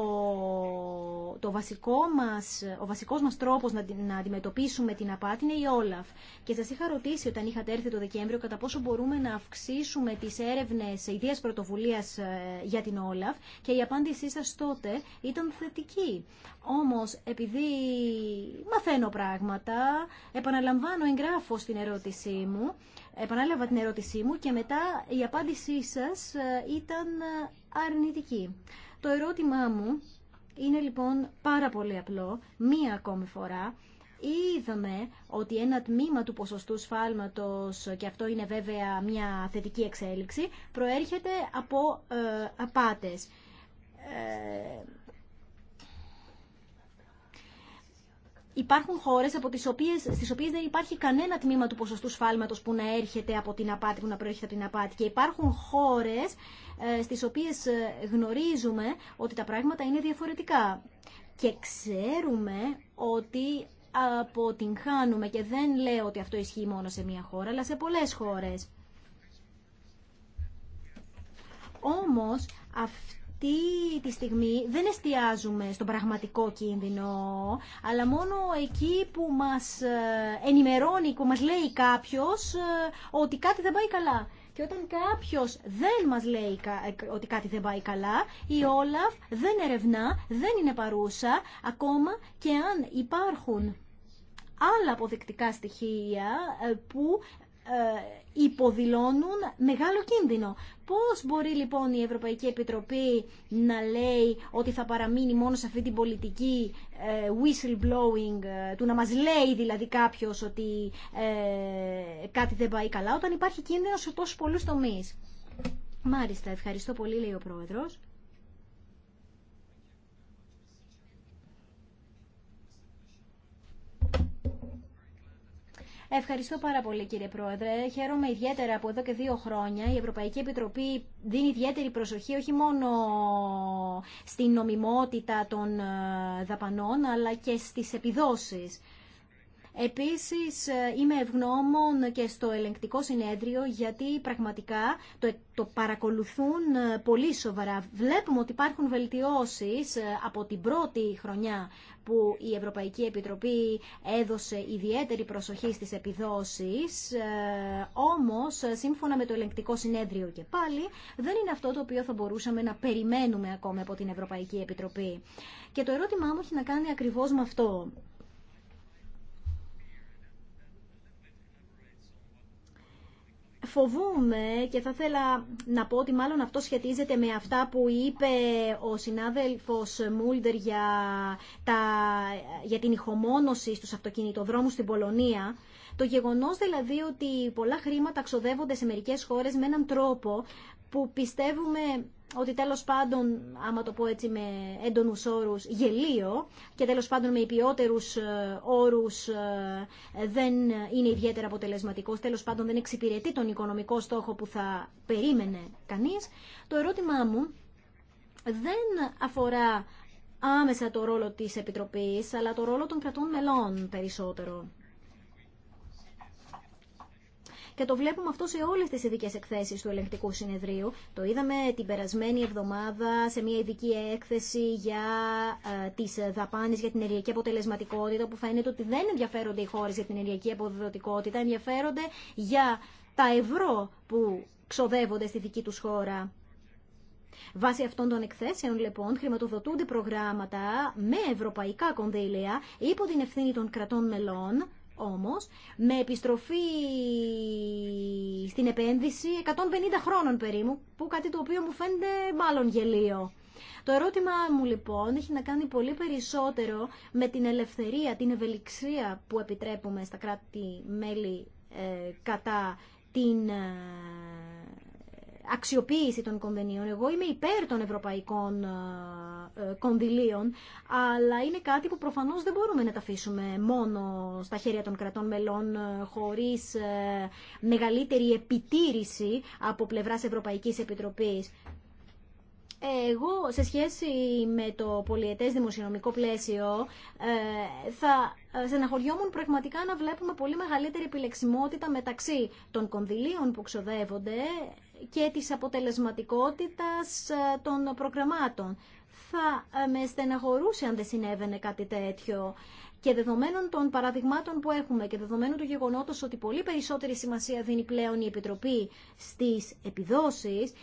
το βασικό μας, ο βασικός μας τρόπος να, να αντιμετωπίσουμε την απάτη είναι η Όλαφ. Και σας είχα ρωτήσει όταν είχατε έρθει το Δεκέμβριο κατά πόσο μπορούμε να αυξήσουμε τις έρευνες ιδίας πρωτοβουλίας ε, για την Όλαφ και η απάντησή σας τότε ήταν θετική. Όμως επειδή μαθαίνω πράγματα, επαναλαμβάνω εγγράφω στην ερώτησή μου, επανάλαβα την ερώτησή μου και μετά η απάντησή σας ε, ήταν ε, αρνητική. Το ερώτημά μου είναι λοιπόν πάρα πολύ απλό, μία ακόμη φορά. Είδαμε ότι ένα τμήμα του ποσοστού σφάλματος, και αυτό είναι βέβαια μια θετική εξέλιξη, προέρχεται από ε, απάτες. Ε, υπάρχουν χώρες από τις οποίες, στις οποίες δεν υπάρχει κανένα τμήμα του ποσοστου σφαλματος και αυτο ειναι βεβαια μια θετικη εξελιξη προερχεται απο απατες ε σφάλματος που να έρχεται από την απάτη, που να προέρχεται από την απάτη. Και υπάρχουν χώρες ε, στις οποίες ε, γνωρίζουμε ότι τα πράγματα είναι διαφορετικά. Και ξέρουμε ότι αποτυγχάνουμε και δεν λέω ότι αυτό ισχύει μόνο σε μία χώρα, αλλά σε πολλές χώρες. Όμως, αυτή τη στιγμή δεν εστιάζουμε στον πραγματικό κίνδυνο, αλλά μόνο εκεί που μας ε, ενημερώνει, που μας λέει κάποιος ότι κάτι δεν πάει καλά. Και όταν κάποιος δεν μας λέει ότι κάτι δεν πάει καλά, η Όλαφ δεν ερευνά, δεν είναι παρούσα, ακόμα και αν υπάρχουν άλλα αποδεικτικά στοιχεία ε, που ε, υποδηλώνουν μεγάλο κίνδυνο. Πώς μπορεί λοιπόν η Ευρωπαϊκή Επιτροπή να λέει ότι θα παραμείνει μόνο σε αυτή την πολιτική ε, whistleblowing, ε, του να μας λέει δηλαδή κάποιος ότι ε, κάτι δεν πάει καλά, όταν υπάρχει κίνδυνο σε τόσους πολλούς τομείς. Μάλιστα, ευχαριστώ πολύ λέει ο Πρόεδρος. Ευχαριστώ πάρα πολύ κύριε Πρόεδρε. Χαίρομαι ιδιαίτερα από εδώ και δύο χρόνια η Ευρωπαϊκή Επιτροπή δίνει ιδιαίτερη προσοχή όχι μόνο στην νομιμότητα των ε, δαπανών αλλά και στις επιδόσεις. Επίσης ε, είμαι ευγνώμων και στο ελεγκτικό συνέδριο γιατί πραγματικά το, παρακολουθούν ε, πολύ σοβαρά. Βλέπουμε ότι υπάρχουν βελτιώσεις ε, από την πρώτη χρονιά που η Ευρωπαϊκή Επιτροπή έδωσε ιδιαίτερη προσοχή στις επιδόσεις, όμως σύμφωνα με το ελεγκτικό συνέδριο και πάλι δεν είναι αυτό το οποίο θα μπορούσαμε να περιμένουμε ακόμα από την Ευρωπαϊκή Επιτροπή. Και το ερώτημά μου έχει να κάνει ακριβώς με αυτό. Φοβούμαι και θα ήθελα να πω ότι μάλλον αυτό σχετίζεται με αυτά που είπε ο συνάδελφος Μούλντερ για, τα, για την ηχομόνωση στους αυτοκινητοδρόμους στην Πολωνία. Το γεγονός δηλαδή ότι πολλά χρήματα ξοδεύονται σε μερικές χώρες με έναν τρόπο που πιστεύουμε ότι τέλος πάντων, άμα το πω έτσι με έντονους όρους, γελίο και τέλος πάντων με υπιότερους ε, όρους ε, δεν είναι ιδιαίτερα αποτελεσματικός, τέλος πάντων δεν εξυπηρετεί τον οικονομικό στόχο που θα περίμενε κανείς, το ερώτημά μου δεν αφορά άμεσα το ρόλο της Επιτροπής, αλλά το ρόλο των κρατών μελών περισσότερο και το βλέπουμε αυτό σε όλε τι ειδικέ εκθέσει του ελεγκτικού συνεδρίου. Το είδαμε την περασμένη εβδομάδα σε μια ειδική έκθεση για ε, τις δαπάνες για την ενεργειακή αποτελεσματικότητα που φαίνεται ότι δεν ενδιαφέρονται οι χώρε για την ενεργειακή αποδοτικότητα, ενδιαφέρονται για τα ευρώ που ξοδεύονται στη δική του χώρα. Βάσει αυτών των εκθέσεων, λοιπόν, χρηματοδοτούνται προγράμματα με ευρωπαϊκά κονδύλια υπό την ευθύνη των κρατών μελών όμως με επιστροφή στην επένδυση 150 χρόνων περίπου, που κάτι το οποίο μου φαίνεται μάλλον γελίο. Το ερώτημά μου λοιπόν έχει να κάνει πολύ περισσότερο με την ελευθερία, την ευελιξία που επιτρέπουμε στα κράτη-μέλη ε, κατά την ε, αξιοποίηση των κονδυλίων. Εγώ είμαι υπέρ των ευρωπαϊκών ε, ε, κονδυλίων, αλλά είναι κάτι που προφανώς δεν μπορούμε να τα αφήσουμε μόνο στα χέρια των κρατών μελών ε, χωρίς μεγαλύτερη επιτήρηση από πλευράς Ευρωπαϊκής Επιτροπής. Εγώ σε σχέση με το πολιετές δημοσιονομικό πλαίσιο ε, θα ε, στεναχωριόμουν πραγματικά να βλέπουμε πολύ μεγαλύτερη επιλεξιμότητα μεταξύ των κονδυλίων που ξοδεύονται και της αποτελεσματικότητας ε, των προγραμμάτων. Θα με στεναχωρούσε αν δεν συνέβαινε κάτι τέτοιο. Και δεδομένων των παραδειγμάτων που έχουμε και δεδομένου του γεγονότος ότι πολύ περισσότερη σημασία δίνει πλέον η Επιτροπή στις επιδόσεις,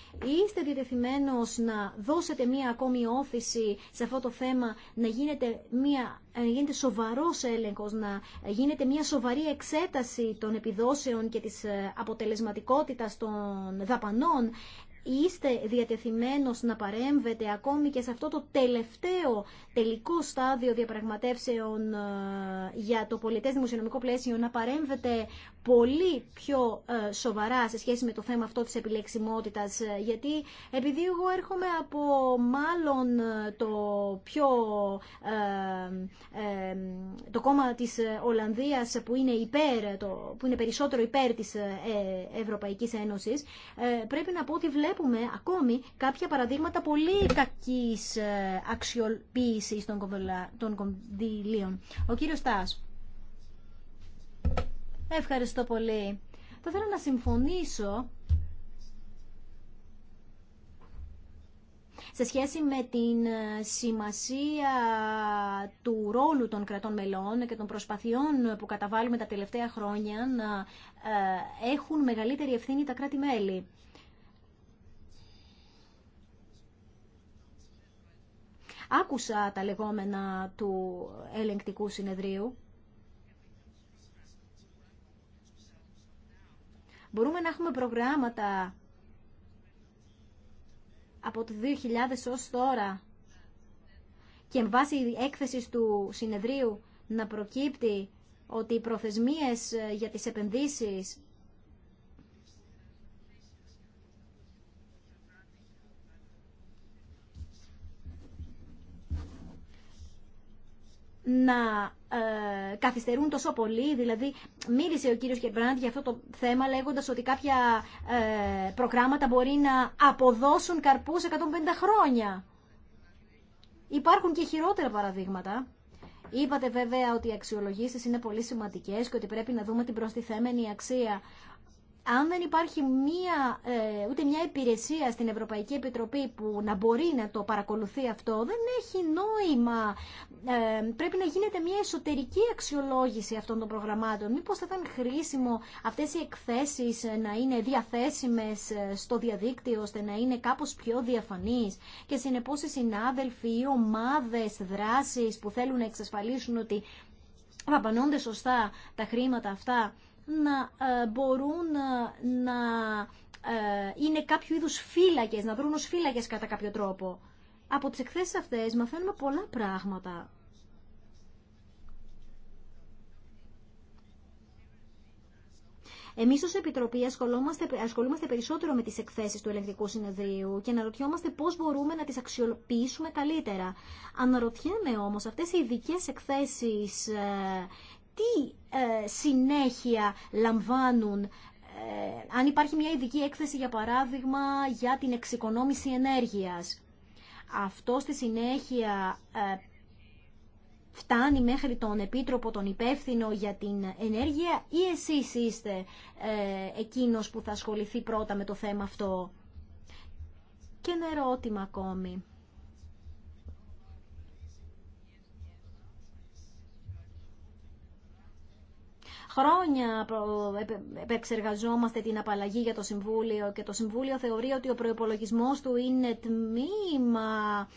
είστε διτεθειμένος να δώσετε μία ακόμη όθηση σε αυτό το θέμα, να γίνεται, μία, να γίνεται σοβαρός έλεγχος, να γίνεται μία σοβαρή εξέταση των επιδόσεων και της ε, αποτελεσματικότητας των δαπανών, είστε διατεθειμένος να παρέμβετε ακόμη και σε αυτό το τελευταίο τελικό στάδιο διαπραγματεύσεων ε, για το πολιτές δημοσιονομικό πλαίσιο, να παρέμβετε πολύ πιο ε, σοβαρά σε σχέση με το θέμα αυτό της επιλεξιμότητας ε, γιατί επειδή εγώ έρχομαι από μάλλον ε, το πιο το κόμμα της Ολλανδίας που είναι, υπέρ, το, που είναι περισσότερο υπέρ της Ευρωπαϊκής Ένωσης πρέπει να πω ότι βλέπουμε ακόμη κάποια παραδείγματα πολύ κακής αξιοποίησης των κονδυλίων. Ο κύριος Στάς. Ευχαριστώ πολύ. Θα ήθελα να συμφωνήσω σε σχέση με την ε, σημασία του ρόλου των κρατών μελών και των προσπαθειών που καταβάλουμε τα τελευταία χρόνια να ε, έχουν μεγαλύτερη ευθύνη τα κράτη-μέλη. Άκουσα τα λεγόμενα του ελεγκτικού συνεδρίου Μπορούμε να έχουμε προγράμματα από το 2000 ως τώρα και με βάση έκθεση του συνεδρίου να προκύπτει ότι οι προθεσμίες ε, για τις επενδύσεις να ε, καθυστερούν τόσο πολύ. Δηλαδή, μίλησε ο κύριος Γερμπράντ για αυτό το θέμα λέγοντας ότι κάποια ε, προγράμματα μπορεί να αποδώσουν καρπούς 150 χρόνια. Υπάρχουν και χειρότερα παραδείγματα. Είπατε βέβαια ότι οι αξιολογήσεις είναι πολύ σημαντικές και ότι πρέπει να δούμε την προστιθέμενη αξία αν δεν υπάρχει μία, ε, ούτε μια υπηρεσία στην Ευρωπαϊκή Επιτροπή που να μπορεί να το παρακολουθεί αυτό, δεν έχει νόημα. Ε, πρέπει να γίνεται μια εσωτερική αξιολόγηση αυτών των προγραμμάτων. Μήπως θα ήταν χρήσιμο αυτές οι εκθέσεις ε, να είναι διαθέσιμες στο διαδίκτυο, ώστε να είναι κάπως πιο διαφανείς. Και συνεπώς οι συνάδελφοι ή ομάδες δράσης που θέλουν να εξασφαλίσουν ότι βαπανώνται σωστά τα χρήματα αυτά, να ε, μπορούν ε, να ε, είναι κάποιο είδους φύλακες, να βρουν ως φύλακες κατά κάποιο τρόπο. Από τις εκθέσεις αυτές μαθαίνουμε πολλά πράγματα. Εμείς ως Επιτροπή ασχολούμαστε, ασχολούμαστε περισσότερο με τις εκθέσεις του ελεγκτικού συνεδρίου και αναρωτιόμαστε πώς μπορούμε να τις αξιοποιήσουμε καλύτερα. Αναρωτιέμαι όμως αυτές οι ειδικέ εκθέσεις τι ε, συνέχεια λαμβάνουν ε, αν υπάρχει μια ειδική έκθεση, για παράδειγμα, για την εξοικονόμηση ενέργειας. Αυτό στη συνέχεια ε, φτάνει μέχρι τον Επίτροπο, τον Υπεύθυνο για την Ενέργεια ή εσείς είστε εκείνος που θα ασχοληθεί πρώτα με το θέμα αυτό. Και ένα ερώτημα ακόμη. Χρόνια επεξεργαζόμαστε την απαλλαγή για το Συμβούλιο και το Συμβούλιο θεωρεί ότι ο προϋπολογισμός του είναι τμήμα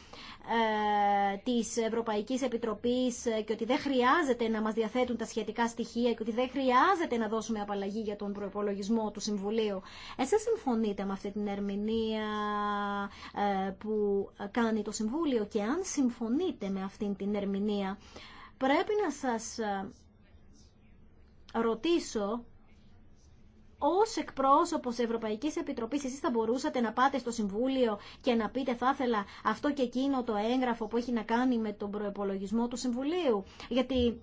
ε, της Ευρωπαϊκής Επιτροπής και ότι δεν χρειάζεται να μας διαθέτουν τα σχετικά στοιχεία και ότι δεν χρειάζεται να δώσουμε απαλλαγή για τον προϋπολογισμό του Συμβουλίου. Εσείς συμφωνείτε με αυτή την ερμηνεία ε, που κάνει το Συμβούλιο και αν συμφωνείτε με αυτή την ερμηνεία πρέπει να σας ε, ρωτήσω ως εκπρόσωπος Ευρωπαϊκής Επιτροπής εσείς θα μπορούσατε να πάτε στο Συμβούλιο και να πείτε θα ήθελα αυτό και εκείνο το έγγραφο που έχει να κάνει με τον προεπολογισμό του Συμβουλίου. Γιατί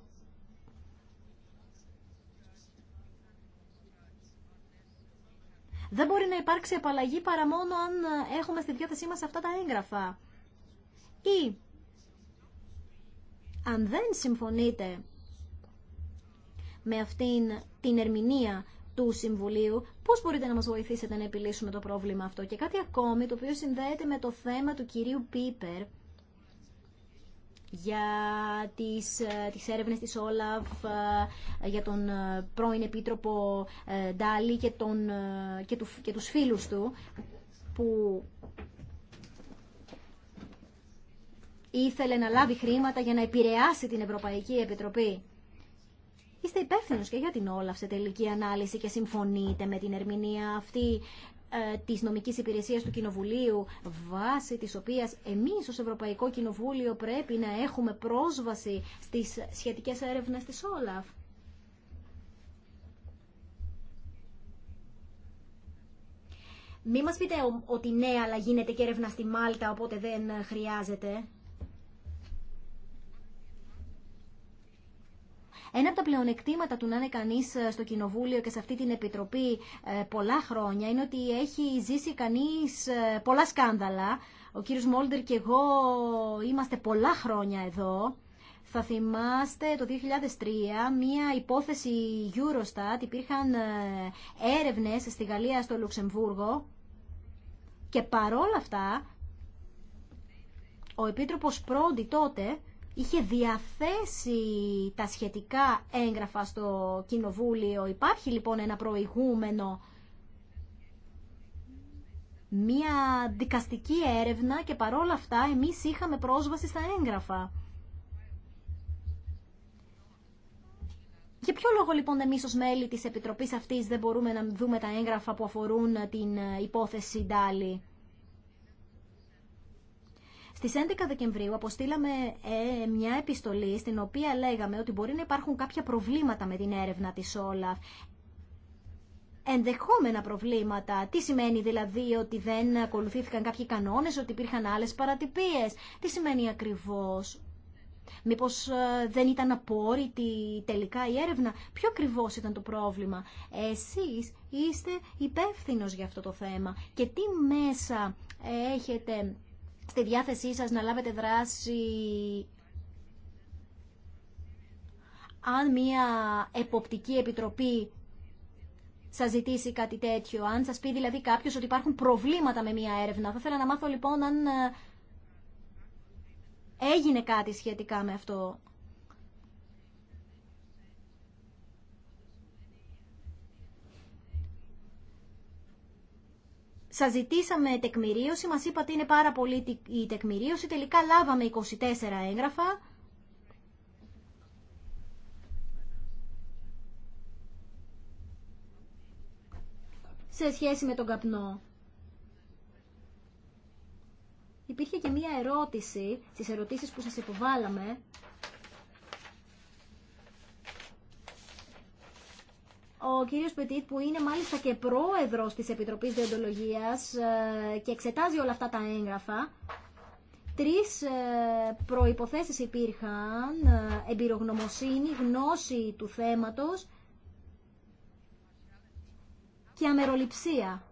δεν μπορεί να υπάρξει απαλλαγή παρά μόνο αν έχουμε στη διάθεσή μας αυτά τα έγγραφα. Ή αν δεν συμφωνείτε με αυτήν την ερμηνεία του Συμβουλίου, πώς μπορείτε να μας βοηθήσετε να επιλύσουμε το πρόβλημα αυτό. Και κάτι ακόμη, το οποίο συνδέεται με το θέμα του κυρίου Πίπερ, για τις, ε, τις έρευνες της Όλαφ, ε, για τον ε, πρώην επίτροπο Ντάλι και, τον, και, του, και τους φίλους του, που ήθελε να λάβει χρήματα για να επηρεάσει την Ευρωπαϊκή Επιτροπή είστε υπεύθυνο και για την όλα σε τελική ανάλυση και συμφωνείτε με την ερμηνεία αυτή ε, της νομικής υπηρεσίας του Κοινοβουλίου βάσει της οποίας εμείς ως Ευρωπαϊκό Κοινοβούλιο πρέπει να έχουμε πρόσβαση στις σχετικές έρευνες της Όλαφ. Μη μας πείτε ότι ναι, αλλά γίνεται και έρευνα στη Μάλτα, οπότε δεν χρειάζεται. Ένα από τα πλεονεκτήματα του να είναι κανεί ε, στο Κοινοβούλιο και σε αυτή την Επιτροπή ε, πολλά χρόνια είναι ότι έχει ζήσει κανεί ε, πολλά σκάνδαλα. Ο κύριο Μόλντερ και εγώ είμαστε πολλά χρόνια εδώ. Θα θυμάστε το 2003 μία υπόθεση Eurostat, υπήρχαν έρευνες στη Γαλλία στο Λουξεμβούργο και παρόλα αυτά ο Επίτροπος Πρόντι τότε είχε διαθέσει τα σχετικά έγγραφα στο Κοινοβούλιο. Υπάρχει λοιπόν ένα προηγούμενο μία δικαστική έρευνα και παρόλα αυτά εμείς είχαμε πρόσβαση στα έγγραφα. Για ποιο λόγο λοιπόν εμείς ως μέλη της Επιτροπής αυτής δεν μπορούμε να δούμε τα έγγραφα που αφορούν την υπόθεση Ντάλι. Της 11 Δεκεμβρίου αποστήλαμε ε, μια επιστολή στην οποία λέγαμε ότι μπορεί να υπάρχουν κάποια προβλήματα με την έρευνα τη Όλαφ ενδεχόμενα προβλήματα. Τι σημαίνει δηλαδή ότι δεν ακολουθήθηκαν κάποιοι κανόνες, ότι υπήρχαν άλλε παρατυπίες. Τι σημαίνει ακριβώς. Μήπως ε, δεν ήταν απόρριτη τελικά η έρευνα. Ποιο ακριβώ ήταν το πρόβλημα. Εσείς είστε υπεύθυνος για αυτό το θέμα. Και τι μέσα έχετε στη διάθεσή σας να λάβετε δράση αν μια εποπτική επιτροπή σας ζητήσει κάτι τέτοιο, αν σας πει δηλαδή κάποιος ότι υπάρχουν προβλήματα με μια έρευνα. Θα ήθελα να μάθω λοιπόν αν ε, έγινε κάτι σχετικά με αυτό. Σας ζητήσαμε τεκμηρίωση, μας είπατε είναι πάρα πολύ η τεκμηρίωση, τελικά λάβαμε 24 έγγραφα. Σε σχέση με τον καπνό. Υπήρχε και μία ερώτηση, στις ερωτήσεις που σας υποβάλαμε, ο κύριος Πετίτ που είναι μάλιστα και πρόεδρος της Επιτροπής Διοντολογίας ε, και εξετάζει όλα αυτά τα έγγραφα. Τρεις ε, προϋποθέσεις υπήρχαν, ε, εμπειρογνωμοσύνη, γνώση του θέματος και αμεροληψία.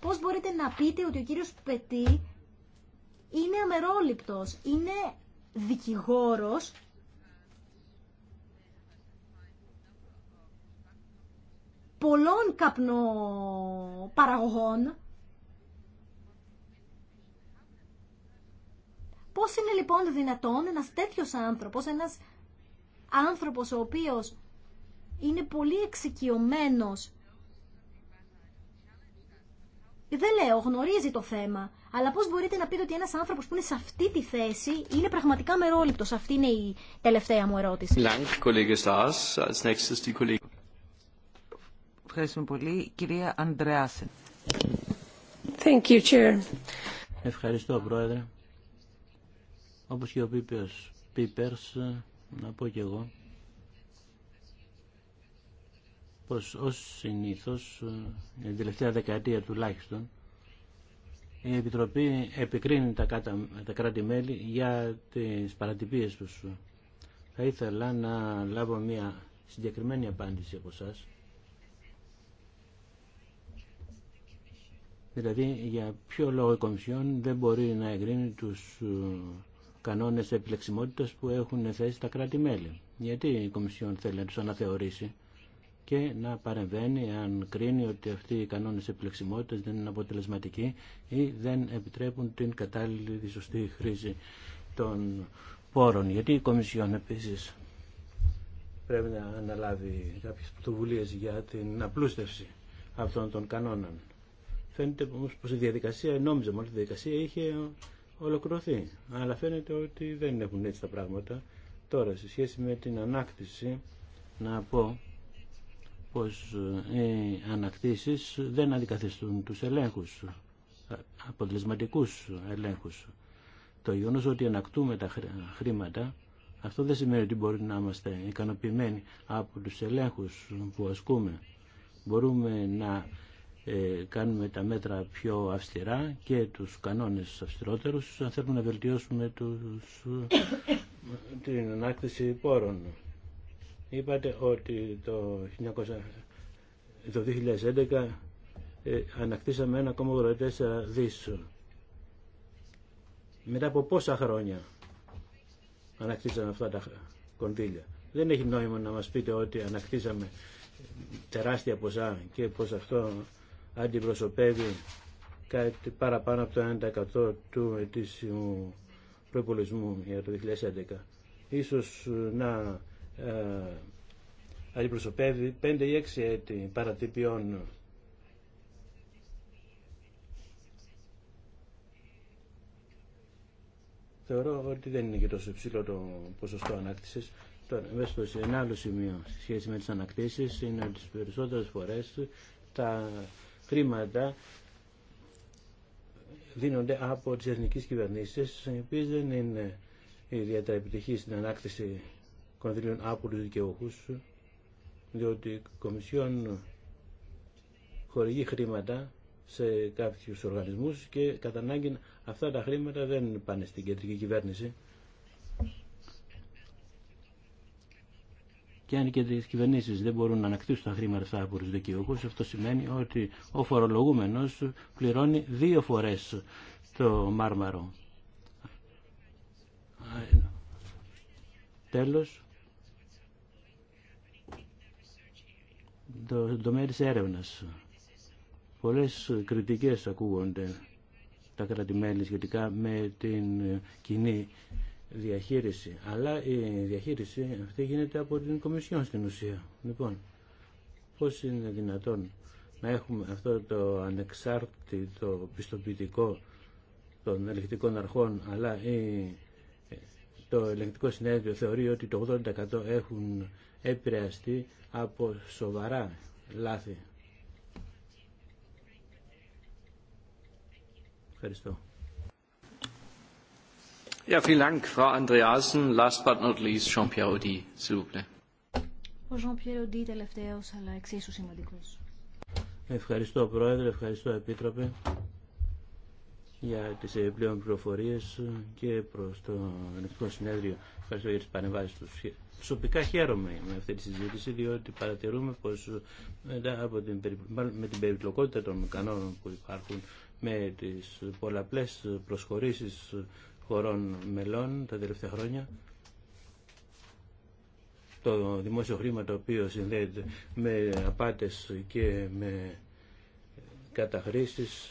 Πώς μπορείτε να πείτε ότι ο κύριος Πετή είναι αμερόληπτος, είναι δικηγόρος πολλών καπνοπαραγωγών. Πώς είναι λοιπόν δυνατόν ένας τέτοιος άνθρωπος, ένας άνθρωπος ο οποίος είναι πολύ εξοικειωμένος δεν λέω, γνωρίζει το θέμα. Αλλά πώς μπορείτε να πείτε ότι ένας άνθρωπος που είναι σε αυτή τη θέση είναι πραγματικά μερόληπτος. Αυτή είναι η τελευταία μου ερώτηση. Ευχαριστούμε πολύ. Κυρία Αντρεάσεν. Thank you, Ευχαριστώ, Πρόεδρε. Όπως και ο Πίπερς, Πίπερς να πω και εγώ, πως ως συνήθως, η ε, την τελευταία δεκαετία τουλάχιστον, η Επιτροπή επικρίνει τα, τα κράτη-μέλη για τις παρατυπίες τους. Θα ήθελα να λάβω μια συγκεκριμένη απάντηση από σας Δηλαδή για ποιο λόγο η Κομισιόν δεν μπορεί να εγκρίνει τους ε, κανόνες επιλεξιμότητας που έχουν θέσει τα κράτη-μέλη. Γιατί η Κομισιόν θέλει να τους αναθεωρήσει και να παρεμβαίνει αν κρίνει ότι αυτοί οι κανόνες επιλεξιμότητας δεν είναι αποτελεσματικοί ή δεν επιτρέπουν την κατάλληλη τη σωστή χρήση των πόρων. Γιατί η Κομισιόν επίσης πρέπει να αναλάβει κάποιες πρωτοβουλίε για την απλούστευση αυτών των κανόνων. Φαίνεται όμω πω η διαδικασία, νόμιζα ότι η διαδικασία είχε ολοκληρωθεί. Αλλά φαίνεται ότι δεν έχουν έτσι τα πράγματα. Τώρα, σε σχέση με την ανάκτηση, να πω πως ε, οι ανακτήσεις δεν αντικαθιστούν τους ελέγχους, αποτελεσματικούς ελέγχους. Το γεγονό ότι ανακτούμε τα χρήματα, αυτό δεν σημαίνει ότι μπορεί να είμαστε ικανοποιημένοι από τους ελέγχους που ασκούμε. Μπορούμε να ε, κάνουμε τα μέτρα πιο αυστηρά και τους κανόνες αυστηρότερους αν θέλουμε να βελτιώσουμε τους, την ανάκτηση πόρων. Είπατε ότι το, 1900, το 2011 ε, ανακτήσαμε 1,84 δις. Μετά από πόσα χρόνια ανακτήσαμε αυτά τα κονδύλια. Δεν έχει νόημα να μας πείτε ότι ανακτήσαμε τεράστια ποσά και πως αυτό αντιπροσωπεύει κάτι παραπάνω από το 1% του ετήσιου προπολισμού για το 2011. Ίσως ε, να ε, αντιπροσωπεύει 5 ή 6 έτη παρατυπιών Θεωρώ ότι δεν είναι και τόσο υψηλό το ποσοστό ανάκτηση. Τώρα, μέσα σε ένα άλλο σημείο σε σχέση με τι ανακτήσει είναι ότι τι περισσότερε φορέ τα χρήματα δίνονται από τις εθνικές κυβερνήσεις, οι οποίες δεν είναι ιδιαίτερα επιτυχείς στην ανάκτηση κονδύλιων από τους διότι η Κομισιόν χορηγεί χρήματα σε κάποιους οργανισμούς και κατά ανάγκη αυτά τα χρήματα δεν πάνε στην κεντρική κυβέρνηση. και αν και τις κυβερνήσει δεν μπορούν να ανακτήσουν τα χρήματα αυτά από τους δικαιούχου, αυτό σημαίνει ότι ο φορολογούμενος πληρώνει δύο φορές το μάρμαρο. Τέλος, το τομέα της έρευνας. Πολλές κριτικές ακούγονται τα κρατημέλη σχετικά με την κοινή διαχείριση. Αλλά η διαχείριση αυτή γίνεται από την Κομισιόν στην ουσία. Λοιπόν, πώς είναι δυνατόν να έχουμε αυτό το ανεξάρτητο πιστοποιητικό των ελεκτικών αρχών, αλλά το ελεκτικό συνέδριο θεωρεί ότι το 80% έχουν επηρεαστεί από σοβαρά λάθη. Ευχαριστώ. Ο Ευχαριστώ, Πρόεδρε, ευχαριστώ, Επίτροπε, για τι επιπλέον πληροφορίε και προ το Ελεκτικό Συνέδριο. Ευχαριστώ για τι παρεμβάσεις του. Προσωπικά χαίρομαι με αυτή τη συζήτηση, διότι παρατηρούμε πω ε, μετά από την, με την περιπλοκότητα των κανόνων που υπάρχουν, με τι πολλαπλέ προσχωρήσει χωρών μελών τα τελευταία χρόνια. Το δημόσιο χρήμα το οποίο συνδέεται με απάτες και με καταχρήσεις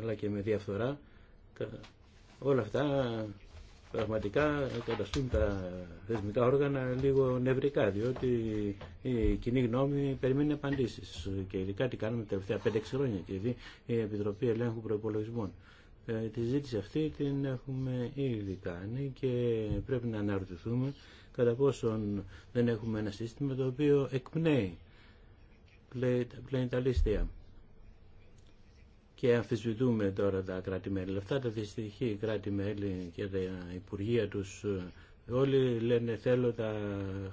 αλλά και με διαφθορά όλα αυτά πραγματικά καταστούν τα θεσμικά όργανα λίγο νευρικά, διότι η κοινή γνώμη περιμένει απαντήσει. Και ειδικά τι κάνουμε τα τελευταία 5-6 χρόνια και δι η Επιτροπή Ελέγχου Προπολογισμών. Ε, τη ζήτηση αυτή την έχουμε ήδη κάνει και πρέπει να αναρωτηθούμε κατά πόσον δεν έχουμε ένα σύστημα το οποίο εκπνέει λίστια. Και αμφισβητούμε τώρα τα κράτη-μέλη. Αυτά τα δυστυχή κράτη-μέλη και τα υπουργεία τους ε, όλοι λένε θέλω τα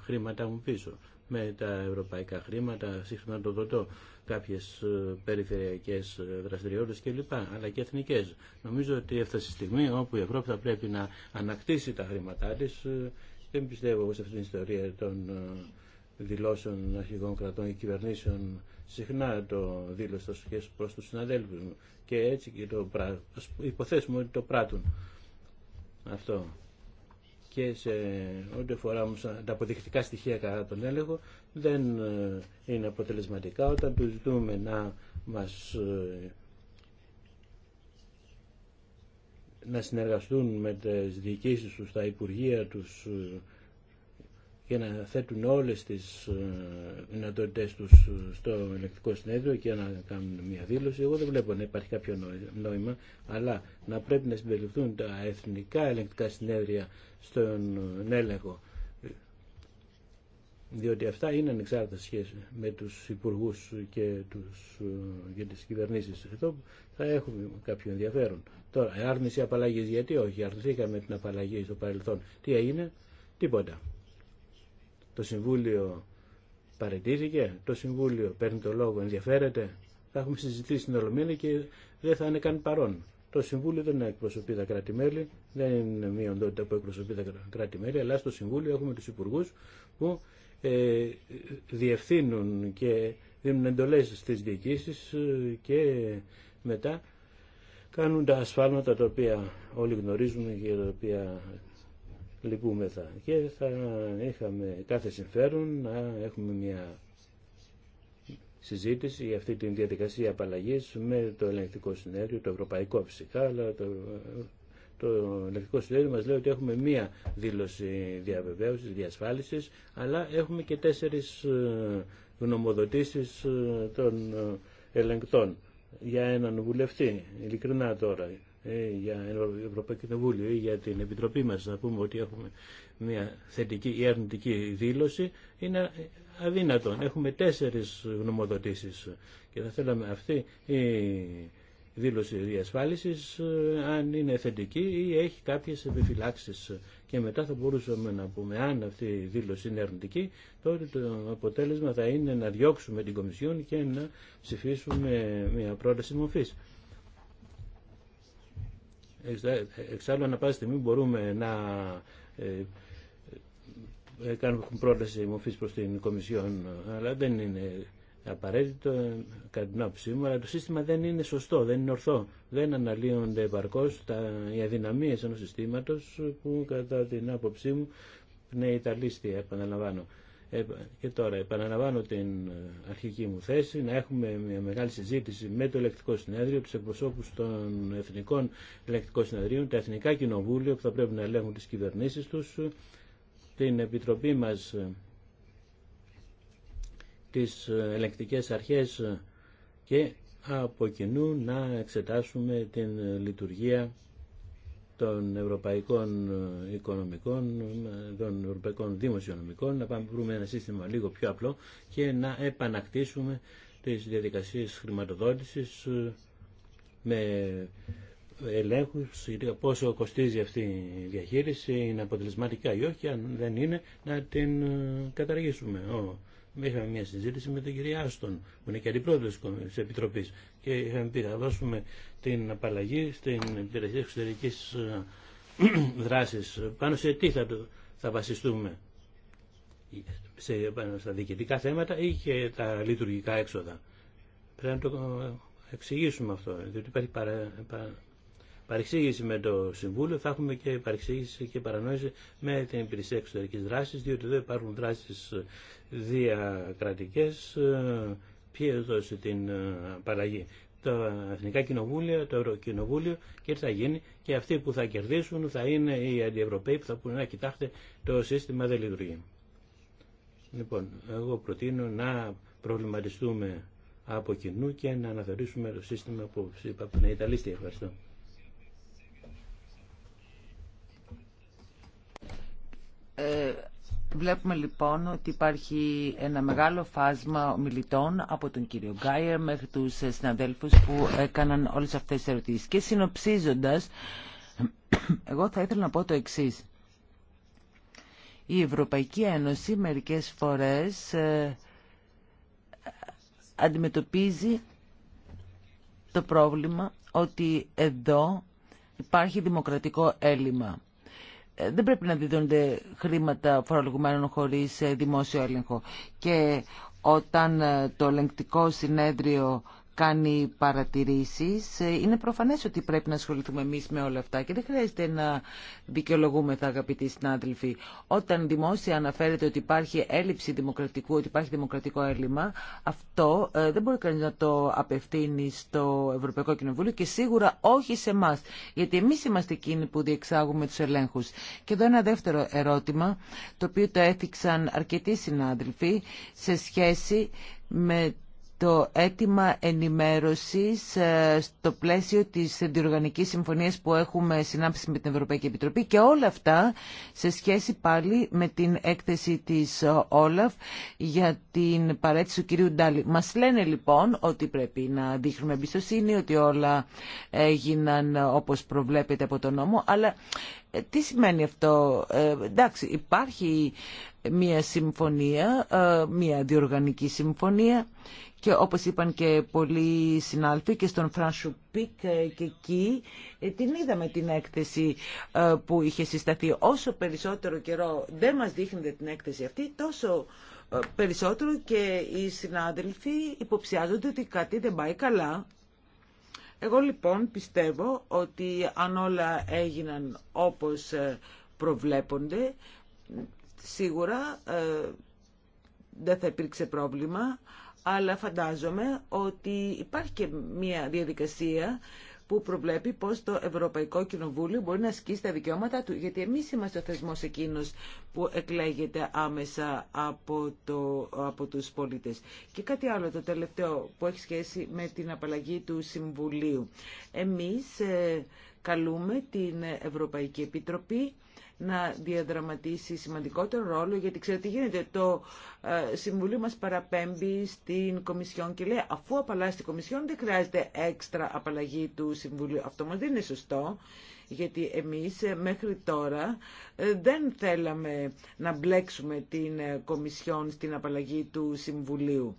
χρήματά μου πίσω. Με τα ευρωπαϊκά χρήματα συχνά το δωτώ κάποιες ε, περιφερειακές ε, δραστηριότητες κλπ. αλλά και εθνικές. Νομίζω ότι έφτασε η στιγμή όπου η Ευρώπη θα πρέπει να ανακτήσει τα χρήματά της. Δεν πιστεύω σε αυτήν την ιστορία των ε, δηλώσεων αρχηγών κρατών και κυβερνήσεων συχνά το δήλωσα σχέση προς τους συναδέλφους μου και έτσι και το υποθέσουμε ότι το πράττουν αυτό και σε ό,τι αφορά όμως τα αποδεικτικά στοιχεία κατά τον έλεγχο δεν ε, είναι αποτελεσματικά όταν του ζητούμε να μας ε, να συνεργαστούν με τις διοικήσεις τους, τα υπουργεία τους και ε, να θέτουν όλες τις δυνατότητε τους στο ελεκτικό συνέδριο και να κάνουν μια δήλωση. Εγώ δεν βλέπω να υπάρχει κάποιο νόημα, αλλά να πρέπει να συμπεριληφθούν τα εθνικά ελεκτικά συνέδρια στον έλεγχο. Διότι αυτά είναι ανεξάρτητα σχέση με τους υπουργούς και, τους, και τις κυβερνήσεις. Εδώ θα έχουμε κάποιο ενδιαφέρον. Τώρα, άρνηση απαλλαγή, γιατί όχι, αρνηθήκαμε την απαλλαγή στο παρελθόν. Τι έγινε, τίποτα. Το Συμβούλιο παρετήθηκε, το Συμβούλιο παίρνει το λόγο, ενδιαφέρεται. Θα έχουμε συζητήσει την Ολομέλεια και δεν θα είναι καν παρόν. Το Συμβούλιο δεν εκπροσωπεί τα κράτη-μέλη, δεν είναι μια οντότητα που εκπροσωπεί τα κράτη-μέλη, αλλά στο Συμβούλιο έχουμε τους υπουργούς που ε, διευθύνουν και δίνουν εντολές στις διοικήσεις ε, και μετά κάνουν τα ασφάλματα τα οποία όλοι γνωρίζουμε και τα οποία λυπούμεθα. Και θα είχαμε κάθε συμφέρον να έχουμε μια συζήτηση για αυτή την διαδικασία απαλλαγή με το ελεγκτικό συνέδριο, το ευρωπαϊκό φυσικά, αλλά το, το ελεγκτικό συνέδριο μας λέει ότι έχουμε μία δήλωση διαβεβαίωσης, διασφάλισης, αλλά έχουμε και τέσσερις ε, γνωμοδοτήσεις ε, των ε, ελεγκτών για έναν βουλευτή, ειλικρινά τώρα. Ε, για Ευρωπαϊκό Κοινοβούλιο ή για την Επιτροπή μας να πούμε ότι έχουμε μια θετική ή αρνητική δήλωση είναι αδύνατον. Έχουμε τέσσερις γνωμοδοτήσεις και θα θέλαμε αυτή η δήλωση διασφάλισης ε, αν είναι θετική ή έχει κάποιες επιφυλάξεις και μετά θα μπορούσαμε να πούμε αν αυτή η δήλωση είναι αρνητική τότε το αποτέλεσμα θα είναι να διώξουμε την Κομισιόν και να ψηφίσουμε μια πρόταση μορφής. Εξάλλου, ανά πάση στιγμή μπορούμε να ε, ε, κάνουμε πρόταση μορφή προ την Κομισιόν, αλλά δεν είναι απαραίτητο κατά την άποψή μου, αλλά το σύστημα δεν είναι σωστό, δεν είναι ορθό. Δεν αναλύονται επαρκώ οι αδυναμίε ενό συστήματο που κατά την άποψή μου είναι τα ταλίστια, επαναλαμβάνω. Ε, και τώρα επαναλαμβάνω την ε, αρχική μου θέση να έχουμε μια μεγάλη συζήτηση με το ελεκτικό συνέδριο, τους εκπροσώπους των εθνικών ελεκτικών συνεδρίων, τα εθνικά κοινοβούλια που θα πρέπει να ελέγχουν τις κυβερνήσεις τους, την Επιτροπή μας, ε, τις ελεκτικές αρχές και από κοινού να εξετάσουμε την λειτουργία των ευρωπαϊκών ε, οικονομικών, ε, των ευρωπαϊκών δημοσιονομικών, να πάμε βρούμε ένα σύστημα λίγο πιο απλό και να επανακτήσουμε τις διαδικασίες χρηματοδότησης ε, με ελέγχους πόσο κοστίζει αυτή η διαχείριση, είναι αποτελεσματικά ή όχι, αν δεν είναι, να την καταργήσουμε είχαμε μια συζήτηση με τον κύριο Άστον, που είναι και αντιπρόεδρο τη Επιτροπή. Και είχαμε πει θα δώσουμε την απαλλαγή στην υπηρεσία εξωτερική ε, δράση. Πάνω σε τι θα, θα βασιστούμε, σε, στα διοικητικά θέματα ή και τα λειτουργικά έξοδα. Πρέπει να το ε, εξηγήσουμε αυτό, διότι υπάρχει παρα, παρεξήγηση με το Συμβούλιο, θα έχουμε και παρεξήγηση και παρανόηση με την Υπηρεσία Εξωτερικής Δράσης, διότι εδώ υπάρχουν δράσεις διακρατικές, ε, ποιες δώσει την απαλλαγή. Ε, Τα Εθνικά Κοινοβούλια, το Ευρωκοινοβούλιο και τι θα γίνει και αυτοί που θα κερδίσουν θα είναι οι αντιευρωπαίοι που θα πούνε να κοιτάξτε το σύστημα δεν λειτουργεί. Λοιπόν, εγώ προτείνω να προβληματιστούμε από κοινού και να αναθεωρήσουμε το σύστημα που είπα Ιταλία Ιταλίστη. ευχαριστώ. Ε, βλέπουμε λοιπόν ότι υπάρχει ένα μεγάλο φάσμα μιλητών από τον κύριο Γκάιερ μέχρι τους συναδέλφους που έκαναν όλες αυτές τις ερωτήσεις. Και συνοψίζοντας, εγώ θα ήθελα να πω το εξής. Η Ευρωπαϊκή Ένωση μερικές φορές ε, αντιμετωπίζει το πρόβλημα ότι εδώ υπάρχει δημοκρατικό έλλειμμα δεν πρέπει να δίδονται χρήματα φορολογουμένων χωρίς ε, δημόσιο έλεγχο. Και όταν ε, το ελεγκτικό συνέδριο κάνει παρατηρήσεις. Είναι προφανές ότι πρέπει να ασχοληθούμε εμείς με όλα αυτά και δεν χρειάζεται να δικαιολογούμεθα αγαπητοί συνάδελφοι. Όταν δημόσια αναφέρεται ότι υπάρχει έλλειψη δημοκρατικού, ότι υπάρχει δημοκρατικό έλλειμμα, αυτό ε, δεν μπορεί κανείς να το απευθύνει στο Ευρωπαϊκό Κοινοβούλιο και σίγουρα όχι σε εμά. Γιατί εμείς είμαστε εκείνοι που διεξάγουμε τους ελέγχους. Και εδώ ένα δεύτερο ερώτημα, το οποίο το έθιξαν αρκετοί συνάδελφοι σε σχέση με το αίτημα ενημέρωσης ε, στο πλαίσιο της διοργανικής συμφωνίας που έχουμε συνάψει με την Ευρωπαϊκή Επιτροπή και όλα αυτά σε σχέση πάλι με την έκθεση της ε, Όλαφ για την παρέτηση του κυρίου Ντάλι. Μας λένε λοιπόν ότι πρέπει να δείχνουμε εμπιστοσύνη, ότι όλα έγιναν όπως προβλέπεται από τον νόμο, αλλά ε, τι σημαίνει αυτό. Ε, εντάξει, υπάρχει μια συμφωνία, μια διοργανική συμφωνία και όπως είπαν και πολλοί συνάλφοι και στον Φρανσου Πικ ε, και εκεί ε, την είδαμε την έκθεση ε, που είχε συσταθεί. Όσο περισσότερο καιρό δεν μας δείχνεται την έκθεση αυτή, τόσο περισσότερο και οι συνάδελφοι υποψιάζονται ότι κάτι δεν πάει καλά. Εγώ λοιπόν πιστεύω ότι αν όλα έγιναν όπως προβλέπονται, σίγουρα δεν θα υπήρξε πρόβλημα, αλλά φαντάζομαι ότι υπάρχει και μια διαδικασία που προβλέπει πως το Ευρωπαϊκό Κοινοβούλιο μπορεί να ασκήσει τα δικαιώματα του, γιατί εμείς είμαστε ο θεσμός εκείνος που εκλέγεται άμεσα από, το, από τους πολίτες. Και κάτι άλλο, το τελευταίο που έχει σχέση με την απαλλαγή του Συμβουλίου. Εμείς ε, καλούμε την Ευρωπαϊκή Επιτροπή να διαδραματίσει σημαντικότερο ρόλο, γιατί ξέρετε τι γίνεται, το ε, Συμβουλίο μας παραπέμπει στην Κομισιόν και λέει αφού απαλλάσσει την Κομισιόν δεν χρειάζεται έξτρα απαλλαγή του Συμβουλίου. Αυτό μας δεν είναι σωστό γιατί εμείς ε, μέχρι τώρα ε, δεν θέλαμε να μπλέξουμε την Κομισιόν στην απαλλαγή του Συμβουλίου.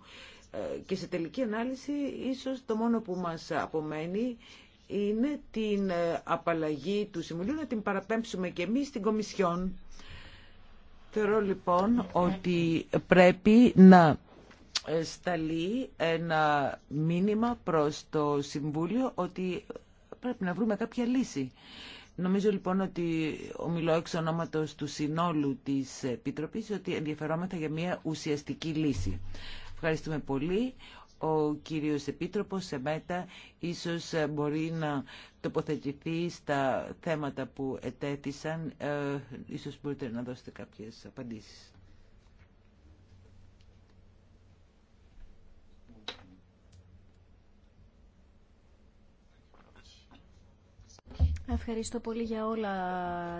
Και σε τελική ανάλυση ίσως το μόνο που μας απομένει είναι την ε, απαλλαγή του Συμβουλίου να την παραπέμψουμε και εμείς στην Κομισιόν. Θεωρώ λοιπόν ότι πρέπει να ε, σταλεί ένα μήνυμα προς το Συμβούλιο ότι πρέπει να βρούμε κάποια λύση. Νομίζω λοιπόν ότι ομιλώ εξ ονόματος του συνόλου της Επιτροπής ότι ενδιαφερόμεθα για μια ουσιαστική λύση. Ευχαριστούμε πολύ ο κύριος Επίτροπος μέτα, ίσως ε, μπορεί να τοποθετηθεί στα θέματα που ετέθησαν. Ε, ίσως μπορείτε να δώσετε κάποιες απαντήσεις. Ευχαριστώ πολύ για όλα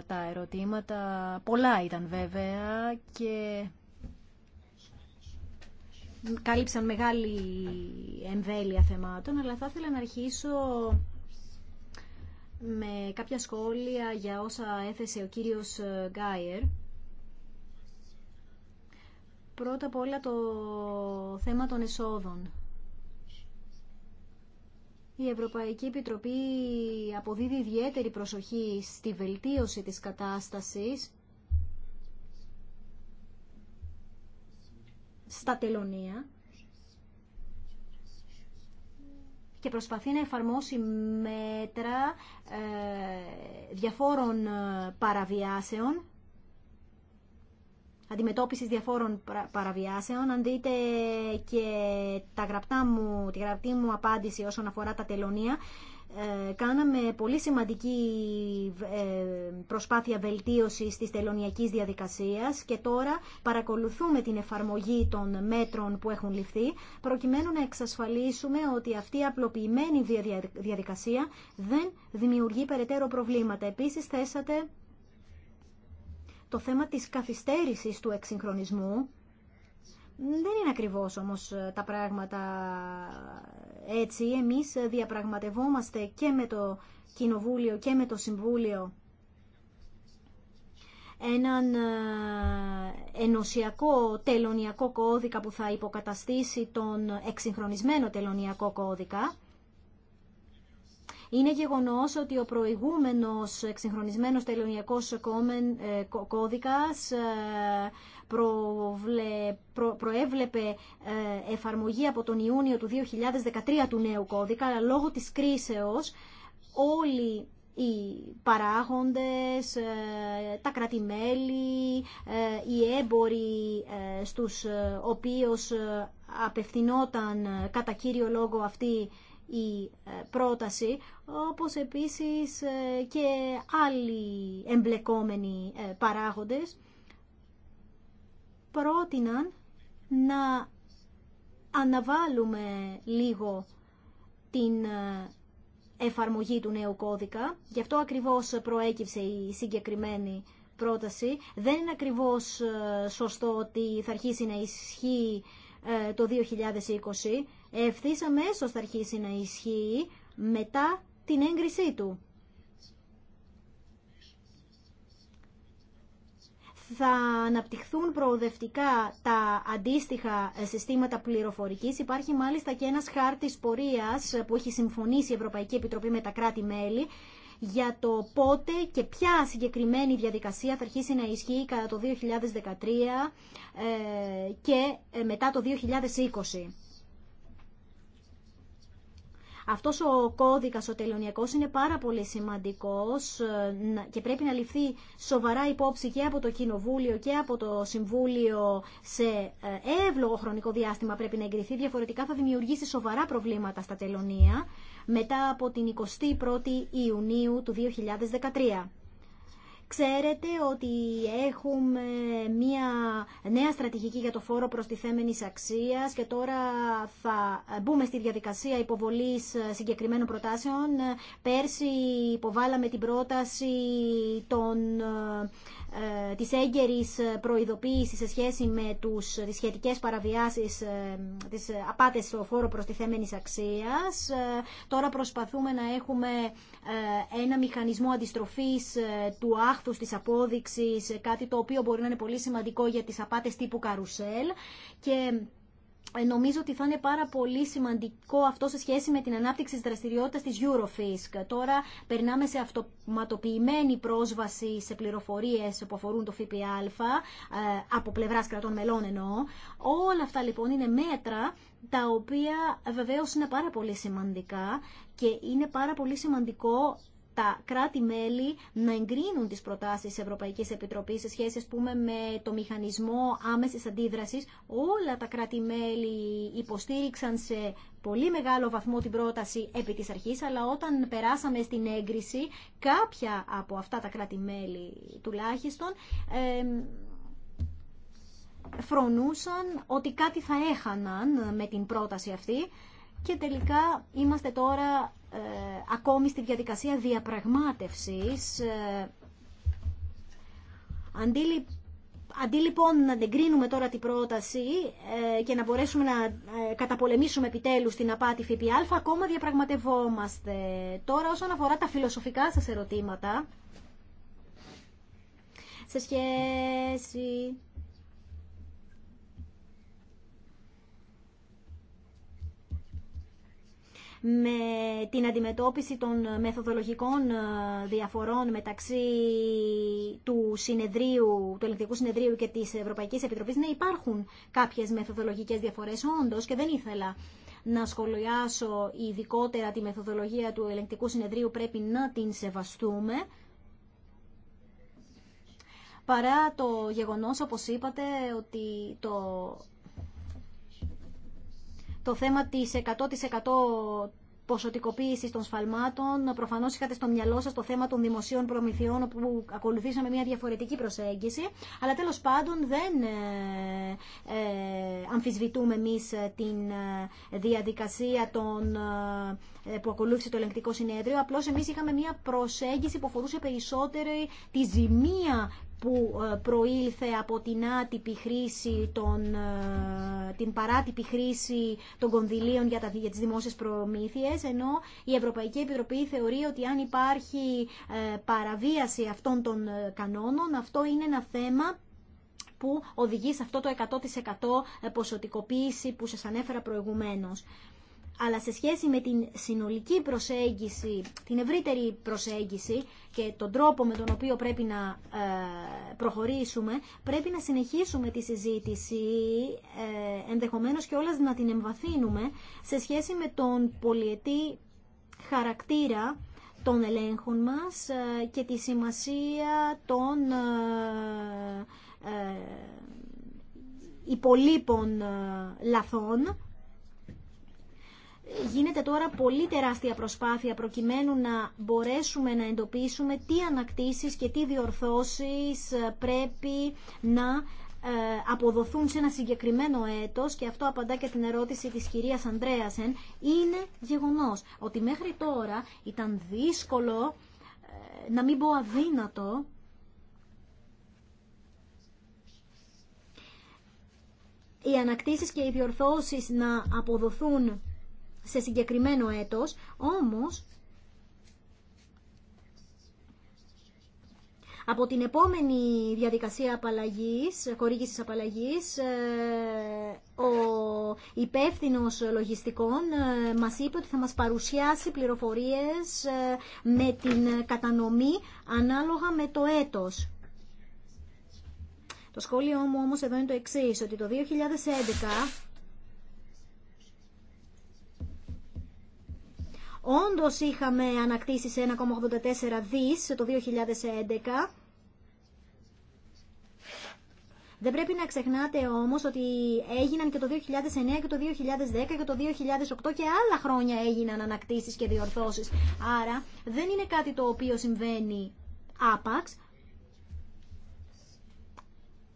τα ερωτήματα. Πολλά ήταν βέβαια και κάλυψαν μεγάλη εμβέλεια θεμάτων, αλλά θα ήθελα να αρχίσω με κάποια σχόλια για όσα έθεσε ο κύριος Γκάιερ. Πρώτα απ' όλα το θέμα των εσόδων. Η Ευρωπαϊκή Επιτροπή αποδίδει ιδιαίτερη προσοχή στη βελτίωση της κατάστασης στα τελωνία και προσπαθεί να εφαρμόσει μέτρα ε, διαφόρων ε, παραβιάσεων αντιμετώπιση διαφόρων παραβιάσεων. Αν δείτε και τα γραπτά μου, τη γραπτή μου απάντηση όσον αφορά τα τελωνία, ε, κάναμε πολύ σημαντική ε, προσπάθεια βελτίωσης της τελωνιακής διαδικασίας και τώρα παρακολουθούμε την εφαρμογή των μέτρων που έχουν ληφθεί προκειμένου να εξασφαλίσουμε ότι αυτή η απλοποιημένη διαδικασία δεν δημιουργεί περαιτέρω προβλήματα. Επίσης θέσατε το θέμα της καθυστέρησης του εξυγχρονισμού δεν είναι ακριβώς όμως ε, τα πράγματα ε, έτσι. Εμείς διαπραγματευόμαστε και με το Κοινοβούλιο και με το Συμβούλιο έναν ε, ενωσιακό τελωνιακό κώδικα που θα υποκαταστήσει τον εξυγχρονισμένο τελωνιακό κώδικα. Είναι γεγονός ότι ο προηγούμενος εξυγχρονισμένος τελωνιακός κώδικας προέβλεπε ε, εφαρμογή από τον Ιούνιο του 2013 του νέου κώδικα, αλλά λόγω της κρίσεως όλοι οι παράγοντες, ε, τα κρατημέλη, ε, οι έμποροι στους οποίους απευθυνόταν κατά κύριο λόγο αυτή η πρόταση, όπως επίσης και άλλοι εμπλεκόμενοι παράγοντες, πρότειναν να αναβάλουμε λίγο την ε, εφαρμογή του νέου κώδικα. Γι' αυτό ακριβώς προέκυψε η συγκεκριμένη πρόταση. Δεν είναι ακριβώς ε, σωστό ότι θα αρχίσει να ισχύει ε, το 2020. Ευθύς αμέσως θα αρχίσει να ισχύει μετά την έγκρισή του. θα αναπτυχθούν προοδευτικά τα αντίστοιχα ε, συστήματα πληροφορικής. Υπάρχει μάλιστα και ένας χάρτης πορείας ε, που έχει συμφωνήσει η Ευρωπαϊκή Επιτροπή με τα κράτη-μέλη για το πότε και ποια συγκεκριμένη διαδικασία θα αρχίσει να ισχύει κατά το 2013 ε, και μετά το 2020. Αυτός ο κώδικας, ο τελωνιακός, είναι πάρα πολύ σημαντικός ε, και πρέπει να ληφθεί σοβαρά υπόψη και από το Κοινοβούλιο και από το Συμβούλιο σε ε, εύλογο χρονικό διάστημα πρέπει να εγκριθεί. Διαφορετικά θα δημιουργήσει σοβαρά προβλήματα στα τελωνία μετά από την 21η Ιουνίου του 2013. Ξέρετε ότι έχουμε μία νέα στρατηγική για το φόρο τη θέμενη αξίας και τώρα θα μπούμε στη διαδικασία υποβολής συγκεκριμένων προτάσεων. Πέρσι υποβάλαμε την πρόταση των ε, ε, της έγκαιρης ε, προειδοποίησης σε σχέση με τους, τις σχετικές παραβιάσεις ε, της απάτες στο φόρο προστιθέμενης αξίας. Τώρα προσπαθούμε να έχουμε ένα μηχανισμό αντιστροφής του άχθους της απόδειξης, κάτι το οποίο μπορεί να είναι πολύ σημαντικό για τις απάτες τύπου καρουσέλ και ε, νομίζω ότι θα είναι πάρα πολύ σημαντικό αυτό σε σχέση με την ανάπτυξη της δραστηριότητας της Eurofisk. Τώρα περνάμε σε αυτοματοποιημένη πρόσβαση σε πληροφορίες που αφορούν το ΦΠΑ, ε, από πλευράς κρατών μελών εννοώ. Όλα αυτά λοιπόν είναι μέτρα τα οποία βεβαίως είναι πάρα πολύ σημαντικά και είναι πάρα πολύ σημαντικό τα κράτη-μέλη να εγκρίνουν τις προτάσεις της Ευρωπαϊκής Επιτροπής σε σχέση, πούμε, με το μηχανισμό άμεσης αντίδρασης. Όλα τα κράτη-μέλη υποστήριξαν σε πολύ μεγάλο βαθμό την πρόταση επί της αρχής, αλλά όταν περάσαμε στην έγκριση, κάποια από αυτά τα κράτη-μέλη τουλάχιστον ε, φρονούσαν ότι κάτι θα έχαναν με την πρόταση αυτή και τελικά είμαστε τώρα ε, ακόμη στη διαδικασία διαπραγμάτευσης. Ε, αντί, λοιπόν να αντεγκρίνουμε τώρα την πρόταση ε, και να μπορέσουμε να ε, καταπολεμήσουμε επιτέλους την απάτη ΦΠΑ, ακόμα διαπραγματευόμαστε. Τώρα όσον αφορά τα φιλοσοφικά σας ερωτήματα, σε σχέση με την αντιμετώπιση των μεθοδολογικών ε, διαφορών μεταξύ του συνεδρίου, του Ελληνικού Συνεδρίου και της Ευρωπαϊκής Επιτροπής. Ναι, υπάρχουν κάποιες μεθοδολογικές διαφορές όντως και δεν ήθελα να σχολιάσω ειδικότερα τη μεθοδολογία του ελεγκτικού συνεδρίου πρέπει να την σεβαστούμε παρά το γεγονός, όπως είπατε, ότι το το θέμα τη 100% ποσοτικοποίηση των σφαλμάτων. Προφανώ είχατε στο μυαλό σα το θέμα των δημοσίων προμηθειών, όπου ακολουθήσαμε μια διαφορετική προσέγγιση. Αλλά τέλο πάντων δεν ε, ε αμφισβητούμε εμεί την ε, διαδικασία των, ε, που ακολούθησε το ελεγκτικό συνέδριο. Απλώ εμεί είχαμε μια προσέγγιση που αφορούσε περισσότερο τη ζημία που ε, προήλθε από την άτυπη χρήση των, ε, την παράτυπη χρήση των κονδυλίων για, τα, για τις δημόσιες προμήθειες ενώ η Ευρωπαϊκή Επιτροπή θεωρεί ότι αν υπάρχει ε, παραβίαση αυτών των κανόνων αυτό είναι ένα θέμα που οδηγεί σε αυτό το 100% ποσοτικοποίηση που σας ανέφερα προηγουμένως αλλά σε σχέση με την συνολική προσέγγιση, την ευρύτερη προσέγγιση και τον τρόπο με τον οποίο πρέπει να ε, προχωρήσουμε, πρέπει να συνεχίσουμε τη συζήτηση, ε, ενδεχομένως και όλας να την εμβαθύνουμε, σε σχέση με τον πολιετή χαρακτήρα των ελέγχων μας ε, και τη σημασία των υπολείπων λαθών, γίνεται τώρα πολύ τεράστια προσπάθεια προκειμένου να μπορέσουμε να εντοπίσουμε τι ανακτήσεις και τι διορθώσεις ε, πρέπει να ε, αποδοθούν σε ένα συγκεκριμένο έτος και αυτό απαντά και την ερώτηση της κυρίας Ανδρέασεν είναι γεγονός ότι μέχρι τώρα ήταν δύσκολο ε, να μην πω αδύνατο οι ανακτήσεις και οι διορθώσεις να αποδοθούν σε συγκεκριμένο έτος, όμως Από την επόμενη διαδικασία απαλλαγής, χορήγησης απαλλαγής, ε, ο υπεύθυνο λογιστικών ε, μας είπε ότι θα μας παρουσιάσει πληροφορίες ε, με την κατανομή ανάλογα με το έτος. Το σχόλιο μου όμως εδώ είναι το εξής, ότι το 2011 Όντως είχαμε ανακτήσει σε 1,84 δις το 2011. Δεν πρέπει να ξεχνάτε όμως ότι έγιναν και το 2009 και το 2010 και το 2008 και άλλα χρόνια έγιναν ανακτήσεις και διορθώσεις. Άρα δεν είναι κάτι το οποίο συμβαίνει άπαξ.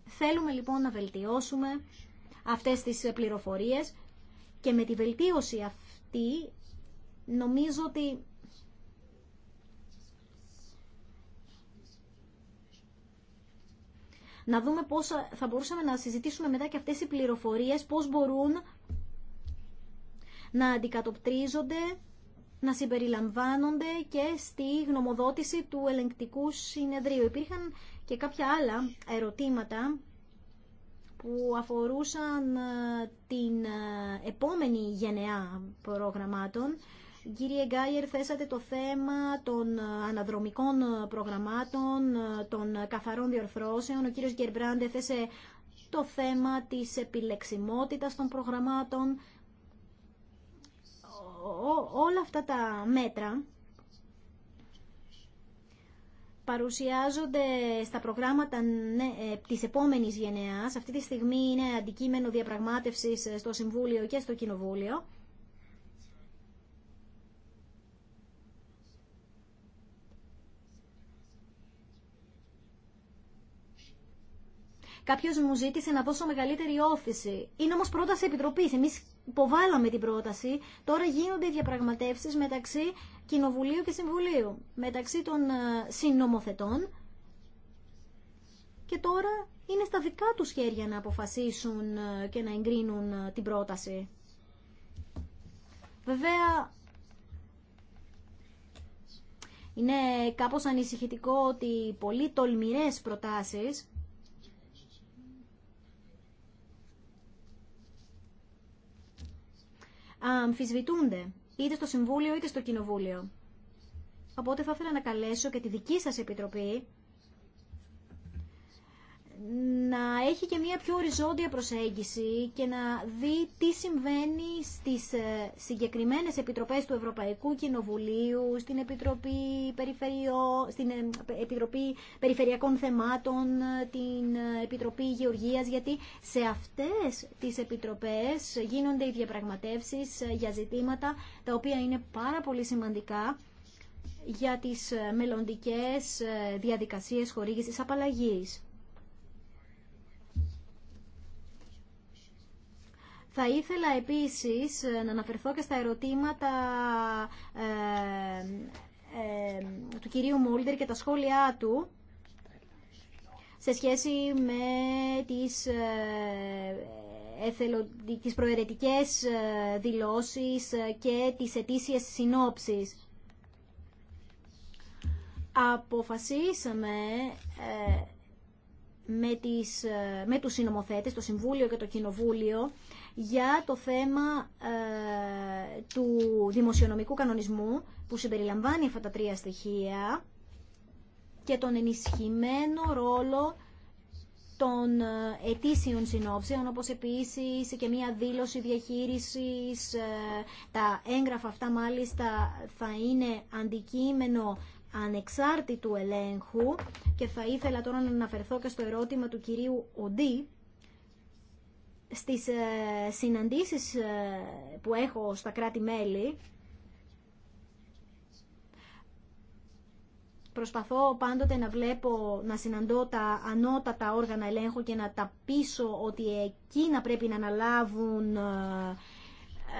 Θέλουμε λοιπόν να βελτιώσουμε αυτές τις πληροφορίες και με τη βελτίωση αυτή Νομίζω ότι να δούμε πώς θα μπορούσαμε να συζητήσουμε μετά και αυτές οι πληροφορίες, πώς μπορούν να αντικατοπτρίζονται, να συμπεριλαμβάνονται και στη γνωμοδότηση του ελεγκτικού συνεδρίου. Υπήρχαν και κάποια άλλα ερωτήματα που αφορούσαν ε, την ε, επόμενη γενεά προγραμμάτων Κύριε Γκάιερ, θέσατε το θέμα των αναδρομικών προγραμμάτων, των καθαρών διορθώσεων. Ο κύριος Γκερμπράντε θέσε το θέμα της επιλεξιμότητας των προγραμμάτων. Όλα αυτά τα μέτρα παρουσιάζονται στα προγράμματα ναι, ε, της επόμενης γενεάς. Αυτή τη στιγμή είναι αντικείμενο διαπραγμάτευσης στο Συμβούλιο και στο Κοινοβούλιο. Κάποιο μου ζήτησε να δώσω μεγαλύτερη όφηση. Είναι όμω πρόταση επιτροπή. Εμεί υποβάλαμε την πρόταση. Τώρα γίνονται οι διαπραγματεύσει μεταξύ Κοινοβουλίου και Συμβουλίου. Μεταξύ των ε, συνομοθετών. Και τώρα είναι στα δικά τους χέρια να αποφασίσουν ε, και να εγκρίνουν ε, την πρόταση. Βέβαια, είναι κάπως ανησυχητικό ότι πολύ τολμηρές προτάσεις αμφισβητούνται είτε στο Συμβούλιο είτε στο Κοινοβούλιο. Οπότε θα ήθελα να καλέσω και τη δική σας Επιτροπή να έχει και μια πιο οριζόντια προσέγγιση και να δει τι συμβαίνει στις ε, συγκεκριμένες επιτροπές του Ευρωπαϊκού Κοινοβουλίου, στην Επιτροπή, Περιφερειό, στην ε, Επιτροπή Περιφερειακών Θεμάτων, ε, την Επιτροπή Γεωργίας, γιατί σε αυτές τις επιτροπές γίνονται οι διαπραγματεύσεις για ζητήματα τα οποία είναι πάρα πολύ σημαντικά για τις μελλοντικές διαδικασίες χορήγησης απαλλαγής. Θα ήθελα επίσης ε, να αναφερθώ και στα ερωτήματα ε, ε, του κυρίου Μούλτερ και τα σχόλιά του σε σχέση με τις τις προαιρετικές δηλώσεις και τις ετήσιες συνόψεις. Αποφασίσαμε με, τις, με τους συνομοθέτες, το Συμβούλιο και το Κοινοβούλιο, για το θέμα ε, του δημοσιονομικού κανονισμού που συμπεριλαμβάνει αυτά τα τρία στοιχεία και τον ενισχυμένο ρόλο των ε, ετήσιων συνόψεων, όπως επίσης και μία δήλωση διαχείρισης. Ε, τα έγγραφα αυτά μάλιστα θα είναι αντικείμενο ανεξάρτητου ελέγχου και θα ήθελα τώρα να αναφερθώ και στο ερώτημα του κυρίου Οντί στις ε, συναντήσεις ε, που έχω στα κράτη-μέλη, προσπαθώ πάντοτε να βλέπω, να συναντώ τα ανώτατα όργανα ελέγχου και να τα πείσω ότι εκείνα πρέπει να αναλάβουν ε,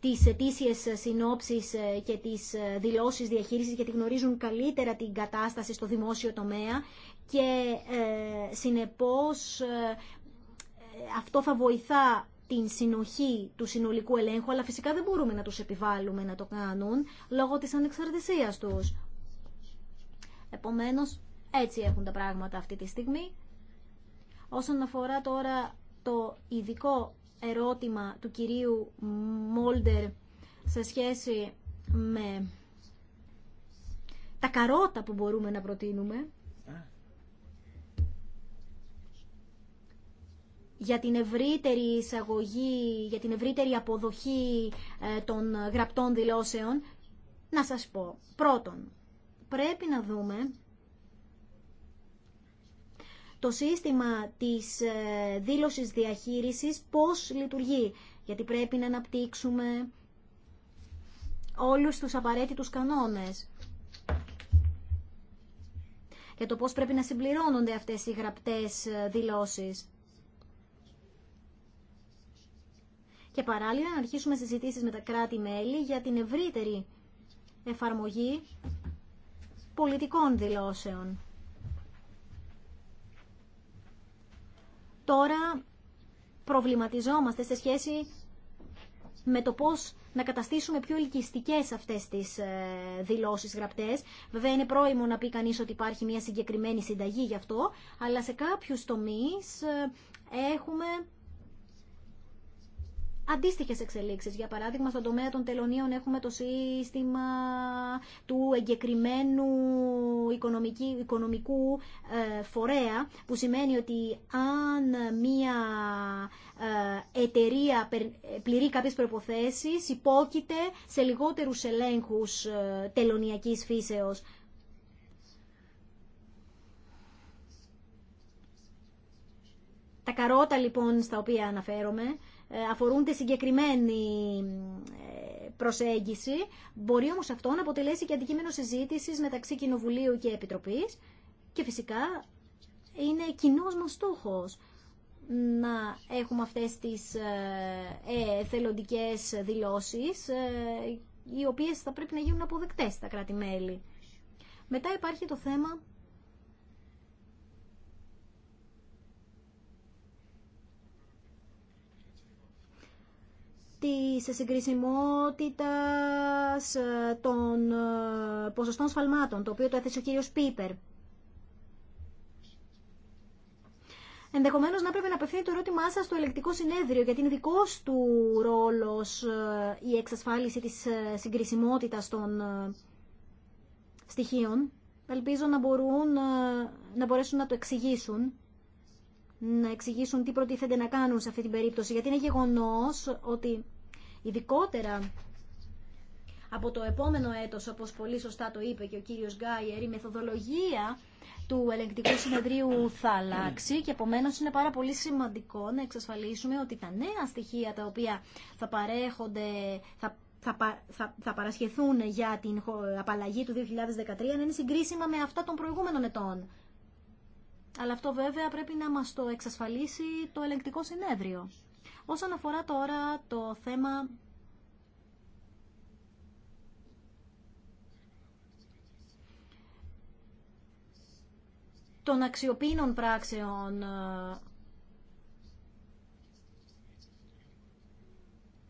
τις ετήσιες συνόψεις και τις δηλώσεις διαχείρισης γιατί γνωρίζουν καλύτερα την κατάσταση στο δημόσιο τομέα και συνεπώς αυτό θα βοηθά την συνοχή του συνολικού ελέγχου, αλλά φυσικά δεν μπορούμε να τους επιβάλλουμε να το κάνουν λόγω της ανεξαρτησίας τους. Επομένως, έτσι έχουν τα πράγματα αυτή τη στιγμή. Όσον αφορά τώρα το ειδικό ερώτημα του κυρίου Μόλτερ σε σχέση με τα καρότα που μπορούμε να προτείνουμε, για την ευρύτερη εισαγωγή, για την ευρύτερη αποδοχή ε, των γραπτών δηλώσεων, να σας πω. Πρώτον, πρέπει να δούμε το σύστημα της ε, δήλωσης διαχείρισης πώς λειτουργεί, γιατί πρέπει να αναπτύξουμε όλους τους απαραίτητους κανόνες για το πώς πρέπει να συμπληρώνονται αυτές οι γραπτές ε, δηλώσεις. και παράλληλα να αρχίσουμε συζητήσεις με τα κράτη-μέλη για την ευρύτερη εφαρμογή πολιτικών δηλώσεων. Τώρα προβληματιζόμαστε σε σχέση με το πώς να καταστήσουμε πιο ελκυστικές αυτές τις ε, δηλώσεις γραπτές. Βέβαια είναι πρόημο να πει κανείς ότι υπάρχει μια συγκεκριμένη συνταγή γι' αυτό, αλλά σε κάποιους τομείς ε, έχουμε Αντίστοιχε εξελίξεις. Για παράδειγμα, στον τομέα των τελωνίων έχουμε το σύστημα του εγκεκριμένου οικονομικού ε, φορέα, που σημαίνει ότι αν μία ε, εταιρεία πληρεί κάποιες προποθέσει υπόκειται σε λιγότερους ελέγχους ε, τελωνιακή φύσεως. Τα καρότα λοιπόν στα οποία αναφέρομαι ε, αφορούν τη συγκεκριμένη ε, προσέγγιση. Μπορεί όμως αυτό να αποτελέσει και αντικείμενο συζήτησης μεταξύ Κοινοβουλίου και Επιτροπής και φυσικά είναι κοινός μας στόχος να έχουμε αυτές τις ε, θελοντικές δηλώσεις οι οποίες θα πρέπει να γίνουν αποδεκτές στα κράτη-μέλη. Μετά υπάρχει το θέμα της συγκρισιμότητας ε, των ε, ποσοστών σφαλμάτων, το οποίο το έθεσε ο κύριος Πίπερ. Ενδεχομένως, να πρέπει να απευθύνει το ερώτημά σα στο ελεκτικό συνέδριο, γιατί είναι δικός του ρόλος ε, η εξασφάλιση της συγκρισιμότητας των στοιχείων. Ελπίζω να, μπορούν, να μπορέσουν να το εξηγήσουν να εξηγήσουν τι προτίθενται να κάνουν σε αυτή την περίπτωση. Γιατί είναι γεγονός ότι ειδικότερα από το επόμενο έτος, όπως πολύ σωστά το είπε και ο κύριος Γκάιερ, η μεθοδολογία του ελεγκτικού συνεδρίου θα αλλάξει και επομένω είναι πάρα πολύ σημαντικό να εξασφαλίσουμε ότι τα νέα στοιχεία τα οποία θα παρέχονται, θα, θα, θα, παρασχεθούν για την απαλλαγή του 2013 να είναι συγκρίσιμα με αυτά των προηγούμενων ετών. Αλλά αυτό βέβαια πρέπει να μας το εξασφαλίσει το ελεγκτικό συνέδριο. Όσον αφορά τώρα το θέμα των αξιοπίνων πράξεων ε,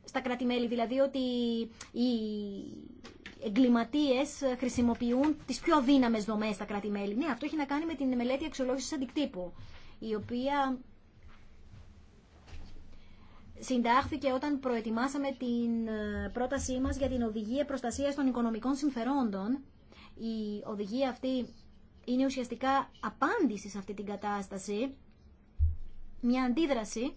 στα κράτη-μέλη, δηλαδή ότι η Εγκληματίε ε, χρησιμοποιούν τις πιο δύναμες δομέ στα κράτη-μέλη. Ναι, αυτό έχει να κάνει με την μελέτη αξιολόγησης αντικτύπου, η οποία συντάχθηκε όταν προετοιμάσαμε την ε, πρότασή μα για την Οδηγία Προστασίας των Οικονομικών Συμφερόντων. Η οδηγία αυτή είναι ουσιαστικά απάντηση σε αυτή την κατάσταση, μια αντίδραση,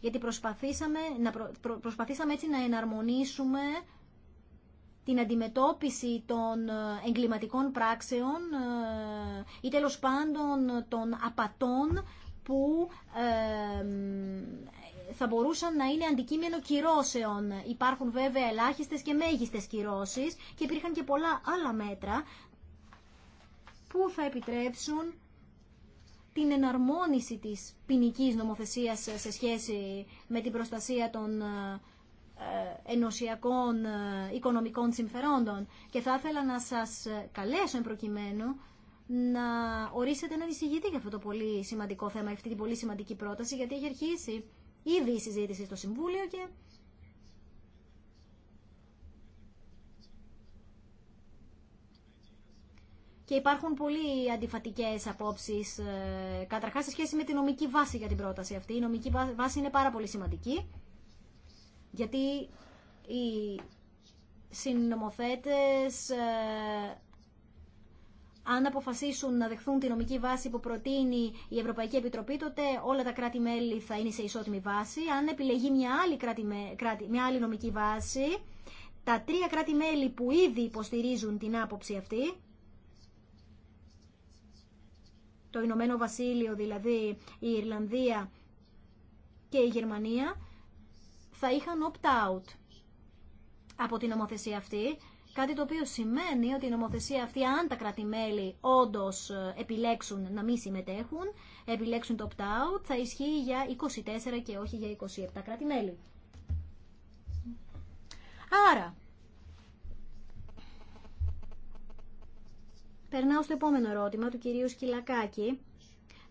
γιατί προσπαθήσαμε, να προσπαθήσαμε έτσι να εναρμονίσουμε την αντιμετώπιση των ε, εγκληματικών πράξεων ε, ή τέλος πάντων των απατών που ε, θα μπορούσαν να είναι αντικείμενο κυρώσεων. Υπάρχουν βέβαια ελάχιστες και μέγιστες κυρώσεις και υπήρχαν και πολλά άλλα μέτρα που θα επιτρέψουν την εναρμόνιση της ποινική νομοθεσίας σε σχέση με την προστασία των ε, ενωσιακών ε, οικονομικών συμφερόντων. Και θα ήθελα να σας ε, καλέσω προκειμένου να ορίσετε να εισηγητή για αυτό το πολύ σημαντικό θέμα, αυτή την πολύ σημαντική πρόταση, γιατί έχει αρχίσει ήδη η συζήτηση στο Συμβούλιο και και υπάρχουν πολύ αντιφατικέ απόψει. καταρχάς σε σχέση με την νομική βάση για την πρόταση αυτή. Η νομική βάση είναι πάρα πολύ σημαντική. Γιατί οι συνομοθέτες ε, αν αποφασίσουν να δεχθούν τη νομική βάση που προτείνει η Ευρωπαϊκή Επιτροπή, τότε όλα τα κράτη-μέλη θα είναι σε ισότιμη βάση. Αν επιλεγεί μια άλλη, κράτη, μια άλλη νομική βάση, τα τρία κράτη-μέλη που ήδη υποστηρίζουν την άποψη αυτή, το Ηνωμένο Βασίλειο δηλαδή, η Ιρλανδία και η Γερμανία, θα είχαν opt-out από την νομοθεσία αυτή. Κάτι το οποίο σημαίνει ότι η νομοθεσία αυτή, αν τα κρατημέλη όντω ε, επιλέξουν να μην συμμετέχουν, επιλέξουν το opt-out, θα ισχύει για 24 και όχι για 27 κρατημέλη. Άρα, περνάω στο επόμενο ερώτημα του κυρίου Σκυλακάκη.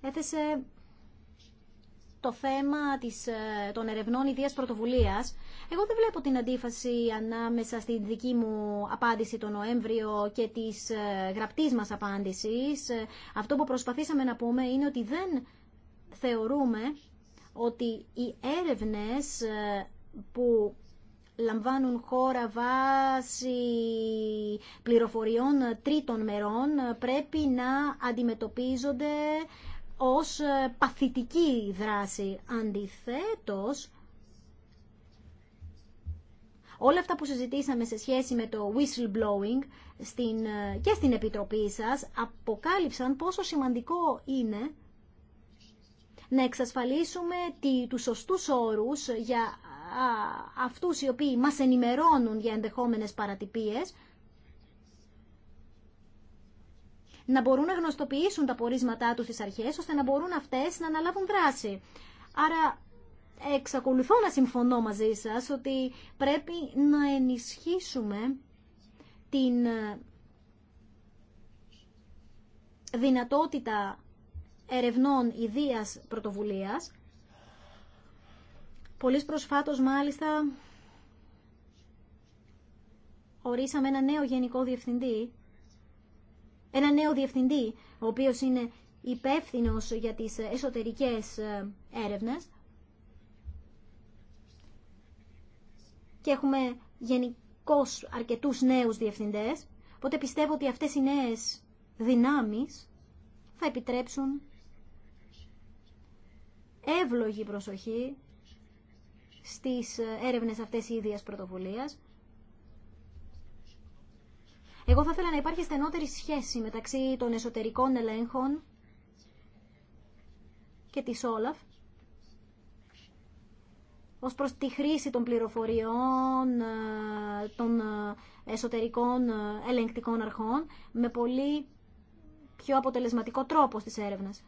Έθεσε το θέμα της, ε, των ερευνών ιδίας πρωτοβουλίας. Εγώ δεν βλέπω την αντίφαση ανάμεσα στη δική μου απάντηση τον Νοέμβριο και της ε, γραπτής μας απάντησης. Ε, αυτό που προσπαθήσαμε να πούμε είναι ότι δεν θεωρούμε ότι οι έρευνες που λαμβάνουν χώρα βάση πληροφοριών τρίτων μερών πρέπει να αντιμετωπίζονται ως ε, παθητική δράση. Αντιθέτως, όλα αυτά που συζητήσαμε σε σχέση με το whistleblowing στην, ε, και στην Επιτροπή σας αποκάλυψαν πόσο σημαντικό είναι να εξασφαλίσουμε τη, τους σωστούς όρους για αυτούς οι οποίοι μας ενημερώνουν για ενδεχόμενες παρατυπίες να μπορούν να γνωστοποιήσουν τα πορίσματά τους στις αρχές, ώστε να μπορούν αυτές να αναλάβουν δράση. Άρα εξακολουθώ να συμφωνώ μαζί σας ότι πρέπει να ενισχύσουμε την ε, δυνατότητα ερευνών ιδίας πρωτοβουλίας. Πολύς προσφάτως μάλιστα ορίσαμε ένα νέο γενικό διευθυντή ένα νέο διευθυντή, ο οποίος είναι υπεύθυνο για τις εσωτερικές ε, έρευνες. Και έχουμε γενικώ αρκετούς νέους διευθυντές, οπότε πιστεύω ότι αυτές οι νέες δυνάμεις θα επιτρέψουν εύλογη προσοχή στις ε, έρευνες αυτές ίδιας πρωτοβουλίας εγώ θα ήθελα να υπάρχει στενότερη σχέση μεταξύ των εσωτερικών ελέγχων και της Όλαφ ως προς τη χρήση των πληροφοριών ε, των ε, εσωτερικών ε, ελεγκτικών αρχών με πολύ πιο αποτελεσματικό τρόπο στις έρευνες.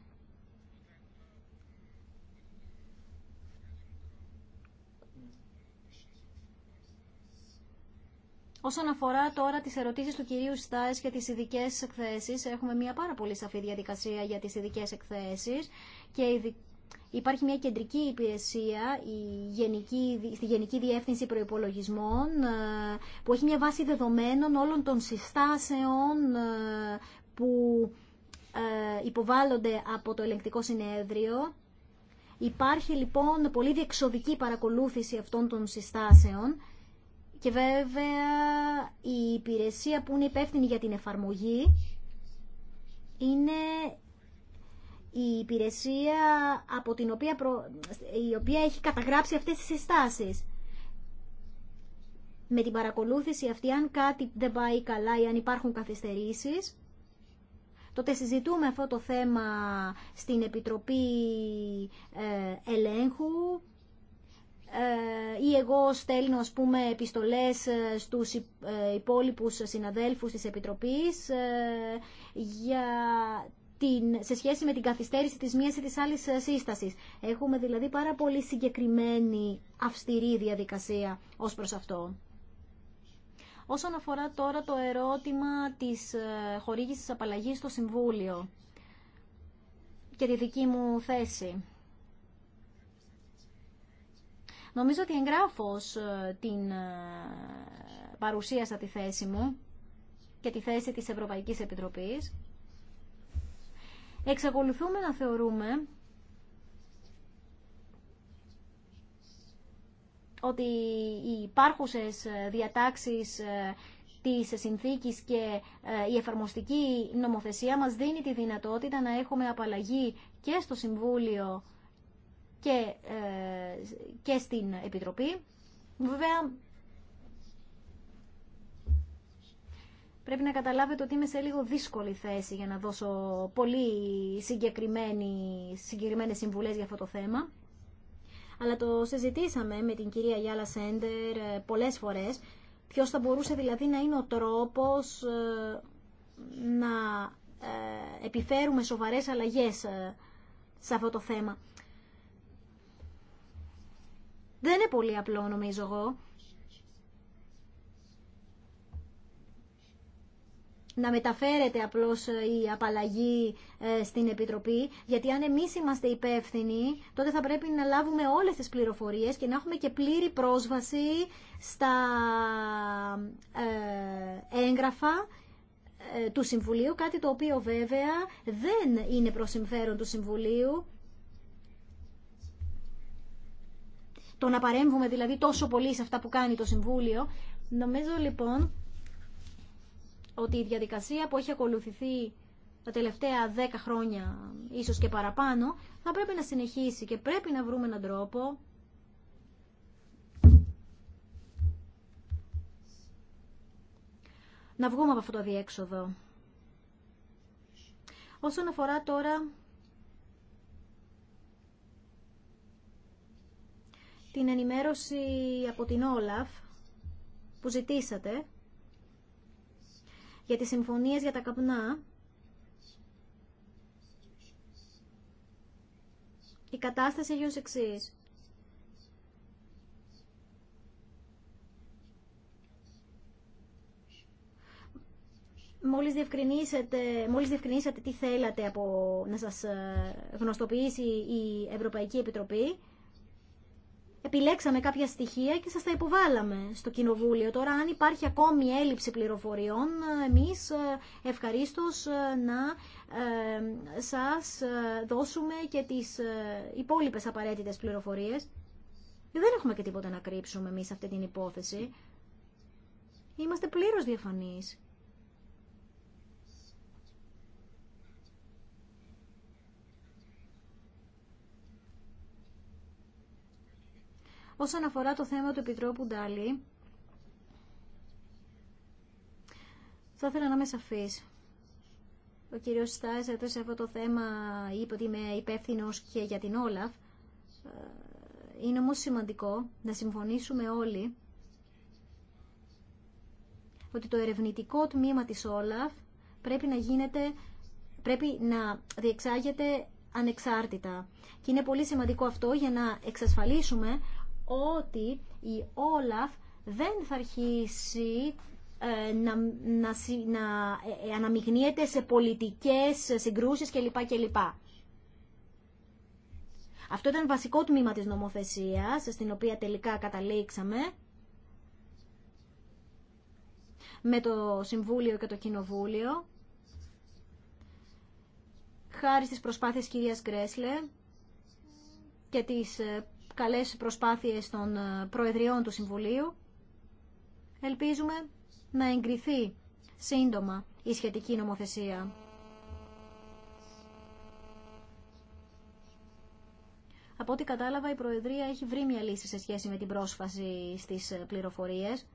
Όσον αφορά τώρα τι ερωτήσει του κυρίου Στάις και τις ειδικέ εκθέσεις, έχουμε μια πάρα πολύ σαφή διαδικασία για τις ειδικέ εκθέσεις και Υπάρχει μια κεντρική υπηρεσία η γενική, στη Γενική Διεύθυνση προπολογισμών, ε, που έχει μια βάση δεδομένων όλων των συστάσεων ε, που ε, υποβάλλονται από το ελεγκτικό συνέδριο. Υπάρχει λοιπόν πολύ διεξοδική παρακολούθηση αυτών των συστάσεων και βέβαια η υπηρεσία που είναι υπεύθυνη για την εφαρμογή είναι η υπηρεσία από την οποία η οποία έχει καταγράψει αυτές τις συστάσεις. Με την παρακολούθηση αυτή, αν κάτι δεν πάει καλά ή αν υπάρχουν καθυστερήσεις, τότε συζητούμε αυτό το θέμα στην Επιτροπή ε, Ελέγχου ε, ή εγώ στέλνω ας πούμε επιστολές ε, στους ε, υπόλοιπους συναδέλφους της Επιτροπής για την, σε σχέση με την καθυστέρηση της μίας ή της άλλης σύστασης. Έχουμε δηλαδή πάρα πολύ συγκεκριμένη αυστηρή διαδικασία ως προς αυτό. Όσον αφορά τώρα το ερώτημα της χορήγησης απαλλαγής στο Συμβούλιο και τη δική μου θέση. Νομίζω ότι εγγράφως ε, την ε, παρουσίασα τη θέση μου και τη θέση της Ευρωπαϊκής Επιτροπής. Εξακολουθούμε να θεωρούμε ότι οι υπάρχουσες ε, διατάξεις της συνθήκης και η εφαρμοστική νομοθεσία μας δίνει τη δυνατότητα να έχουμε απαλλαγή και στο Συμβούλιο ε, και, στην Επιτροπή. Βέβαια, πρέπει να καταλάβετε ότι είμαι σε λίγο δύσκολη θέση για να δώσω πολύ συγκεκριμένες συμβουλές για αυτό το θέμα. Αλλά το συζητήσαμε με την κυρία Γιάλα Σέντερ ε, πολλές φορές. Ποιος θα μπορούσε δηλαδή να είναι ο τρόπος ε, να επιφέρουμε σοβαρές αλλαγές σε αυτό το θέμα. Δεν είναι πολύ απλό νομίζω εγώ. να μεταφέρεται απλώς ε, η απαλλαγή ε, στην Επιτροπή, γιατί αν εμείς είμαστε υπεύθυνοι, τότε θα πρέπει να λάβουμε όλες τις πληροφορίες και να έχουμε και πλήρη πρόσβαση στα ε, έγγραφα του Συμβουλίου, κάτι το οποίο βέβαια δεν είναι προς συμφέρον του Συμβουλίου, το να παρέμβουμε δηλαδή τόσο πολύ σε αυτά που κάνει το Συμβούλιο. Νομίζω λοιπόν ότι η διαδικασία που έχει ακολουθηθεί τα τελευταία δέκα χρόνια, ίσως και παραπάνω, θα πρέπει να συνεχίσει και πρέπει να βρούμε έναν τρόπο να βγούμε από αυτό το διέξοδο. Όσον αφορά τώρα την ενημέρωση από την Όλαφ που ζητήσατε για τις συμφωνίες για τα καπνά. Η κατάσταση έχει ως εξής. Μόλις διευκρινίσατε, μόλις τι θέλατε από, να σας ε, γνωστοποιήσει η Ευρωπαϊκή Επιτροπή, επιλέξαμε κάποια στοιχεία και σας τα υποβάλαμε στο Κοινοβούλιο. Τώρα, αν υπάρχει ακόμη έλλειψη πληροφοριών, εμείς ε, ευχαρίστως ε, να ε, σας δώσουμε και τις υπόλοιπες απαραίτητες πληροφορίες. Δεν έχουμε και τίποτα να κρύψουμε εμείς αυτή την υπόθεση. Είμαστε πλήρως διαφανείς. Όσον αφορά το θέμα του Επιτρόπου Ντάλι, θα ήθελα να είμαι σαφής. Ο κύριος Στάις σε αυτό το θέμα είπε ότι είμαι υπεύθυνο και για την Όλαφ. Ε, είναι όμως σημαντικό να συμφωνήσουμε όλοι ότι το ερευνητικό τμήμα της Όλαφ πρέπει να γίνεται, πρέπει να διεξάγεται ανεξάρτητα. Και είναι πολύ σημαντικό αυτό για να εξασφαλίσουμε ότι η Όλαφ δεν θα αρχίσει ε, να, να, να ε, ε, αναμειγνύεται σε πολιτικές συγκρούσεις κλπ. κλπ. Αυτό ήταν βασικό τμήμα της νομοθεσίας, στην οποία τελικά καταλήξαμε με το Συμβούλιο και το Κοινοβούλιο. Χάρη στις προσπάθειες κυρίας Γκρέσλε και της καλές προσπάθειες των ε, Προεδριών του Συμβουλίου. Ελπίζουμε να εγκριθεί σύντομα η σχετική νομοθεσία. Από ό,τι κατάλαβα, η Προεδρία έχει βρει μια λύση σε σχέση με την πρόσφαση στις πληροφορίες.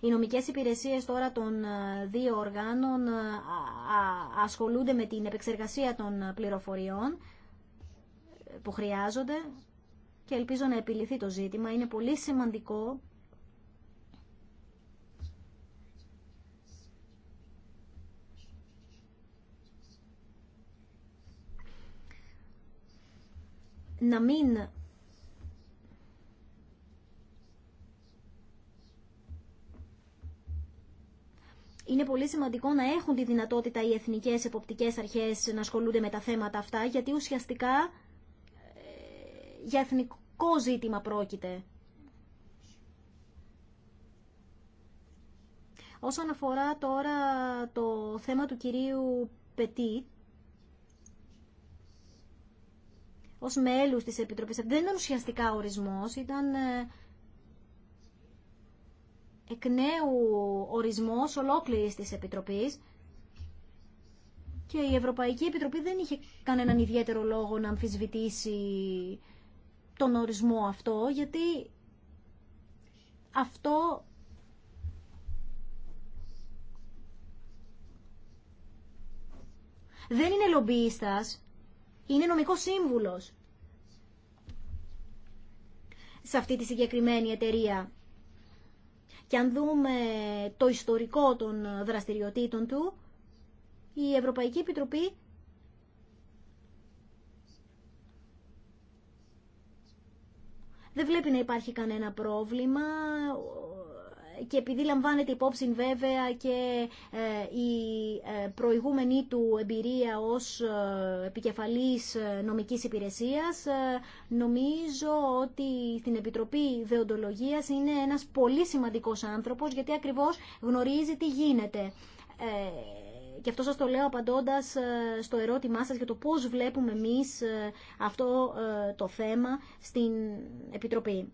Οι νομικές υπηρεσίες τώρα των ε, δύο οργάνων ε, ασχολούνται με την επεξεργασία των πληροφοριών που χρειάζονται και ελπίζω να επιληθεί το ζήτημα. Είναι πολύ σημαντικό να μην Είναι πολύ σημαντικό να έχουν τη δυνατότητα οι εθνικές εποπτικές αρχές να ασχολούνται με τα θέματα αυτά, γιατί ουσιαστικά ε, για εθνικό ζήτημα πρόκειται. Όσον αφορά τώρα το θέμα του κυρίου Πετή, ως μέλους της Επιτροπής, δεν ήταν ουσιαστικά ορισμός, ήταν ε, εκ νέου ορισμός ολόκληρης της Επιτροπής και η Ευρωπαϊκή Επιτροπή δεν είχε κανέναν ιδιαίτερο λόγο να αμφισβητήσει τον ορισμό αυτό, γιατί αυτό δεν είναι λομπίστας, είναι νομικό σύμβουλος σε αυτή τη συγκεκριμένη εταιρεία. Και αν δούμε το ιστορικό των δραστηριοτήτων του, η Ευρωπαϊκή Επιτροπή δεν βλέπει να υπάρχει κανένα πρόβλημα και επειδή λαμβάνεται υπόψη βέβαια και ε, η ε, προηγούμενη του εμπειρία ως ε, επικεφαλής νομικής υπηρεσίας, νομίζω ότι στην Επιτροπή Δεοντολογίας είναι ένας πολύ σημαντικός άνθρωπος, γιατί ακριβώς γνωρίζει τι γίνεται. Και αυτό σας το λέω απαντώντας στο ερώτημά σας για το πώς βλέπουμε εμείς αυτό το θέμα στην Επιτροπή.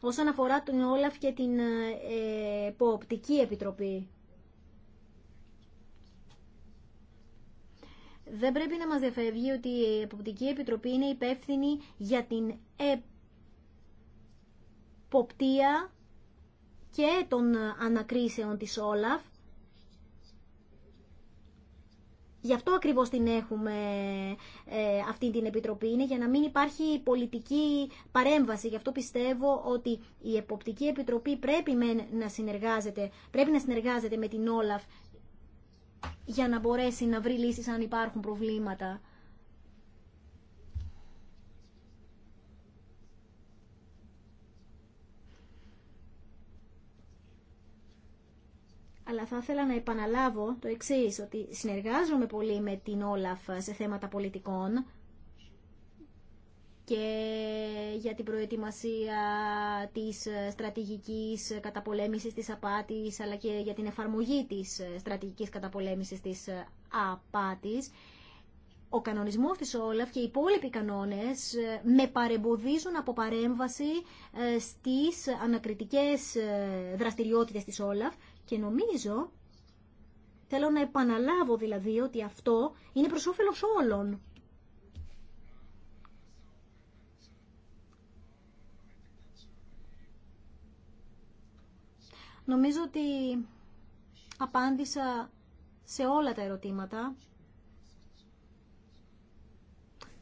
όσον αφορά τον Όλαφ και την ε, ποπτική Επιτροπή. Δεν πρέπει να μας διαφεύγει ότι η Εποπτική Επιτροπή είναι υπεύθυνη για την εποπτεία και των ανακρίσεων της Όλαφ Γι' αυτό ακριβώς την έχουμε ε, αυτή την Επιτροπή, είναι για να μην υπάρχει πολιτική παρέμβαση. Γι' αυτό πιστεύω ότι η Εποπτική Επιτροπή πρέπει να, συνεργάζεται, πρέπει να συνεργάζεται με την Όλαφ για να μπορέσει να βρει λύσεις αν υπάρχουν προβλήματα. αλλά θα ήθελα να επαναλάβω το εξή ότι συνεργάζομαι πολύ με την Όλαφ σε θέματα πολιτικών και για την προετοιμασία της στρατηγικής καταπολέμησης της απάτης, αλλά και για την εφαρμογή της στρατηγικής καταπολέμησης της απάτης. Ο κανονισμός της Όλαφ και οι υπόλοιποι κανόνες ε, με παρεμποδίζουν από παρέμβαση ε, στις ανακριτικές ε, δραστηριότητες της Όλαφ και νομίζω, θέλω να επαναλάβω δηλαδή ότι αυτό είναι προς όφελος όλων. Νομίζω ότι απάντησα σε όλα τα ερωτήματα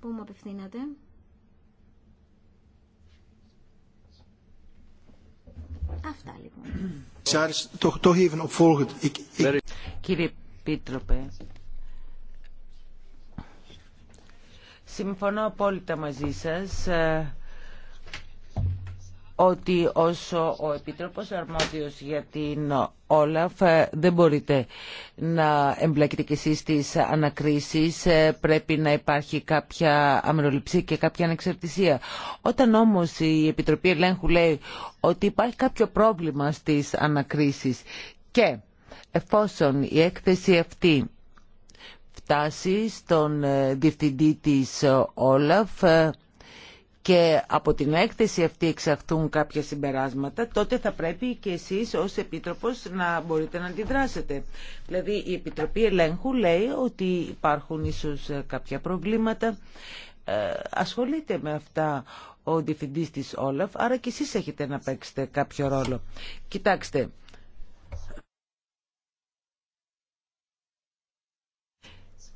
που μου απευθύνατε. Αυτά λοιπόν. Κύριε Πίτροπε, συμφωνώ απόλυτα μαζί σας. Ε, ότι όσο ο Επίτροπος Αρμόδιος για την Όλαφ ε, δεν μπορείτε να εμπλακείτε κι εσείς στις ανακρίσεις, ε, πρέπει να υπάρχει κάποια αμεροληψία και κάποια ανεξαρτησία. Όταν όμως η Επιτροπή Ελέγχου λέει ότι υπάρχει κάποιο πρόβλημα στις ανακρίσεις και εφόσον η έκθεση αυτή φτάσει στον ε, διευθυντή της Όλαφ, και από την έκθεση αυτή εξαχθούν κάποια συμπεράσματα, τότε θα πρέπει και εσείς ως Επίτροπος να μπορείτε να αντιδράσετε. Δηλαδή η Επιτροπή Ελέγχου λέει ότι υπάρχουν ίσως ε, κάποια προβλήματα. Ε, ασχολείται με αυτά ο διευθυντής της Όλαφ, άρα και εσείς έχετε να παίξετε κάποιο ρόλο. Κοιτάξτε,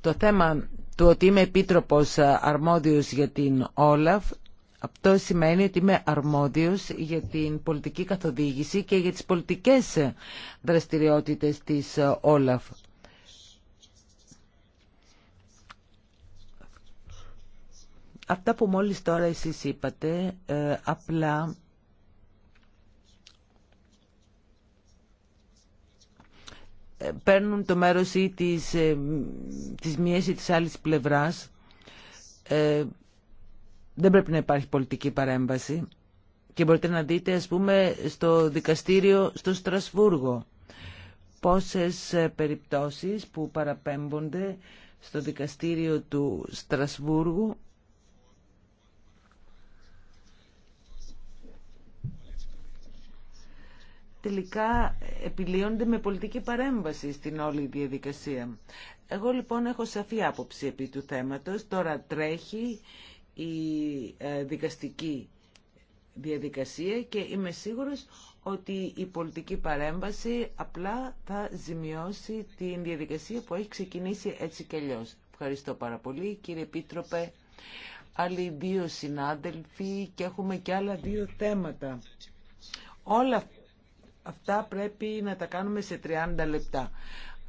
το θέμα του ότι είμαι επίτροπος ε, αρμόδιος για την Όλαφ αυτό σημαίνει ότι είμαι αρμόδιος για την πολιτική καθοδήγηση και για τις πολιτικές δραστηριότητες της ε, Όλαφ. Αυτά που μόλις τώρα εσείς είπατε, ε, απλά ε, παίρνουν το μέρος ή της, της μίας ή της άλλης πλευράς δεν πρέπει να υπάρχει πολιτική παρέμβαση και μπορείτε να δείτε ας πούμε στο δικαστήριο στο Στρασβούργο πόσες ε, περιπτώσεις που παραπέμπονται στο δικαστήριο του Στρασβούργου τελικά επιλύονται με πολιτική παρέμβαση στην όλη διαδικασία. Εγώ λοιπόν έχω σαφή άποψη επί του θέματος. Τώρα τρέχει η ε, δικαστική διαδικασία και είμαι σίγουρος ότι η πολιτική παρέμβαση απλά θα ζημιώσει την διαδικασία που έχει ξεκινήσει έτσι και αλλιώς. Ευχαριστώ πάρα πολύ κύριε Επίτροπε. Άλλοι δύο συνάδελφοι και έχουμε και άλλα δύο θέματα. Όλα αυτά πρέπει να τα κάνουμε σε 30 λεπτά.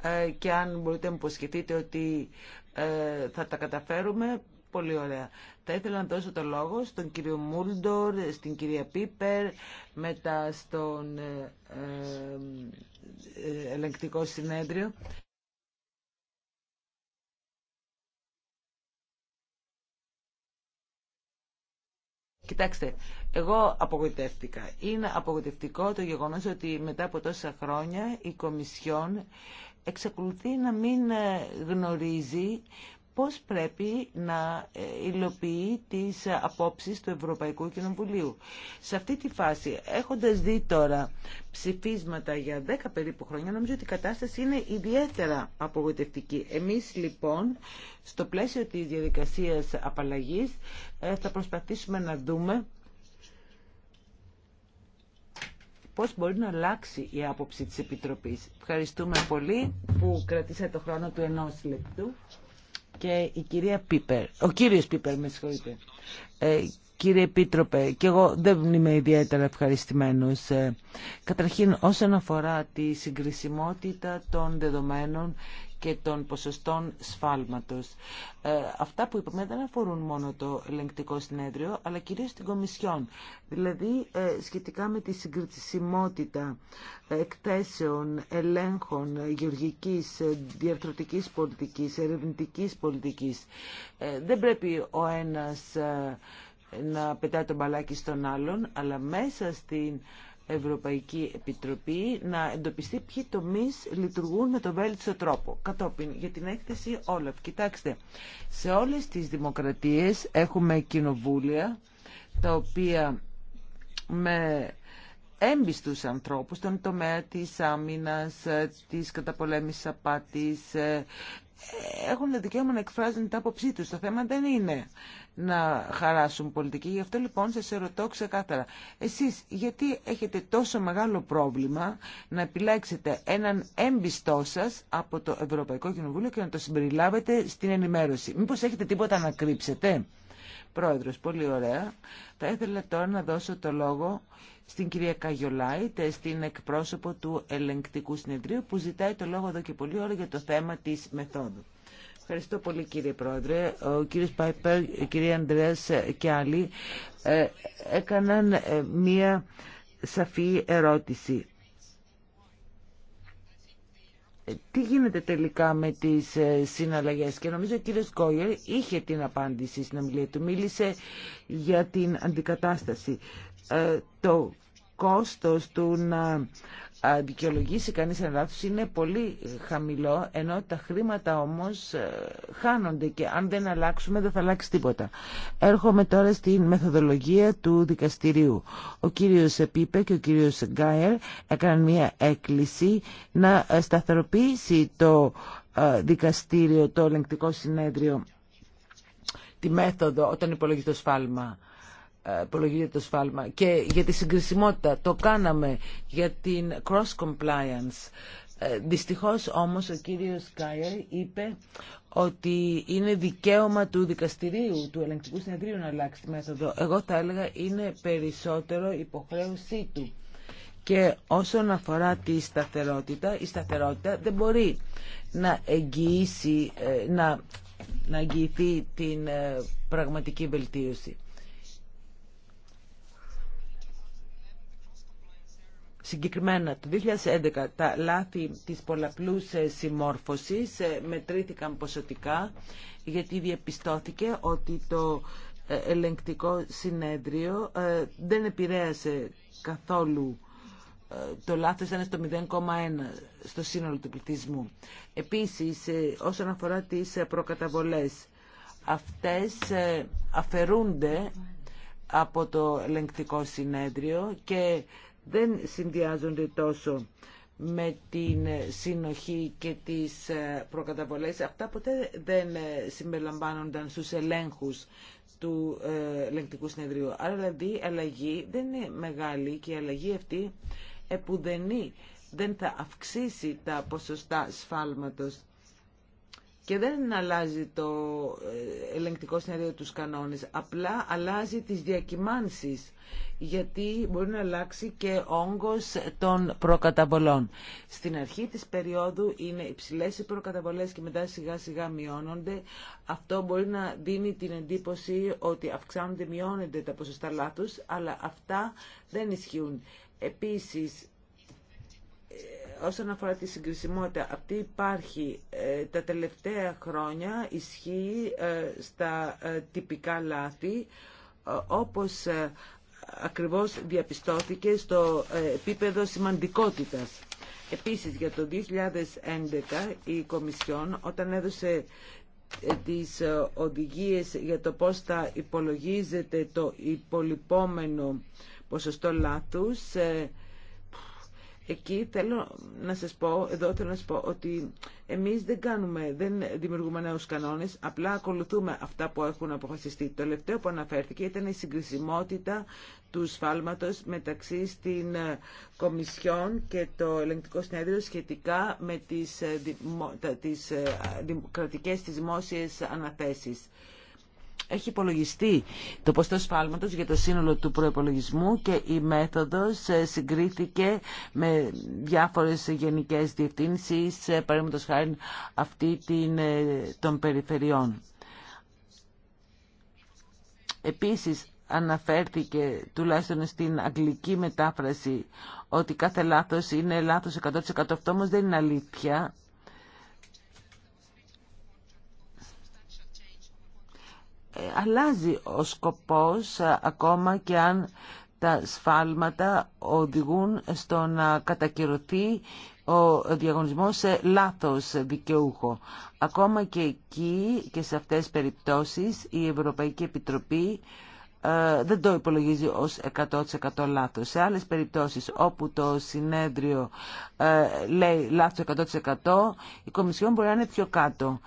Ε, και αν μπορείτε να μου υποσχεθείτε ότι ε, θα τα καταφέρουμε, Πολύ ωραία. Θα ήθελα να δώσω το λόγο στον κύριο Μούλντορ, στην κυρία Πίπερ, μετά στον ε, ε, ε, ελεγκτικό συνέδριο. Κοιτάξτε, εγώ απογοητεύτηκα. Είναι απογοητευτικό το γεγονός ότι μετά από τόσα χρόνια η Κομισιόν εξακολουθεί να μην ε, γνωρίζει πώς πρέπει να ε, υλοποιεί τις απόψεις του Ευρωπαϊκού Κοινοβουλίου. Σε αυτή τη φάση, έχοντας δει τώρα ψηφίσματα για 10 περίπου χρόνια, νομίζω ότι η κατάσταση είναι ιδιαίτερα απογοητευτική. Εμείς λοιπόν, στο πλαίσιο της διαδικασίας απαλλαγής, ε, θα προσπαθήσουμε να δούμε πώς μπορεί να αλλάξει η άποψη της Επιτροπής. Ευχαριστούμε πολύ που κρατήσατε το χρόνο του ενός λεπτού και η κυρία Πίπερ, ο κύριος Πίπερ με συγχωρείτε. Ε, κύριε Επίτροπε, και εγώ δεν είμαι ιδιαίτερα ευχαριστημένος. Ε, καταρχήν όσον αφορά τη συγκρισιμότητα των δεδομένων και των ποσοστών σφάλματος. Ε, αυτά που είπαμε δεν αφορούν μόνο το ελεγκτικό συνέδριο, αλλά κυρίως την Κομισιόν. Δηλαδή, ε, σχετικά με τη συγκρισιμότητα εκτέσεων, ελέγχων γεωργικής, διαρθρωτικής πολιτικής, ερευνητικής πολιτικής. Ε, δεν πρέπει ο ένας να πετάει τον μπαλάκι στον άλλον, αλλά μέσα στην Ευρωπαϊκή Επιτροπή να εντοπιστεί ποιοι τομεί λειτουργούν με τον βέλτιστο τρόπο. Κατόπιν, για την έκθεση όλα. Κοιτάξτε, σε όλες τις δημοκρατίες έχουμε κοινοβούλια τα οποία με έμπιστους ανθρώπους στον τομέα της άμυνας, της καταπολέμησης απάτης, ε, έχουν δικαίωμα να εκφράζουν τα άποψή τους. Το θέμα δεν είναι να χαράσουν πολιτική. Γι' αυτό λοιπόν σας ερωτώ ξεκάθαρα. Εσείς γιατί έχετε τόσο μεγάλο πρόβλημα να επιλέξετε έναν έμπιστό σας από το Ευρωπαϊκό Κοινοβούλιο και να το συμπεριλάβετε στην ενημέρωση. Μήπως έχετε τίποτα να κρύψετε. Πρόεδρος, πολύ ωραία. Θα ήθελα τώρα να δώσω το λόγο στην κυρία Καγιολάιτ, στην εκπρόσωπο του ελεγκτικού συνεδρίου που ζητάει το λόγο εδώ και πολύ ώρα για το θέμα της μεθόδου. Ευχαριστώ πολύ κύριε Πρόεδρε. Ο κύριος Πάιπερ, κύριε Ανδρέας και άλλοι ε, έκαναν ε, μία σαφή ερώτηση. Ε, τι γίνεται τελικά με τις συναλλαγές και νομίζω ο κύριος Κόγερ είχε την απάντηση στην ομιλία του. Μίλησε για την αντικατάσταση. Το κόστος του να δικαιολογήσει κανείς ένα είναι πολύ χαμηλό ενώ τα χρήματα όμως ε, χάνονται και αν δεν αλλάξουμε δεν θα αλλάξει τίποτα. Έρχομαι τώρα στην μεθοδολογία του δικαστηρίου. Ο κύριος Επίπε και ο κύριος Γκάιερ έκαναν μια έκκληση να σταθεροποιήσει το ε, δικαστήριο, το ελεγκτικό συνέδριο τη μέθοδο όταν υπολογίζει το σφάλμα υπολογίζεται το σφάλμα και για τη συγκρισιμότητα το κάναμε για την cross compliance ε, δυστυχώς όμως ο κύριος Κάιερ είπε ότι είναι δικαίωμα του δικαστηρίου, του ελεγκτικού συνεδρίου να αλλάξει τη μέθοδο. Εγώ θα έλεγα είναι περισσότερο υποχρέωσή του. Και όσον αφορά τη σταθερότητα, η σταθερότητα δεν μπορεί να εγγυήσει, ε, να, να εγγυηθεί την ε, πραγματική βελτίωση. Συγκεκριμένα, το 2011 τα λάθη της πολλαπλούς ε, συμμόρφωσης ε, μετρήθηκαν ποσοτικά γιατί διαπιστώθηκε ότι το ε, ελεγκτικό συνέδριο δεν επηρέασε καθόλου το λάθος ήταν στο 0,1 στο σύνολο του πληθυσμού. Επίσης, όσον αφορά τις προκαταβολές, αυτές αφαιρούνται από το ελεγκτικό συνέδριο και δεν συνδυάζονται τόσο με την συνοχή και τις ε, προκαταβολές. Αυτά ποτέ δεν ε, συμπεριλαμβάνονταν στους ελέγχους του ε, ελεγκτικού συνεδρίου. Άρα δηλαδή η αλλαγή δεν είναι μεγάλη και η αλλαγή αυτή επουδενή δεν θα αυξήσει τα ποσοστά σφάλματος και δεν αλλάζει το ε, ελεγκτικό συνέδριο τους κανόνες, απλά αλλάζει τις διακυμάνσεις, γιατί μπορεί να αλλάξει και όγκος των προκαταβολών. Στην αρχή της περίοδου είναι υψηλές οι προκαταβολές και μετά σιγά σιγά μειώνονται. Αυτό μπορεί να δίνει την εντύπωση ότι αυξάνονται, μειώνονται τα ποσοστά λάθους, αλλά αυτά δεν ισχύουν. Επίσης, ε, όσον αφορά τη συγκρισιμότητα, αυτή υπάρχει ε, τα τελευταία χρόνια, ισχύει ε, στα ε, τυπικά λάθη, όπως ακριβώς διαπιστώθηκε στο επίπεδο σημαντικότητας. Επίσης, για το 2011 η Κομισιόν όταν έδωσε τις οδηγίες για το πώς θα υπολογίζεται το υπολοιπόμενο ποσοστό λάθους, Εκεί θέλω να σας πω, εδώ θέλω να σας πω ότι εμείς δεν κάνουμε, δεν δημιουργούμε νέους κανόνες, απλά ακολουθούμε αυτά που έχουν αποφασιστεί. Το τελευταίο που αναφέρθηκε ήταν η συγκρισιμότητα του σφάλματος μεταξύ στην ε, Κομισιόν και το Ελεγκτικό Συνέδριο σχετικά με τις, ε, τις ε, δημοκρατικές, τις δημόσιες αναθέσεις έχει υπολογιστεί το ποστό σφάλματος για το σύνολο του προϋπολογισμού και η μέθοδος ε, συγκρίθηκε με διάφορες γενικές διευθύνσεις, ε, παρέμοντας χάρη αυτή την, ε, των περιφερειών. Επίσης, αναφέρθηκε τουλάχιστον στην αγγλική μετάφραση ότι κάθε λάθος είναι λάθος 100% αυτό όμως δεν είναι αλήθεια Ε, αλλάζει ο σκοπός ε, ακόμα και αν τα σφάλματα οδηγούν στο να κατακαιρωθεί ο διαγωνισμός σε λάθος δικαιούχο. Ακόμα και εκεί και σε αυτές τις περιπτώσεις η Ευρωπαϊκή Επιτροπή ε, δεν το υπολογίζει ως 100% λάθος. Σε άλλες περιπτώσεις όπου το συνέδριο λέει λάθος 100% η Κομισιόν μπορεί να είναι πιο κάτω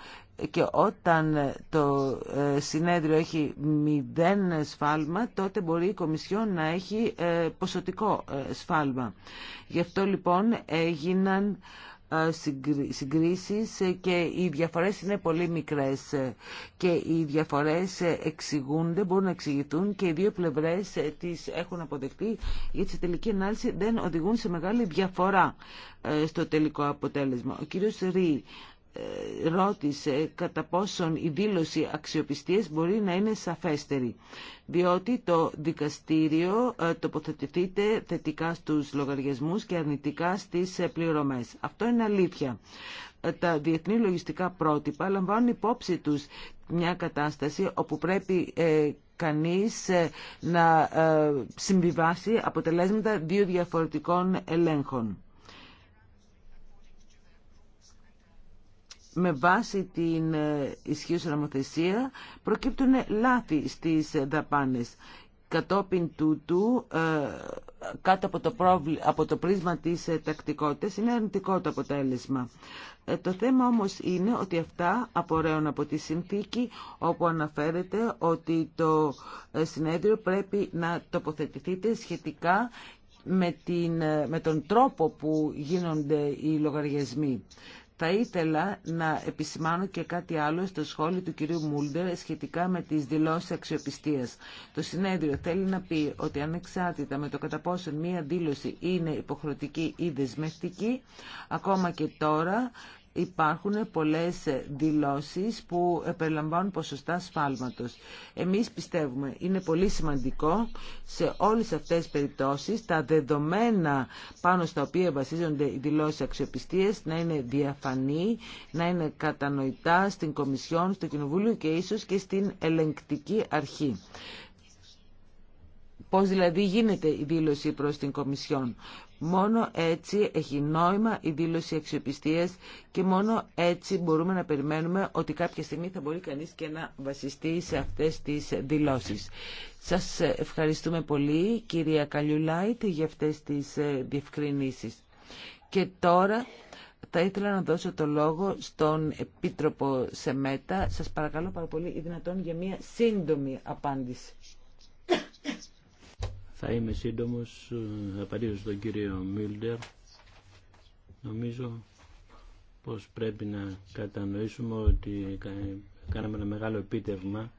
και όταν το ε, συνέδριο έχει μηδέν σφάλμα, τότε μπορεί η Κομισιόν να έχει ε, ποσοτικό ε, σφάλμα. Γι' αυτό λοιπόν έγιναν συγκρίσεις και οι διαφορές είναι πολύ μικρές και οι διαφορές εξηγούνται, μπορούν να εξηγηθούν και οι δύο πλευρές τις έχουν αποδεχτεί γιατί σε τελική ανάλυση δεν οδηγούν σε μεγάλη διαφορά στο τελικό αποτέλεσμα. Ο κύριος ρώτησε κατά πόσον η δήλωση αξιοπιστίας μπορεί να είναι σαφέστερη διότι το δικαστήριο ε, τοποθετηθείται θετικά στους λογαριασμούς και αρνητικά στις ε, πληρωμές. Αυτό είναι αλήθεια. Ε, τα διεθνή λογιστικά πρότυπα λαμβάνουν υπόψη τους μια κατάσταση όπου πρέπει κανείς να συμβιβάσει αποτελέσματα δύο διαφορετικών ελέγχων. με βάση την ε, ισχύουσα νομοθεσία προκύπτουν λάθη στις δαπάνες. Κατόπιν τούτου, ε, κάτω από το, από το πρίσμα της ε, τακτικότητας, είναι αρνητικό το αποτέλεσμα. Το θέμα όμως είναι ότι αυτά απορρέουν από τη συνθήκη όπου αναφέρεται ότι το συνέδριο πρέπει να τοποθετηθείτε σχετικά με, την, με τον τρόπο που γίνονται οι λογαριασμοί. Θα ήθελα να επισημάνω και κάτι άλλο στο σχόλιο του κυρίου Μούλντερ σχετικά με τις δηλώσεις αξιοπιστίας. Το συνέδριο θέλει να πει ότι ανεξάρτητα με το κατά πόσο μία δήλωση είναι υποχρεωτική ή δεσμευτική, ακόμα και τώρα υπάρχουν πολλές δηλώσεις που περιλαμβάνουν ποσοστά σφάλματος. Εμείς πιστεύουμε είναι πολύ σημαντικό σε όλες αυτές τις περιπτώσεις τα δεδομένα πάνω στα οποία βασίζονται οι δηλώσεις αξιοπιστίας να είναι διαφανή, να είναι κατανοητά στην Κομισιόν, στο Κοινοβούλιο και ίσως και στην ελεγκτική αρχή. Πώς δηλαδή γίνεται η δήλωση προς την Κομισιόν. Μόνο έτσι έχει νόημα η δήλωση αξιοπιστίας και μόνο έτσι μπορούμε να περιμένουμε ότι κάποια στιγμή θα μπορεί κανείς και να βασιστεί σε αυτές τις δηλώσεις. Σας ευχαριστούμε πολύ κυρία Καλιουλάιτ για αυτές τις ε, διευκρινήσεις. Και τώρα θα ήθελα να δώσω το λόγο στον Επίτροπο Σεμέτα. Σας παρακαλώ πάρα πολύ δυνατόν για μια σύντομη απάντηση. Θα είμαι σύντομος, ε, θα απαντήσω στον κύριο Μίλντερ. Νομίζω πως πρέπει να κατανοήσουμε ότι κάναμε ένα μεγάλο επίτευγμα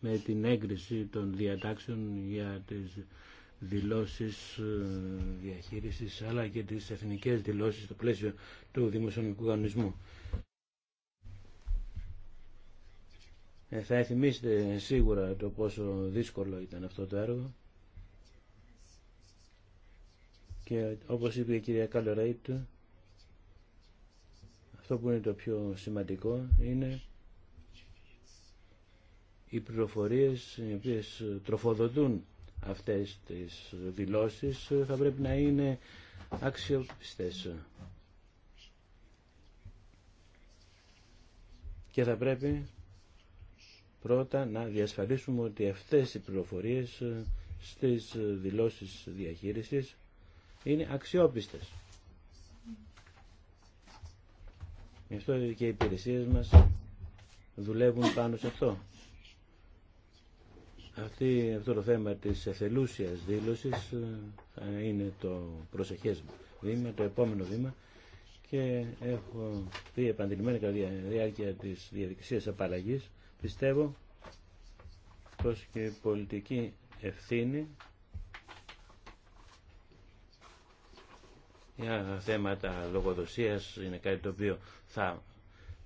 με την έγκριση των διατάξεων για τις δηλώσεις ε, διαχείρισης αλλά και τις εθνικές δηλώσεις στο πλαίσιο του δημοσιονομικού κανονισμού. Ε, θα θυμίσετε σίγουρα το πόσο δύσκολο ήταν αυτό το έργο και όπως είπε η κυρία Καλωραϊτ αυτό που είναι το πιο σημαντικό είναι οι πληροφορίες οι οποίες τροφοδοτούν αυτές τις δηλώσεις θα πρέπει να είναι αξιοπιστές. Και θα πρέπει πρώτα να διασφαλίσουμε ότι αυτές οι πληροφορίες ε, στις ε, δηλώσεις διαχείρισης είναι αξιόπιστες. Γι' αυτό και οι υπηρεσίε μας δουλεύουν πάνω σε αυτό. Αυτή, αυτό το θέμα της εθελούσιας δήλωσης ε, είναι το προσεχές βήμα, το επόμενο βήμα και έχω πει επαντηλημένη κατά διάρκεια της διαδικασίας απαλλαγής Πιστεύω πως και πολιτική ευθύνη για θέματα λογοδοσίας είναι κάτι το οποίο θα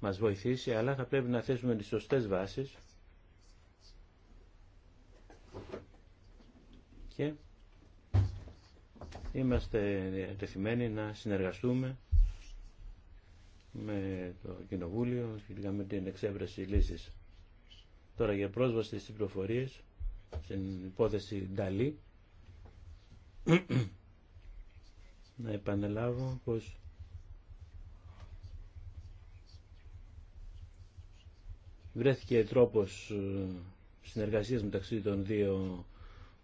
μας βοηθήσει, αλλά θα πρέπει να θέσουμε τις σωστές βάσεις και είμαστε τεθειμένοι να συνεργαστούμε με το Κοινοβούλιο σχετικά με την εξέβρεση λύσης. Τώρα για πρόσβαση στις πληροφορίες, στην υπόθεση Νταλή, να επανελάβω πως βρέθηκε τρόπος ε, συνεργασίας μεταξύ των δύο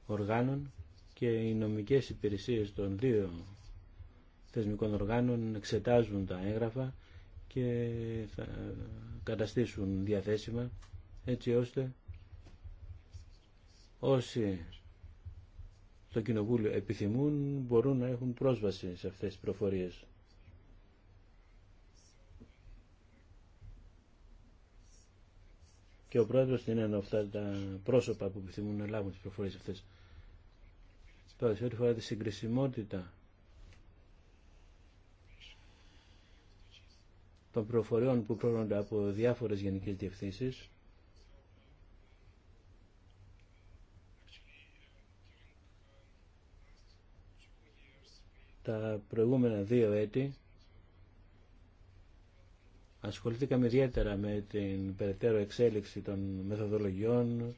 οργάνων και οι νομικές υπηρεσίες των δύο θεσμικών οργάνων εξετάζουν τα έγγραφα και θα καταστήσουν διαθέσιμα έτσι ώστε όσοι το Κοινοβούλιο επιθυμούν μπορούν να έχουν πρόσβαση σε αυτές τις προφορίες. Και ο πρόεδρος είναι αυτά τα πρόσωπα που επιθυμούν να λάβουν τις προφορίες αυτές. Τώρα, σε ό,τι φορά τη συγκρισιμότητα των προφοριών που προέρχονται από διάφορες γενικές διευθύνσεις, τα προηγούμενα δύο έτη ασχοληθήκαμε ιδιαίτερα με την περαιτέρω εξέλιξη των μεθοδολογιών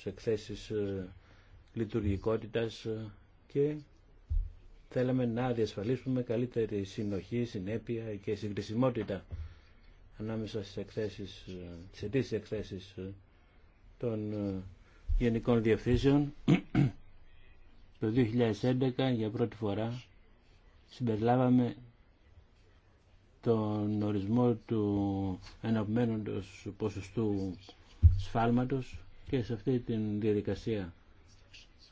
σε εκθέσεις ε, λειτουργικότητας ε, και θέλαμε να διασφαλίσουμε καλύτερη συνοχή, συνέπεια και συγκρισιμότητα ανάμεσα στις εκθέσεις, ε, τις εκθέσεις των γενικών διευθύνσεων το 2011 για πρώτη φορά συμπεριλάβαμε τον ορισμό του εναπμένοντος ποσοστού σφάλματος και σε αυτή τη διαδικασία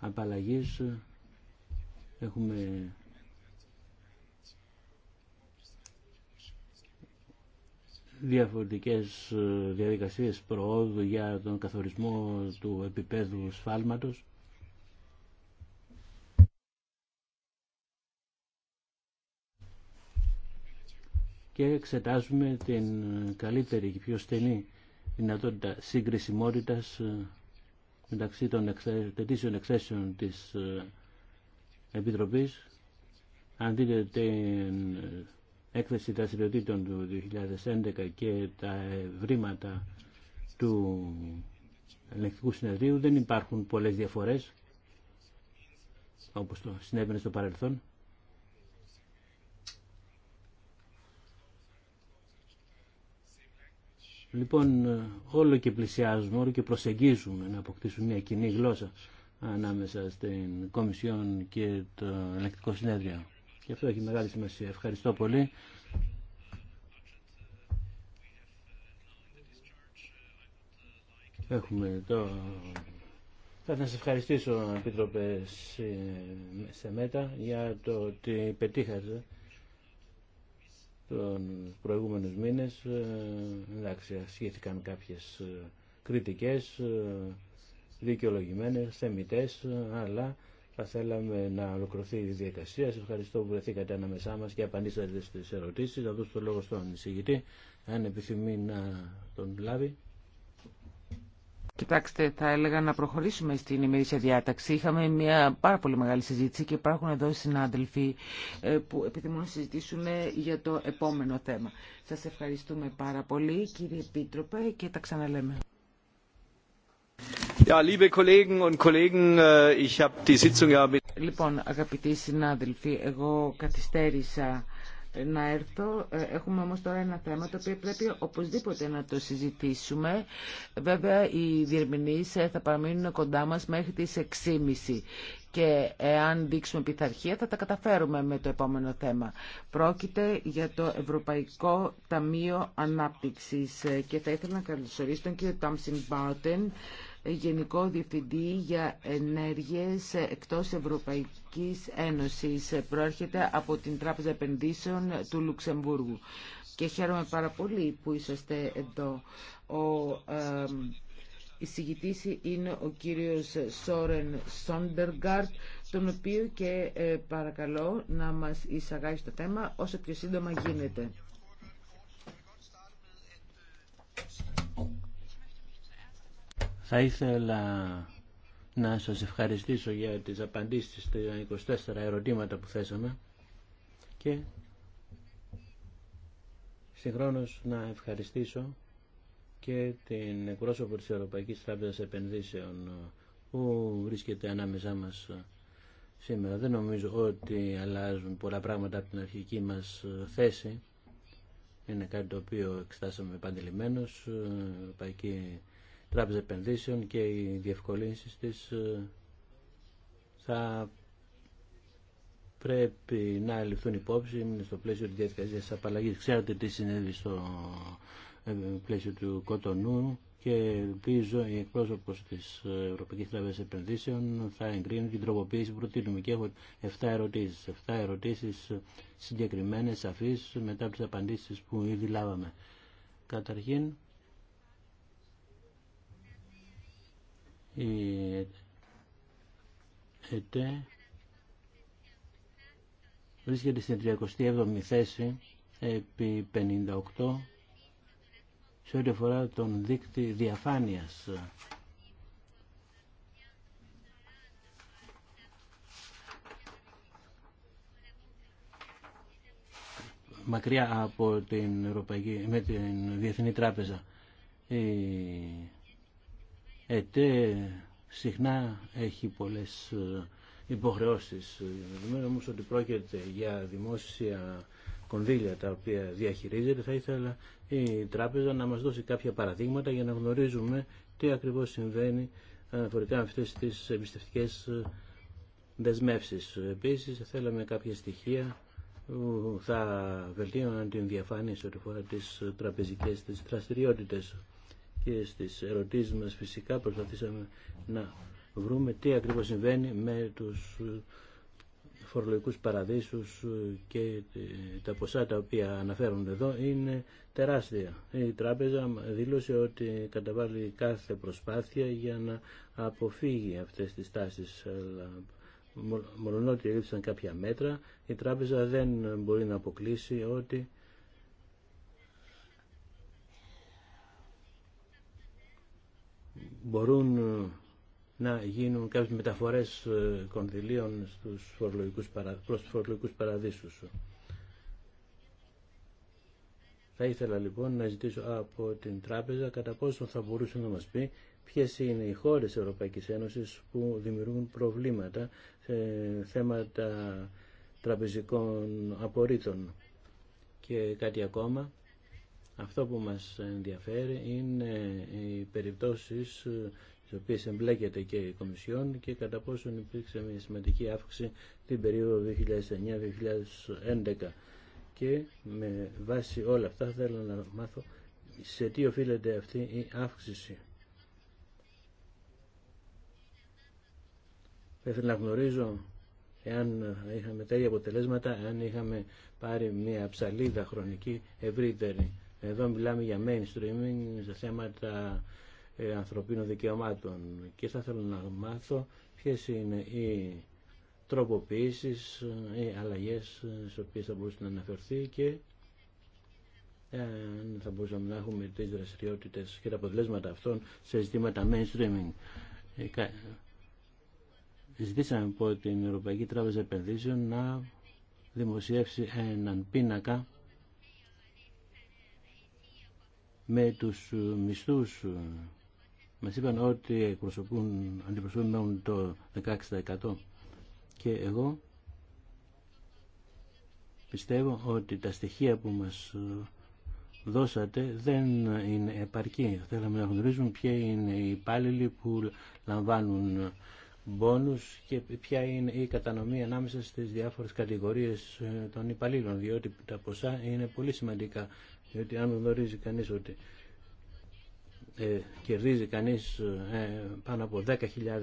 απαλλαγής έχουμε διαφορετικές διαδικασίες προόδου για τον καθορισμό του επίπεδου σφάλματος και εξετάζουμε την καλύτερη και πιο στενή δυνατότητα συγκρισιμότητας ε, μεταξύ των τετήσεων εξέσεων της ε, Επιτροπής. Αν δείτε την ε, έκθεση δραστηριοτήτων του 2011 και τα βρήματα του ελεγχτικού συνεδρίου δεν υπάρχουν πολλές διαφορές όπως το συνέβαινε στο παρελθόν. Λοιπόν, όλο και πλησιάζουμε, όλο και προσεγγίζουμε να αποκτήσουμε μια κοινή γλώσσα ανάμεσα στην Κομισιόν και το Ελεκτικό Συνέδριο. Και αυτό έχει μεγάλη σημασία. Ευχαριστώ πολύ. Έχουμε το... Θα σας ευχαριστήσω, Επίτροπε, σε μέτα για το ότι πετύχατε τον προηγούμενους μήνες ε, εντάξει, ασχήθηκαν κάποιες ε, κριτικές, ε, δικαιολογημένες, θεμητέ, αλλά θα θέλαμε να ολοκληρωθεί η διαδικασία. Σας ευχαριστώ που βρεθήκατε ανάμεσά μα και απαντήσατε στι ερωτήσει. Θα δώσω το λόγο στον εισηγητή, αν επιθυμεί να τον λάβει. Κοιτάξτε, θα έλεγα να προχωρήσουμε στην ημερήσια διάταξη. Είχαμε μια πάρα πολύ μεγάλη συζήτηση και υπάρχουν εδώ συνάδελφοι ε, που επιθυμούν να συζητήσουν για το επόμενο θέμα. Σας ευχαριστούμε πάρα πολύ, κύριε Επίτροπε, και τα ξαναλέμε. liebe Kollegen und Kollegen, äh, ich die Λοιπόν, αγαπητοί συνάδελφοι, εγώ καθυστέρησα να έρθω. Ε, έχουμε όμως τώρα ένα θέμα το οποίο πρέπει οπωσδήποτε να το συζητήσουμε. Βέβαια οι διερμηνείς ε, θα παραμείνουν κοντά μας μέχρι τις 6.30 και εάν δείξουμε πειθαρχία θα τα καταφέρουμε με το επόμενο θέμα. Πρόκειται για το Ευρωπαϊκό Ταμείο Ανάπτυξης ε, και θα ήθελα να καλωσορίσω τον κύριο Τάμσιν Μπάουτεν Γενικό Διευθυντή για Ενέργειες εκτός Ευρωπαϊκής Ένωσης. Προέρχεται από την Τράπεζα Επενδύσεων του Λουξεμβούργου. Και χαίρομαι πάρα πολύ που είσαστε εδώ. Ο ε, εισηγητής είναι ο κύριος Σόρεν Σόντεργαρτ, τον οποίο και ε, παρακαλώ να μας εισαγάγει στο θέμα όσο πιο σύντομα γίνεται. Θα ήθελα να σας ευχαριστήσω για τις απαντήσεις στα 24 ερωτήματα που θέσαμε και συγχρόνως να ευχαριστήσω και την εκπρόσωπο της Ευρωπαϊκής Τράπεζας Επενδύσεων που βρίσκεται ανάμεσά μας σήμερα. Δεν νομίζω ότι αλλάζουν πολλά πράγματα από την αρχική μας θέση. Είναι κάτι το οποίο εξτάσαμε παντελημένως. Η Τράπεζα Επενδύσεων και οι διευκολύνσεις της ε, θα πρέπει να ληφθούν υπόψη στο πλαίσιο της διαδικασίας απαλλαγής. Ξέρετε τι συνέβη στο ε, πλαίσιο του Κοτονού και ελπίζω η εκπρόσωπος τη Ευρωπαϊκή Τράπεζας Επενδύσεων θα εγκρίνουν την τροποποίηση που προτείνουμε. Και έχω 7 ερωτήσεις. 7 ερωτήσει συγκεκριμένε, σαφείς, μετά από τι απαντήσει που ήδη λάβαμε. Καταρχήν, η ΕΤΕ βρίσκεται στην 37η θέση επί 58 σε ό,τι αφορά τον δείκτη διαφάνειας. μακριά από την Ευρωπαϊκή, με την Διεθνή Τράπεζα. Η ΕΤΕ συχνά έχει πολλές ε, υποχρεώσεις. Ε, Δεδομένου όμως ότι πρόκειται για δημόσια κονδύλια τα οποία διαχειρίζεται, θα ήθελα η τράπεζα να μας δώσει κάποια παραδείγματα για να γνωρίζουμε τι ακριβώς συμβαίνει αναφορικά με αυτές τις εμπιστευτικές ε, δεσμεύσεις. Επίσης, θέλαμε κάποια στοιχεία που θα βελτίωναν την διαφάνεια σε ό,τι φορά τις τραπεζικές τις δραστηριότητες και στις ερωτήσεις μας φυσικά προσπαθήσαμε να βρούμε τι ακριβώς συμβαίνει με τους φορολογικούς παραδείσους και τα ποσά τα οποία αναφέρονται εδώ είναι τεράστια. Η τράπεζα δήλωσε ότι καταβάλει κάθε προσπάθεια για να αποφύγει αυτές τις τάσεις. ότι έλειψαν κάποια μέτρα, η τράπεζα δεν μπορεί να αποκλείσει ότι μπορούν ε, να γίνουν κάποιες μεταφορές ε, κονδυλίων στους φορολογικούς προς τους φορολογικούς παραδείσους. Θα ήθελα λοιπόν να ζητήσω από την τράπεζα κατά πόσο θα μπορούσε να μας πει ποιες είναι οι χώρες Ευρωπαϊκής Ένωσης που δημιουργούν προβλήματα σε θέματα τραπεζικών απορρίτων. Και κάτι ακόμα, αυτό που μας ενδιαφέρει είναι οι περιπτώσεις στις οποίες εμπλέκεται και η Κομισιόν και κατά πόσον υπήρξε μια σημαντική αύξηση την περίοδο 2009-2011. Και με βάση όλα αυτά θέλω να μάθω σε τι οφείλεται αυτή η αύξηση. Θα να γνωρίζω εάν είχαμε τέτοια αποτελέσματα, εάν είχαμε πάρει μια ψαλίδα χρονική ευρύτερη. Εδώ μιλάμε για mainstreaming σε θέματα ε, ανθρωπίνων δικαιωμάτων και θα θέλω να μάθω ποιε είναι οι τροποποιήσεις, ε, οι αλλαγές ε, στις οποίες θα μπορούσε να αναφερθεί και θα μπορούσαμε να έχουμε τι δραστηριότητε και τα αποτελέσματα αυτών σε ζητήματα mainstreaming. Ζητήσαμε από την Ευρωπαϊκή Τράπεζα Επενδύσεων να δημοσιεύσει έναν πίνακα με τους ε, μισθούς ε, μας είπαν ότι εκπροσωπούν, αντιπροσωπούν το 16% και εγώ πιστεύω ότι τα στοιχεία που μας ε, δώσατε δεν είναι επαρκή. Θέλαμε να γνωρίζουμε ποιοι είναι οι υπάλληλοι που λαμβάνουν μπόνους και ποια είναι η κατανομή ανάμεσα στις διάφορες κατηγορίες των υπαλλήλων, διότι τα ποσά είναι πολύ σημαντικά. Διότι αν γνωρίζει κανείς ότι ε, κερδίζει κανείς ε, πάνω από 10.000 ε,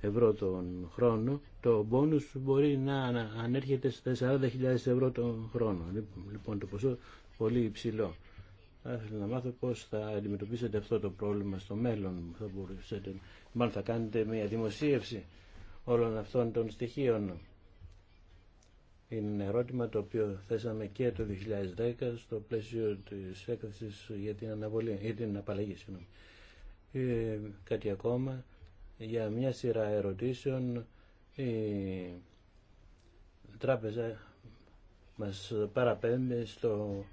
ευρώ τον χρόνο, το μπόνους μπορεί να ανέρχεται στα 40.000 ευρώ τον χρόνο. Λοιπόν, λοιπόν, το ποσό πολύ υψηλό. Θα ήθελα να μάθω πώς θα αντιμετωπίσετε αυτό το πρόβλημα στο μέλλον. Θα μπορούσατε, μάλλον θα κάνετε μια δημοσίευση όλων αυτών των στοιχείων είναι ένα ερώτημα το οποίο θέσαμε και το 2010 στο πλαίσιο της έκθεσης για την, αναβολή, για την απαλλαγή. Ε, κάτι ακόμα, για μια σειρά ερωτήσεων η τράπεζα μας παραπέμπει στο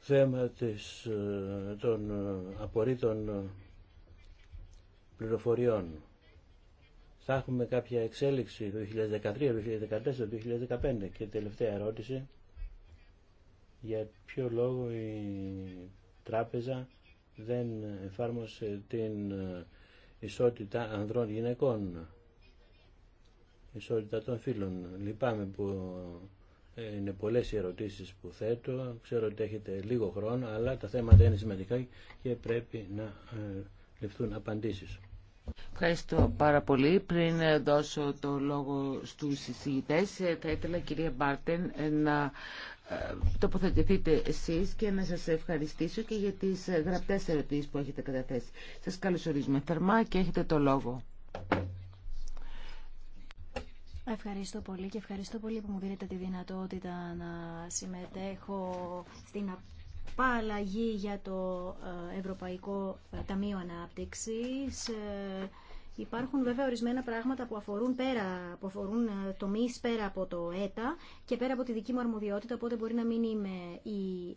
θέμα της, ε, των ε, απορρίτων ε, πληροφοριών θα έχουμε κάποια εξέλιξη το 2013, το 2014, το 2015. Και τελευταία ερώτηση, για ποιο λόγο η τράπεζα δεν εφάρμοσε την ε, ισότητα ανδρών γυναικών, ισότητα των φίλων. Λυπάμαι που ε, είναι πολλές οι ερωτήσεις που θέτω, ξέρω ότι έχετε λίγο χρόνο, αλλά τα θέματα είναι σημαντικά και πρέπει να ε, ληφθούν απαντήσεις. Ευχαριστώ πάρα πολύ. Πριν δώσω το λόγο στους συζητητές, ε, θα ήθελα κυρία Μπάρτεν ε, να ε, τοποθετηθείτε εσείς και να σας ευχαριστήσω και για τις γραπτές ερωτήσεις που έχετε καταθέσει. Σας καλωσορίζουμε θερμά και έχετε το λόγο. Ευχαριστώ πολύ και ευχαριστώ πολύ που μου δίνετε τη δυνατότητα να συμμετέχω στην απαλλαγή για το ε, Ευρωπαϊκό Ταμείο Ανάπτυξης. Ε, υπάρχουν βέβαια ορισμένα πράγματα που αφορούν, πέρα, που αφορούν ε, πέρα από το ΕΤΑ και πέρα από τη δική μου αρμοδιότητα, οπότε μπορεί να μην είμαι η,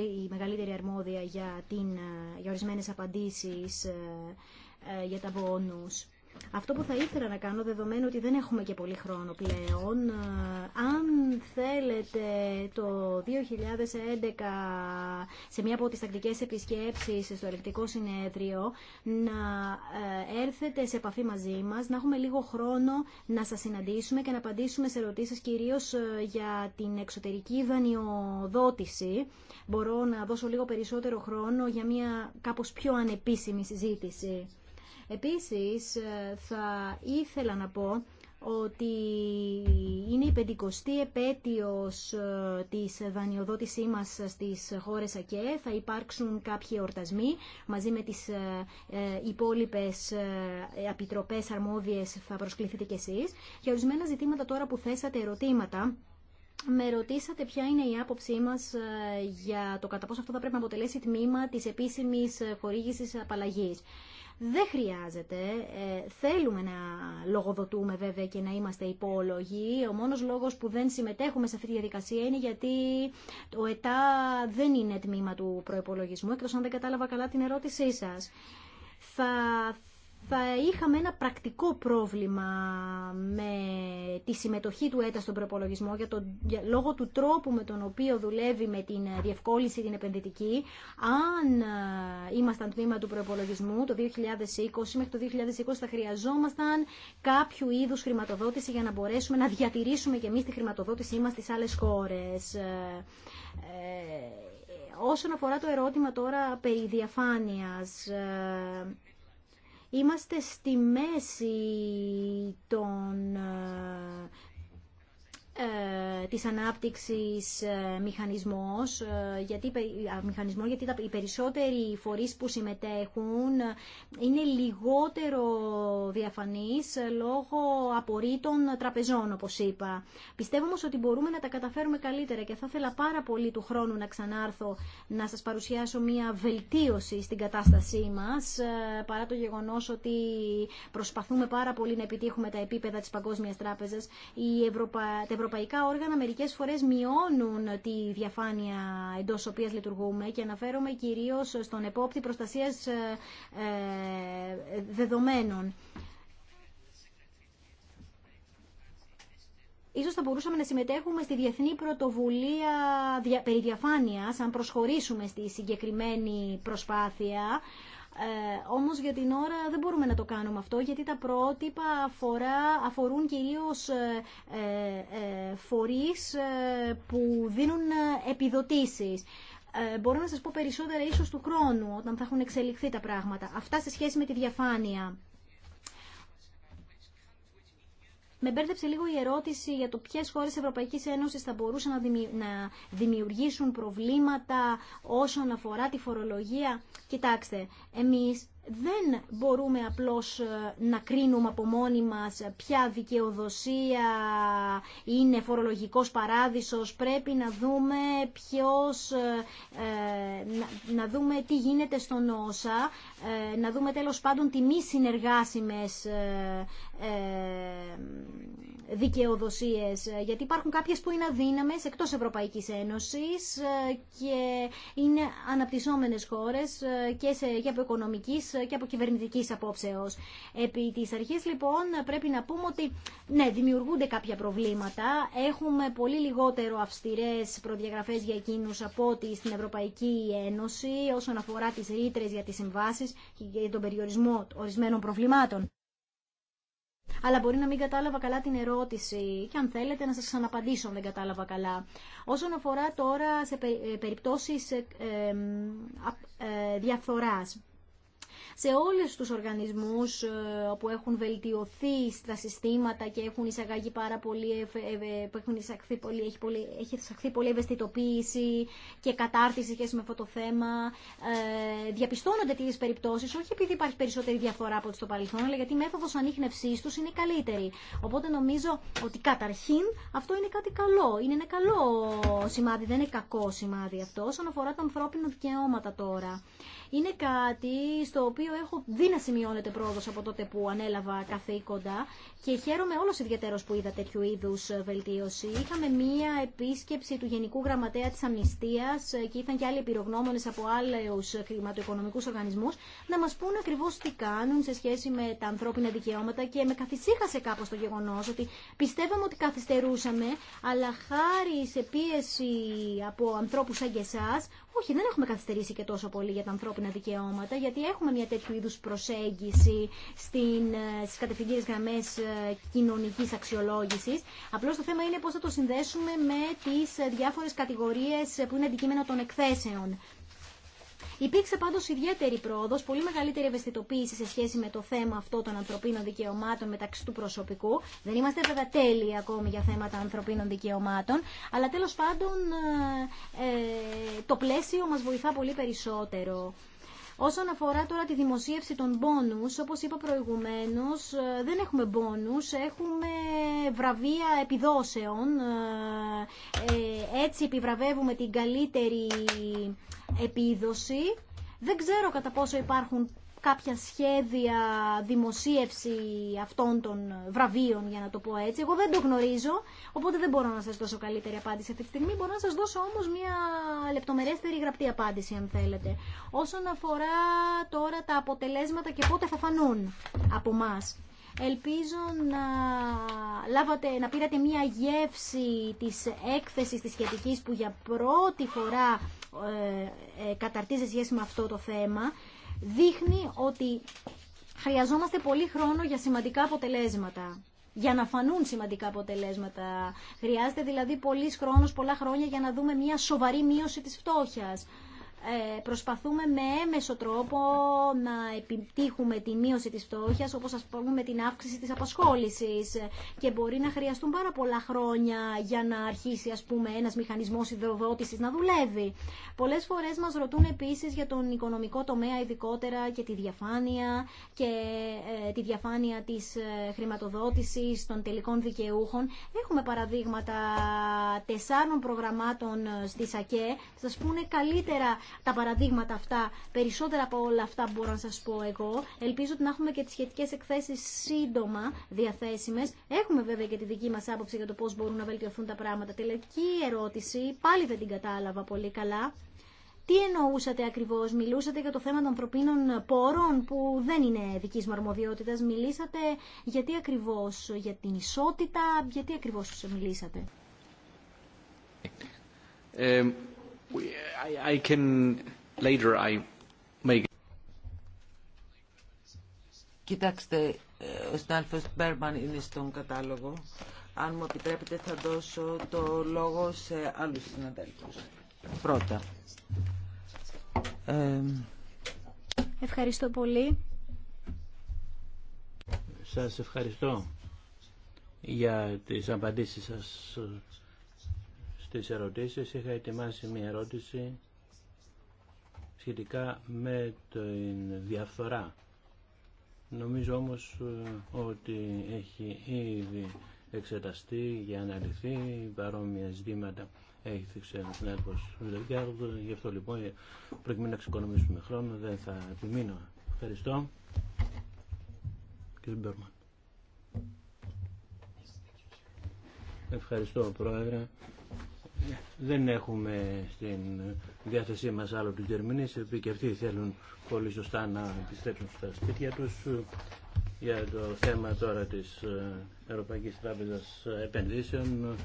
η μεγαλύτερη αρμόδια για, την, για ορισμένες απαντήσεις για τα βόνους. Αυτό που θα ήθελα να κάνω, δεδομένου ότι δεν έχουμε και πολύ χρόνο πλέον, ε, αν θέλετε το 2011 σε μία από τις τακτικές επισκέψεις στο ελεκτικό συνέδριο να ε, έρθετε σε επαφή μαζί μας, να έχουμε λίγο χρόνο να σας συναντήσουμε και να απαντήσουμε σε ερωτήσεις κυρίως ε, για την εξωτερική δανειοδότηση. Μπορώ να δώσω λίγο περισσότερο χρόνο για μία κάπως πιο ανεπίσημη συζήτηση. Επίσης, ε, θα ήθελα να πω ότι είναι η πεντηκοστή επέτειος ε, της δανειοδότησή μας στις χώρες ΑΚΕ. Θα υπάρξουν κάποιοι εορτασμοί μαζί με τις ε, υπόλοιπες επιτροπές αρμόδιες θα προσκληθείτε κι εσείς. Για ορισμένα ζητήματα τώρα που θέσατε ερωτήματα, με ρωτήσατε ποια είναι η άποψή μας για το κατά πόσο αυτό θα πρέπει να αποτελέσει τμήμα της επίσημης χορήγησης απαλλαγής. Δεν χρειάζεται. Ε, θέλουμε να λογοδοτούμε βέβαια και να είμαστε υπόλογοι. Ο μόνος λόγος που δεν συμμετέχουμε σε αυτή τη διαδικασία είναι γιατί το ΕΤΑ δεν είναι τμήμα του προϋπολογισμού, εκτός αν δεν κατάλαβα καλά την ερώτησή σας. Θα θα είχαμε ένα πρακτικό πρόβλημα με τη συμμετοχή του ΕΤΑ στον προπολογισμό για τον, για, λόγω του τρόπου με τον οποίο δουλεύει με την διευκόλυνση την επενδυτική. Αν ε, ήμασταν τμήμα του προπολογισμού το 2020 μέχρι το 2020 θα χρειαζόμασταν κάποιο είδους χρηματοδότηση για να μπορέσουμε να διατηρήσουμε και εμείς τη χρηματοδότησή μας στις άλλες χώρες. Ε, ε όσον αφορά το ερώτημα τώρα περί διαφάνειας, ε, Είμαστε στη μέση των ε, ε, της ανάπτυξης ε, μηχανισμός, ε, γιατί, μηχανισμό, γιατί οι περισσότεροι φορείς που συμμετέχουν είναι λιγότερο διαφανείς λόγω απορρίτων τραπεζών, όπως είπα. Πιστεύω όμως ότι μπορούμε να τα καταφέρουμε καλύτερα και θα ήθελα πάρα πολύ του χρόνου να ξανάρθω να σας παρουσιάσω μια βελτίωση στην κατάστασή μας, παρά το γεγονός ότι προσπαθούμε πάρα πολύ να επιτύχουμε τα επίπεδα της Παγκόσμιας Τράπεζας. Η Ευρωπα ευρωπαϊκά όργανα μερικέ φορές μειώνουν τη διαφάνεια εντός οποία λειτουργούμε και αναφέρομαι κυρίως στον επόπτη προστασίας ε, ε, δεδομένων. Ίσως θα μπορούσαμε να συμμετέχουμε στη Διεθνή Πρωτοβουλία Περί Διαφάνειας, αν προσχωρήσουμε στη συγκεκριμένη προσπάθεια, ε, όμως για την ώρα δεν μπορούμε να το κάνουμε αυτό γιατί τα πρότυπα αφορά, αφορούν κυρίως ε, ε, ε φορείς ε, που δίνουν επιδοτήσεις. μπορώ να σας πω περισσότερα ίσως του χρόνου όταν θα έχουν εξελιχθεί τα πράγματα. Αυτά σε σχέση με τη διαφάνεια. Με μπέρδεψε λίγο η ερώτηση για το ποιε χώρε Ευρωπαϊκή Ένωση θα μπορούσαν να δημιουργήσουν προβλήματα όσον αφορά τη φορολογία. Κοιτάξτε, εμεί δεν μπορούμε απλώς ε, να κρίνουμε από μόνοι μας ποια δικαιοδοσία είναι φορολογικός παράδεισος. Πρέπει να δούμε ποιος, ε, ε, να δούμε τι γίνεται στον όσα, να δούμε τέλος πάντων τι μη συνεργάσιμες δικαιοδοσίες, ε, γιατί υπάρχουν κάποιες που είναι αδύναμες εκτός Ευρωπαϊκής Ένωσης ε, και είναι αναπτυσσόμενες χώρες ε, και, σε, από οικονομικής και από κυβερνητικής απόψεως. Επί της αρχής λοιπόν πρέπει να πούμε ότι ναι, δημιουργούνται κάποια προβλήματα, έχουμε πολύ λιγότερο αυστηρές προδιαγραφές για εκείνους από ότι στην Ευρωπαϊκή Ένωση όσον αφορά τις ρήτρε για τις συμβάσεις και τον περιορισμό ορισμένων προβλημάτων αλλά μπορεί να μην κατάλαβα καλά την ερώτηση και αν θέλετε να σας ξαναπαντήσω αν δεν κατάλαβα καλά. Όσον αφορά τώρα σε ε, περιπτώσεις ε, ε, διαφθοράς, σε όλες τους οργανισμούς ε, που έχουν βελτιωθεί στα συστήματα και έχουν εισαγάγει πάρα πολύ, που έχουν εισαχθεί πολύ, έχει, πολύ, έχει εισαχθεί πολύ ευαισθητοποίηση και κατάρτιση σχέση με αυτό το θέμα. Ε, διαπιστώνονται τέτοιε περιπτώσεις, όχι επειδή υπάρχει περισσότερη διαφορά από ό,τι στο παρελθόν, αλλά γιατί η μέθοδος ανείχνευσής τους είναι καλύτερη. Οπότε νομίζω ότι καταρχήν αυτό είναι κάτι καλό. Είναι ένα καλό σημάδι, δεν είναι κακό σημάδι αυτό, όσον αφορά τα ανθρώπινα δικαιώματα τώρα είναι κάτι στο οποίο έχω δει να σημειώνεται πρόοδος από τότε που ανέλαβα καθήκοντα και χαίρομαι όλος ιδιαίτερος που είδα τέτοιου είδους βελτίωση. Είχαμε μία επίσκεψη του Γενικού Γραμματέα της Αμνηστίας και ήταν και άλλοι επιρρογνώμονες από άλλους χρηματοοικονομικούς οργανισμούς να μας πούνε ακριβώς τι κάνουν σε σχέση με τα ανθρώπινα δικαιώματα και με καθησύχασε κάπως το γεγονός ότι πιστεύαμε ότι καθυστερούσαμε αλλά χάρη σε πίεση από ανθρώπους σαν και όχι δεν έχουμε καθυστερήσει και τόσο πολύ για τα ανθρώπινα δικαιώματα γιατί έχουμε μια τέτοιου είδους προσέγγιση ε, στι κατευθυντήρες γραμμές ε, κοινωνικής αξιολόγησης. Απλώ το θέμα είναι πώ θα το συνδέσουμε με τις ε, διάφορες κατηγορίες που είναι αντικείμενα των εκθέσεων. Υπήρξε πάντω ιδιαίτερη πρόοδο, πολύ μεγαλύτερη ευαισθητοποίηση σε σχέση με το θέμα αυτό των ανθρωπίνων δικαιωμάτων μεταξύ του προσωπικού. Δεν είμαστε βέβαια τέλειοι ακόμη για θέματα ανθρωπίνων δικαιωμάτων, αλλά τέλος πάντων ε, ε, το πλαίσιο μας βοηθά πολύ περισσότερο. Όσον αφορά τώρα τη δημοσίευση των πόνους, όπως είπα προηγουμένως, ε, δεν έχουμε πόνους, έχουμε βραβεία επιδόσεων. Ε, ε, έτσι επιβραβεύουμε την καλύτερη επίδοση. Δεν ξέρω κατά πόσο υπάρχουν κάποια σχέδια δημοσίευση αυτών των βραβείων, για να το πω έτσι. Εγώ δεν το γνωρίζω, οπότε δεν μπορώ να σας δώσω καλύτερη απάντηση αυτή τη στιγμή. Μπορώ να σας δώσω όμως μια λεπτομερέστερη γραπτή απάντηση, αν θέλετε. Όσον αφορά τώρα τα αποτελέσματα και πότε θα φανούν από εμά. Ελπίζω να, λάβατε, να πήρατε μία γεύση της έκθεσης της σχετικής που για πρώτη φορά ε, ε καταρτίζει σχέση με αυτό το θέμα δείχνει ότι χρειαζόμαστε πολύ χρόνο για σημαντικά αποτελέσματα για να φανούν σημαντικά αποτελέσματα. Χρειάζεται δηλαδή πολλής χρόνος, πολλά χρόνια για να δούμε μια σοβαρή μείωση της φτώχειας. Ε, προσπαθούμε με έμεσο τρόπο να επιτύχουμε τη μείωση της φτώχειας, όπως ας πούμε με την αύξηση της απασχόλησης και μπορεί να χρειαστούν πάρα πολλά χρόνια για να αρχίσει ας πούμε ένας μηχανισμός ιδεοδότησης να δουλεύει. Πολλές φορές μας ρωτούν επίσης για τον οικονομικό τομέα ειδικότερα και τη διαφάνεια και ε, τη διαφάνεια της ε, χρηματοδότησης των τελικών δικαιούχων. Έχουμε παραδείγματα τεσσάρων προγραμμάτων στη ΣΑΚΕ, σας πούνε καλύτερα τα παραδείγματα αυτά. Περισσότερα από όλα αυτά μπορώ να σας πω εγώ. Ελπίζω ότι να έχουμε και τις σχετικές εκθέσεις σύντομα διαθέσιμες. Έχουμε βέβαια και τη δική μας άποψη για το πώς μπορούν να βελτιωθούν τα πράγματα. τελευταία ερώτηση, πάλι δεν την κατάλαβα πολύ καλά. Τι εννοούσατε ακριβώς, μιλούσατε για το θέμα των ανθρωπίνων πόρων που δεν είναι δικής μου μιλήσατε γιατί ακριβώς, για την ισότητα, γιατί ακριβώς μιλήσατε. Ε, Κοιτάξτε, ε, ο συνάδελφος Μπέρμαν είναι στον κατάλογο. Αν μου επιτρέπετε θα δώσω το λόγο σε άλλους συναδέλφους. Πρώτα. Ευχαριστώ πολύ. Σας ευχαριστώ για τις απαντήσεις σας στις ερωτήσεις είχα ετοιμάσει μια ερώτηση σχετικά με την διαφθορά. Νομίζω όμως ε, ότι έχει ήδη εξεταστεί για να λυθεί παρόμοια ζητήματα. Έχει θίξει ένα συνάδελφο γι' αυτό λοιπόν προκειμένου να ξεκονομήσουμε χρόνο δεν θα επιμείνω. Ευχαριστώ. Κύριε Μπέρμαν. Ευχαριστώ Πρόεδρε. Δεν έχουμε στην διάθεσή μας άλλο του Γερμανείς, επειδή και αυτοί θέλουν πολύ σωστά να επιστρέψουν στα σπίτια τους. Για το θέμα τώρα της ε, Ευρωπαϊκής Τράπεζας Επενδύσεων,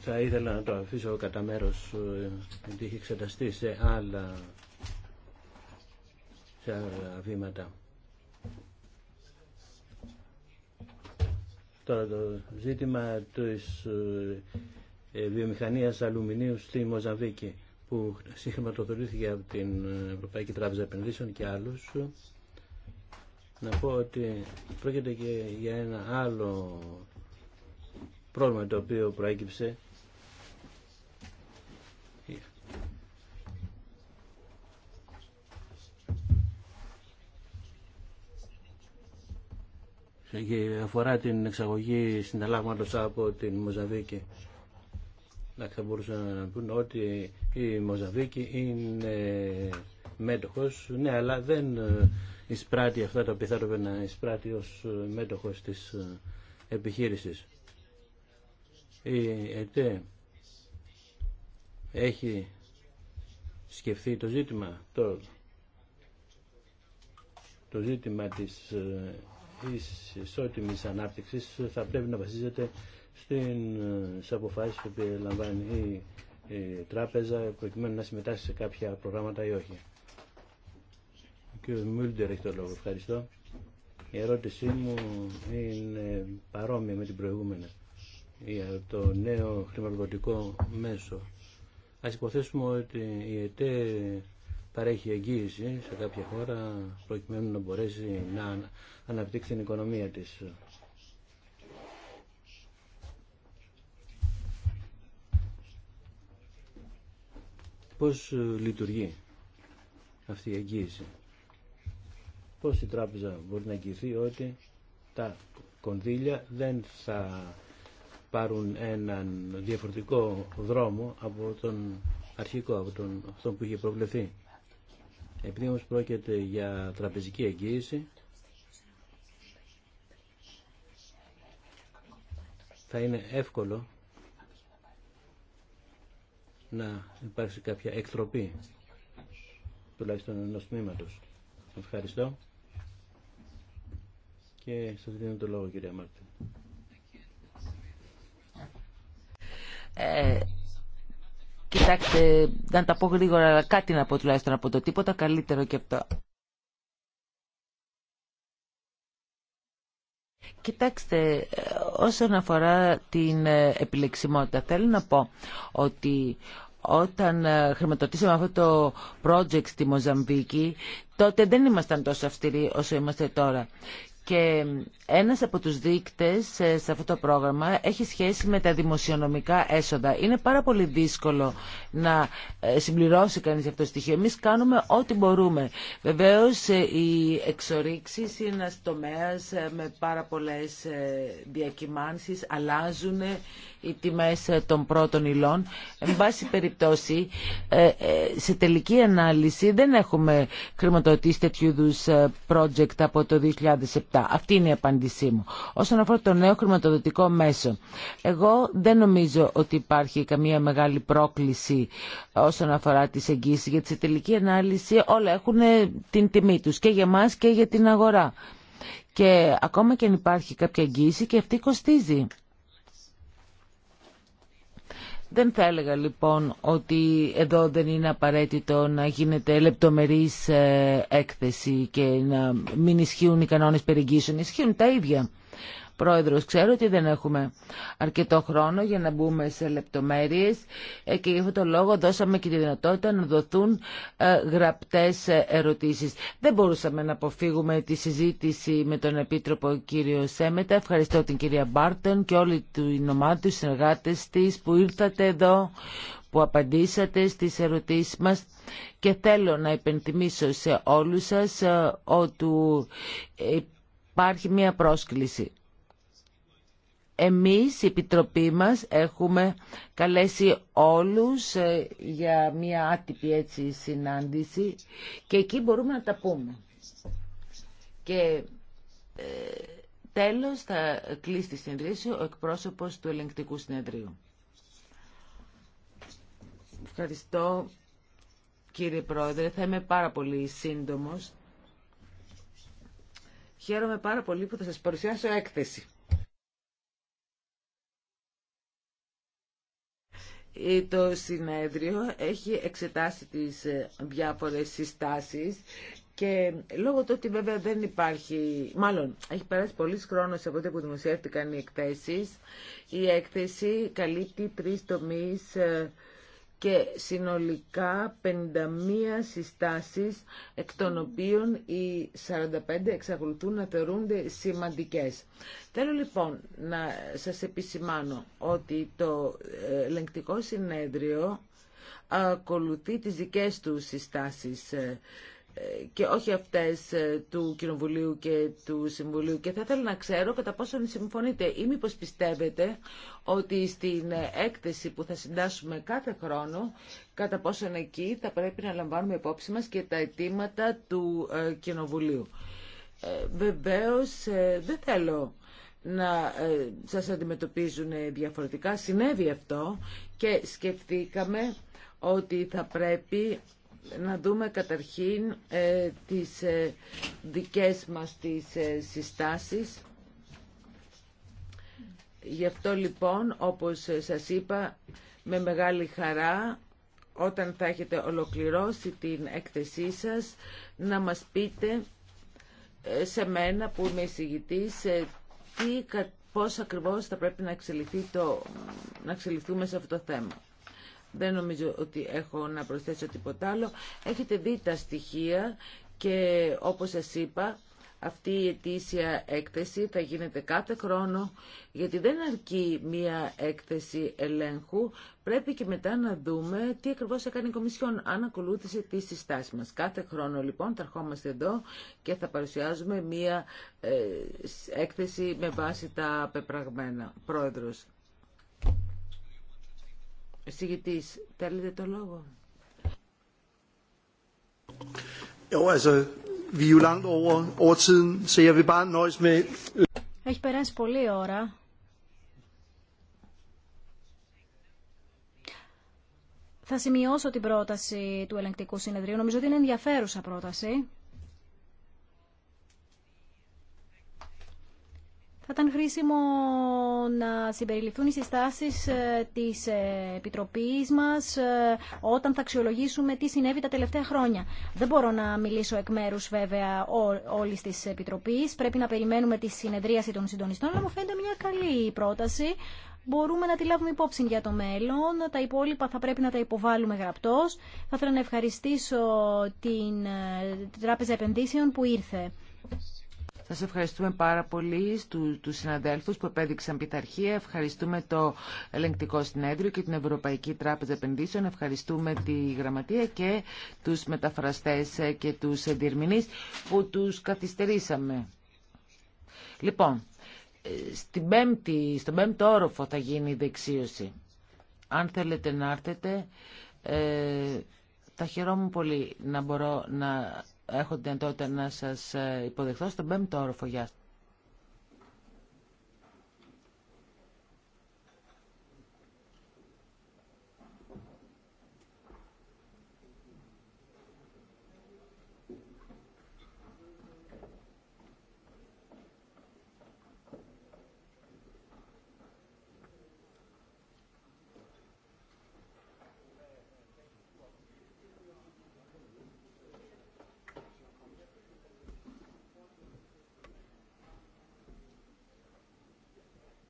θα ήθελα να το αφήσω κατά μέρος ε, γιατί έχει εξεταστεί σε άλλα, σε άλλα βήματα. Τώρα το ζήτημα του ε, βιομηχανίας αλουμινίου στη Μοζαβίκη που συγχρηματοδοτήθηκε από την Ευρωπαϊκή Τράπεζα Επενδύσεων και άλλους να πω ότι πρόκειται και για ένα άλλο πρόβλημα το οποίο προέκυψε και αφορά την εξαγωγή συναλλάγματος από την Μοζαβίκη θα μπορούσαν να πούν ότι η Μοζαβίκη είναι μέτοχος, ναι, αλλά δεν ε, εισπράττει αυτά τα οποία θα έπρεπε να εισπράττει ως ε, μέτοχος της ε, επιχείρησης. Η ΕΤΕ έχει σκεφτεί το ζήτημα το, το ζήτημα της ισότιμης ανάπτυξης θα πρέπει να βασίζεται ε, στις αποφάσεις που λαμβάνει η τράπεζα προκειμένου να συμμετάσχει σε κάποια προγράμματα ή όχι. Ο κ. Μούλντερ έχει το λόγο. Ευχαριστώ. Η ερώτησή μου είναι παρόμοια με την προηγούμενη για το νέο χρηματοδοτικό μέσο. Ας υποθέσουμε ότι η ΕΤΕ παρέχει εγγύηση σε κάποια χώρα προκειμένου να μπορέσει να αναπτύξει την οικονομία της. Πώς ε, λειτουργεί αυτή η εγγύηση. Πώς η τράπεζα μπορεί να εγγυηθεί ότι τα κονδύλια δεν θα πάρουν έναν διαφορετικό δρόμο από τον αρχικό, από τον, αυτό που είχε προβλεφθεί. Επειδή όμως πρόκειται για τραπεζική εγγύηση, θα είναι εύκολο να υπάρξει κάποια εκτροπή τουλάχιστον ενό τμήματο. Ευχαριστώ. Και σα δίνω το λόγο, κυρία Μάρτιν. Ε, κοιτάξτε, να τα πω γρήγορα, αλλά κάτι να πω τουλάχιστον από το τίποτα καλύτερο και από το. Κοιτάξτε, ε, όσον αφορά την ε, επιλεξιμότητα, θέλω να πω ότι όταν ε, χρηματοδοτήσαμε αυτό το project στη Μοζαμβίκη, τότε δεν ήμασταν τόσο αυστηροί όσο είμαστε τώρα. Και ένας από τους δείκτες ε, σε αυτό το πρόγραμμα έχει σχέση με τα δημοσιονομικά έσοδα. Είναι πάρα πολύ δύσκολο να ε, συμπληρώσει κανείς αυτό το στοιχείο. Εμείς κάνουμε ό,τι μπορούμε. Βεβαίως οι εξορίξεις είναι ένας με πάρα πολλές διακυμάνσεις, αλλάζουν οι τιμές ε, των πρώτων υλών. Εν πάση περιπτώσει, ε, ε, σε τελική ανάλυση δεν έχουμε χρηματοδοτήσει τέτοιου είδου project από το 2007. Αυτή είναι η απάντησή μου. Όσον αφορά το νέο χρηματοδοτικό μέσο, εγώ δεν νομίζω ότι υπάρχει καμία μεγάλη πρόκληση όσον αφορά τις εγγύσεις, γιατί σε τελική ανάλυση όλα έχουν την τιμή τους και για εμά και για την αγορά. Και ακόμα και αν υπάρχει κάποια εγγύηση και αυτή κοστίζει. Δεν θα έλεγα λοιπόν ότι εδώ δεν είναι απαραίτητο να γίνεται λεπτομερής ε, έκθεση και να μην ισχύουν οι κανόνες περιγγύσεων. Ισχύουν τα ίδια. Πρόεδρος, ξέρω ότι δεν έχουμε αρκετό χρόνο για να μπούμε σε λεπτομέρειες ε, και γι' αυτόν τον λόγο δώσαμε και τη δυνατότητα να δοθούν ε, γραπτές ε, ερωτήσεις. Δεν μπορούσαμε να αποφύγουμε τη συζήτηση με τον Επίτροπο κύριο Σέμετα. Ευχαριστώ την κυρία Μπάρτον και όλη του ομάδα του συνεργάτες της που ήρθατε εδώ, που απαντήσατε στις ερωτήσεις μας και θέλω να υπενθυμίσω σε όλους σας ότι υπάρχει μια πρόσκληση εμείς, η Επιτροπή μας, έχουμε καλέσει όλους ε, για μια άτυπη έτσι συνάντηση και εκεί μπορούμε να τα πούμε. Και ε, τέλος θα κλείσει τη συνεδρίση ο εκπρόσωπος του ελεγκτικού συνεδρίου. Ευχαριστώ κύριε Πρόεδρε, θα είμαι πάρα πολύ σύντομος. Χαίρομαι πάρα πολύ που θα σας παρουσιάσω έκθεση. Ε, το συνέδριο έχει εξετάσει τις ε, διάφορες συστάσεις και λόγω του ότι βέβαια δεν υπάρχει, μάλλον έχει περάσει πολλή χρόνο από τότε που δημοσιεύτηκαν οι εκθέσεις, η έκθεση καλύπτει τρεις τομείς ε, και συνολικά 51 συστάσεις, εκ των οποίων οι 45 εξακολουθούν να θεωρούνται σημαντικές. Θέλω λοιπόν να σας επισημάνω ότι το ε, ελεγκτικό συνέδριο ακολουθεί τις δικές του συστάσεις ε, και όχι αυτές ε, του Κοινοβουλίου και του Συμβουλίου και θα ήθελα να ξέρω κατά πόσον συμφωνείτε ή μήπως πιστεύετε ότι στην έκθεση που θα συντάσσουμε κάθε χρόνο κατά πόσον εκεί θα πρέπει να λαμβάνουμε υπόψη μας και τα αιτήματα του ε, Κοινοβουλίου. Ε, βεβαίως δεν θέλω να σας αντιμετωπίζουν διαφορετικά. Συνέβη αυτό και σκεφτήκαμε ότι θα πρέπει να δούμε καταρχήν ε, τις ε, δικές μας τις ε, συστάσεις. Γι' αυτό λοιπόν, όπως ε, σας είπα, με μεγάλη χαρά, όταν θα έχετε ολοκληρώσει την έκθεσή σας, να μας πείτε ε, σε μένα που είμαι εισηγητής, τι, πώς ακριβώς θα πρέπει να, το, να εξελιχθούμε σε αυτό το θέμα. Δεν νομίζω ότι έχω να προσθέσω τίποτα άλλο. Έχετε δει τα στοιχεία και όπως σας είπα, αυτή η ετήσια έκθεση θα γίνεται κάθε χρόνο, γιατί δεν αρκεί μία έκθεση ελέγχου. Πρέπει και μετά να δούμε τι ακριβώς έκανε η Κομισιόν, αν ακολούθησε τη συστάση μας. Κάθε χρόνο λοιπόν θα ερχόμαστε εδώ και θα παρουσιάζουμε μία ε, έκθεση με βάση τα πεπραγμένα. Πρόεδρος. Συγητής, θέλετε το λόγο. Έχει περάσει πολλή ώρα. Θα σημειώσω την πρόταση του ελεγκτικού συνεδρίου. Νομίζω ότι είναι ενδιαφέρουσα πρόταση. Θα ήταν χρήσιμο να συμπεριληφθούν οι συστάσεις ε, της ε, Επιτροπής μας ε, όταν θα αξιολογήσουμε τι συνέβη τα τελευταία χρόνια. Δεν μπορώ να μιλήσω εκ μέρους βέβαια όλη της Επιτροπής. Πρέπει να περιμένουμε τη συνεδρίαση των συντονιστών, αλλά μου φαίνεται μια καλή πρόταση. Μπορούμε να τη λάβουμε υπόψη για το μέλλον. Τα υπόλοιπα θα πρέπει να τα υποβάλουμε γραπτός. Θα ήθελα να ευχαριστήσω την Τράπεζα Επενδύσεων που ήρθε. Σας ευχαριστούμε πάρα πολύ στους, τους συναδέλφους που επέδειξαν πειθαρχία. Ευχαριστούμε το Ελεγκτικό Συνέδριο και την Ευρωπαϊκή Τράπεζα Επενδύσεων. Ευχαριστούμε τη Γραμματεία και τους μεταφραστές και τους διερμηνείς που τους καθυστερήσαμε. Λοιπόν, στην πέμπτη, στον πέμπτο όροφο θα γίνει η δεξίωση. Αν θέλετε να έρθετε, ε, θα χαιρόμουν πολύ να μπορώ να έχω την δυνατότητα να σας ε, υποδεχθώ στον πέμπτο όροφο. Γεια σας.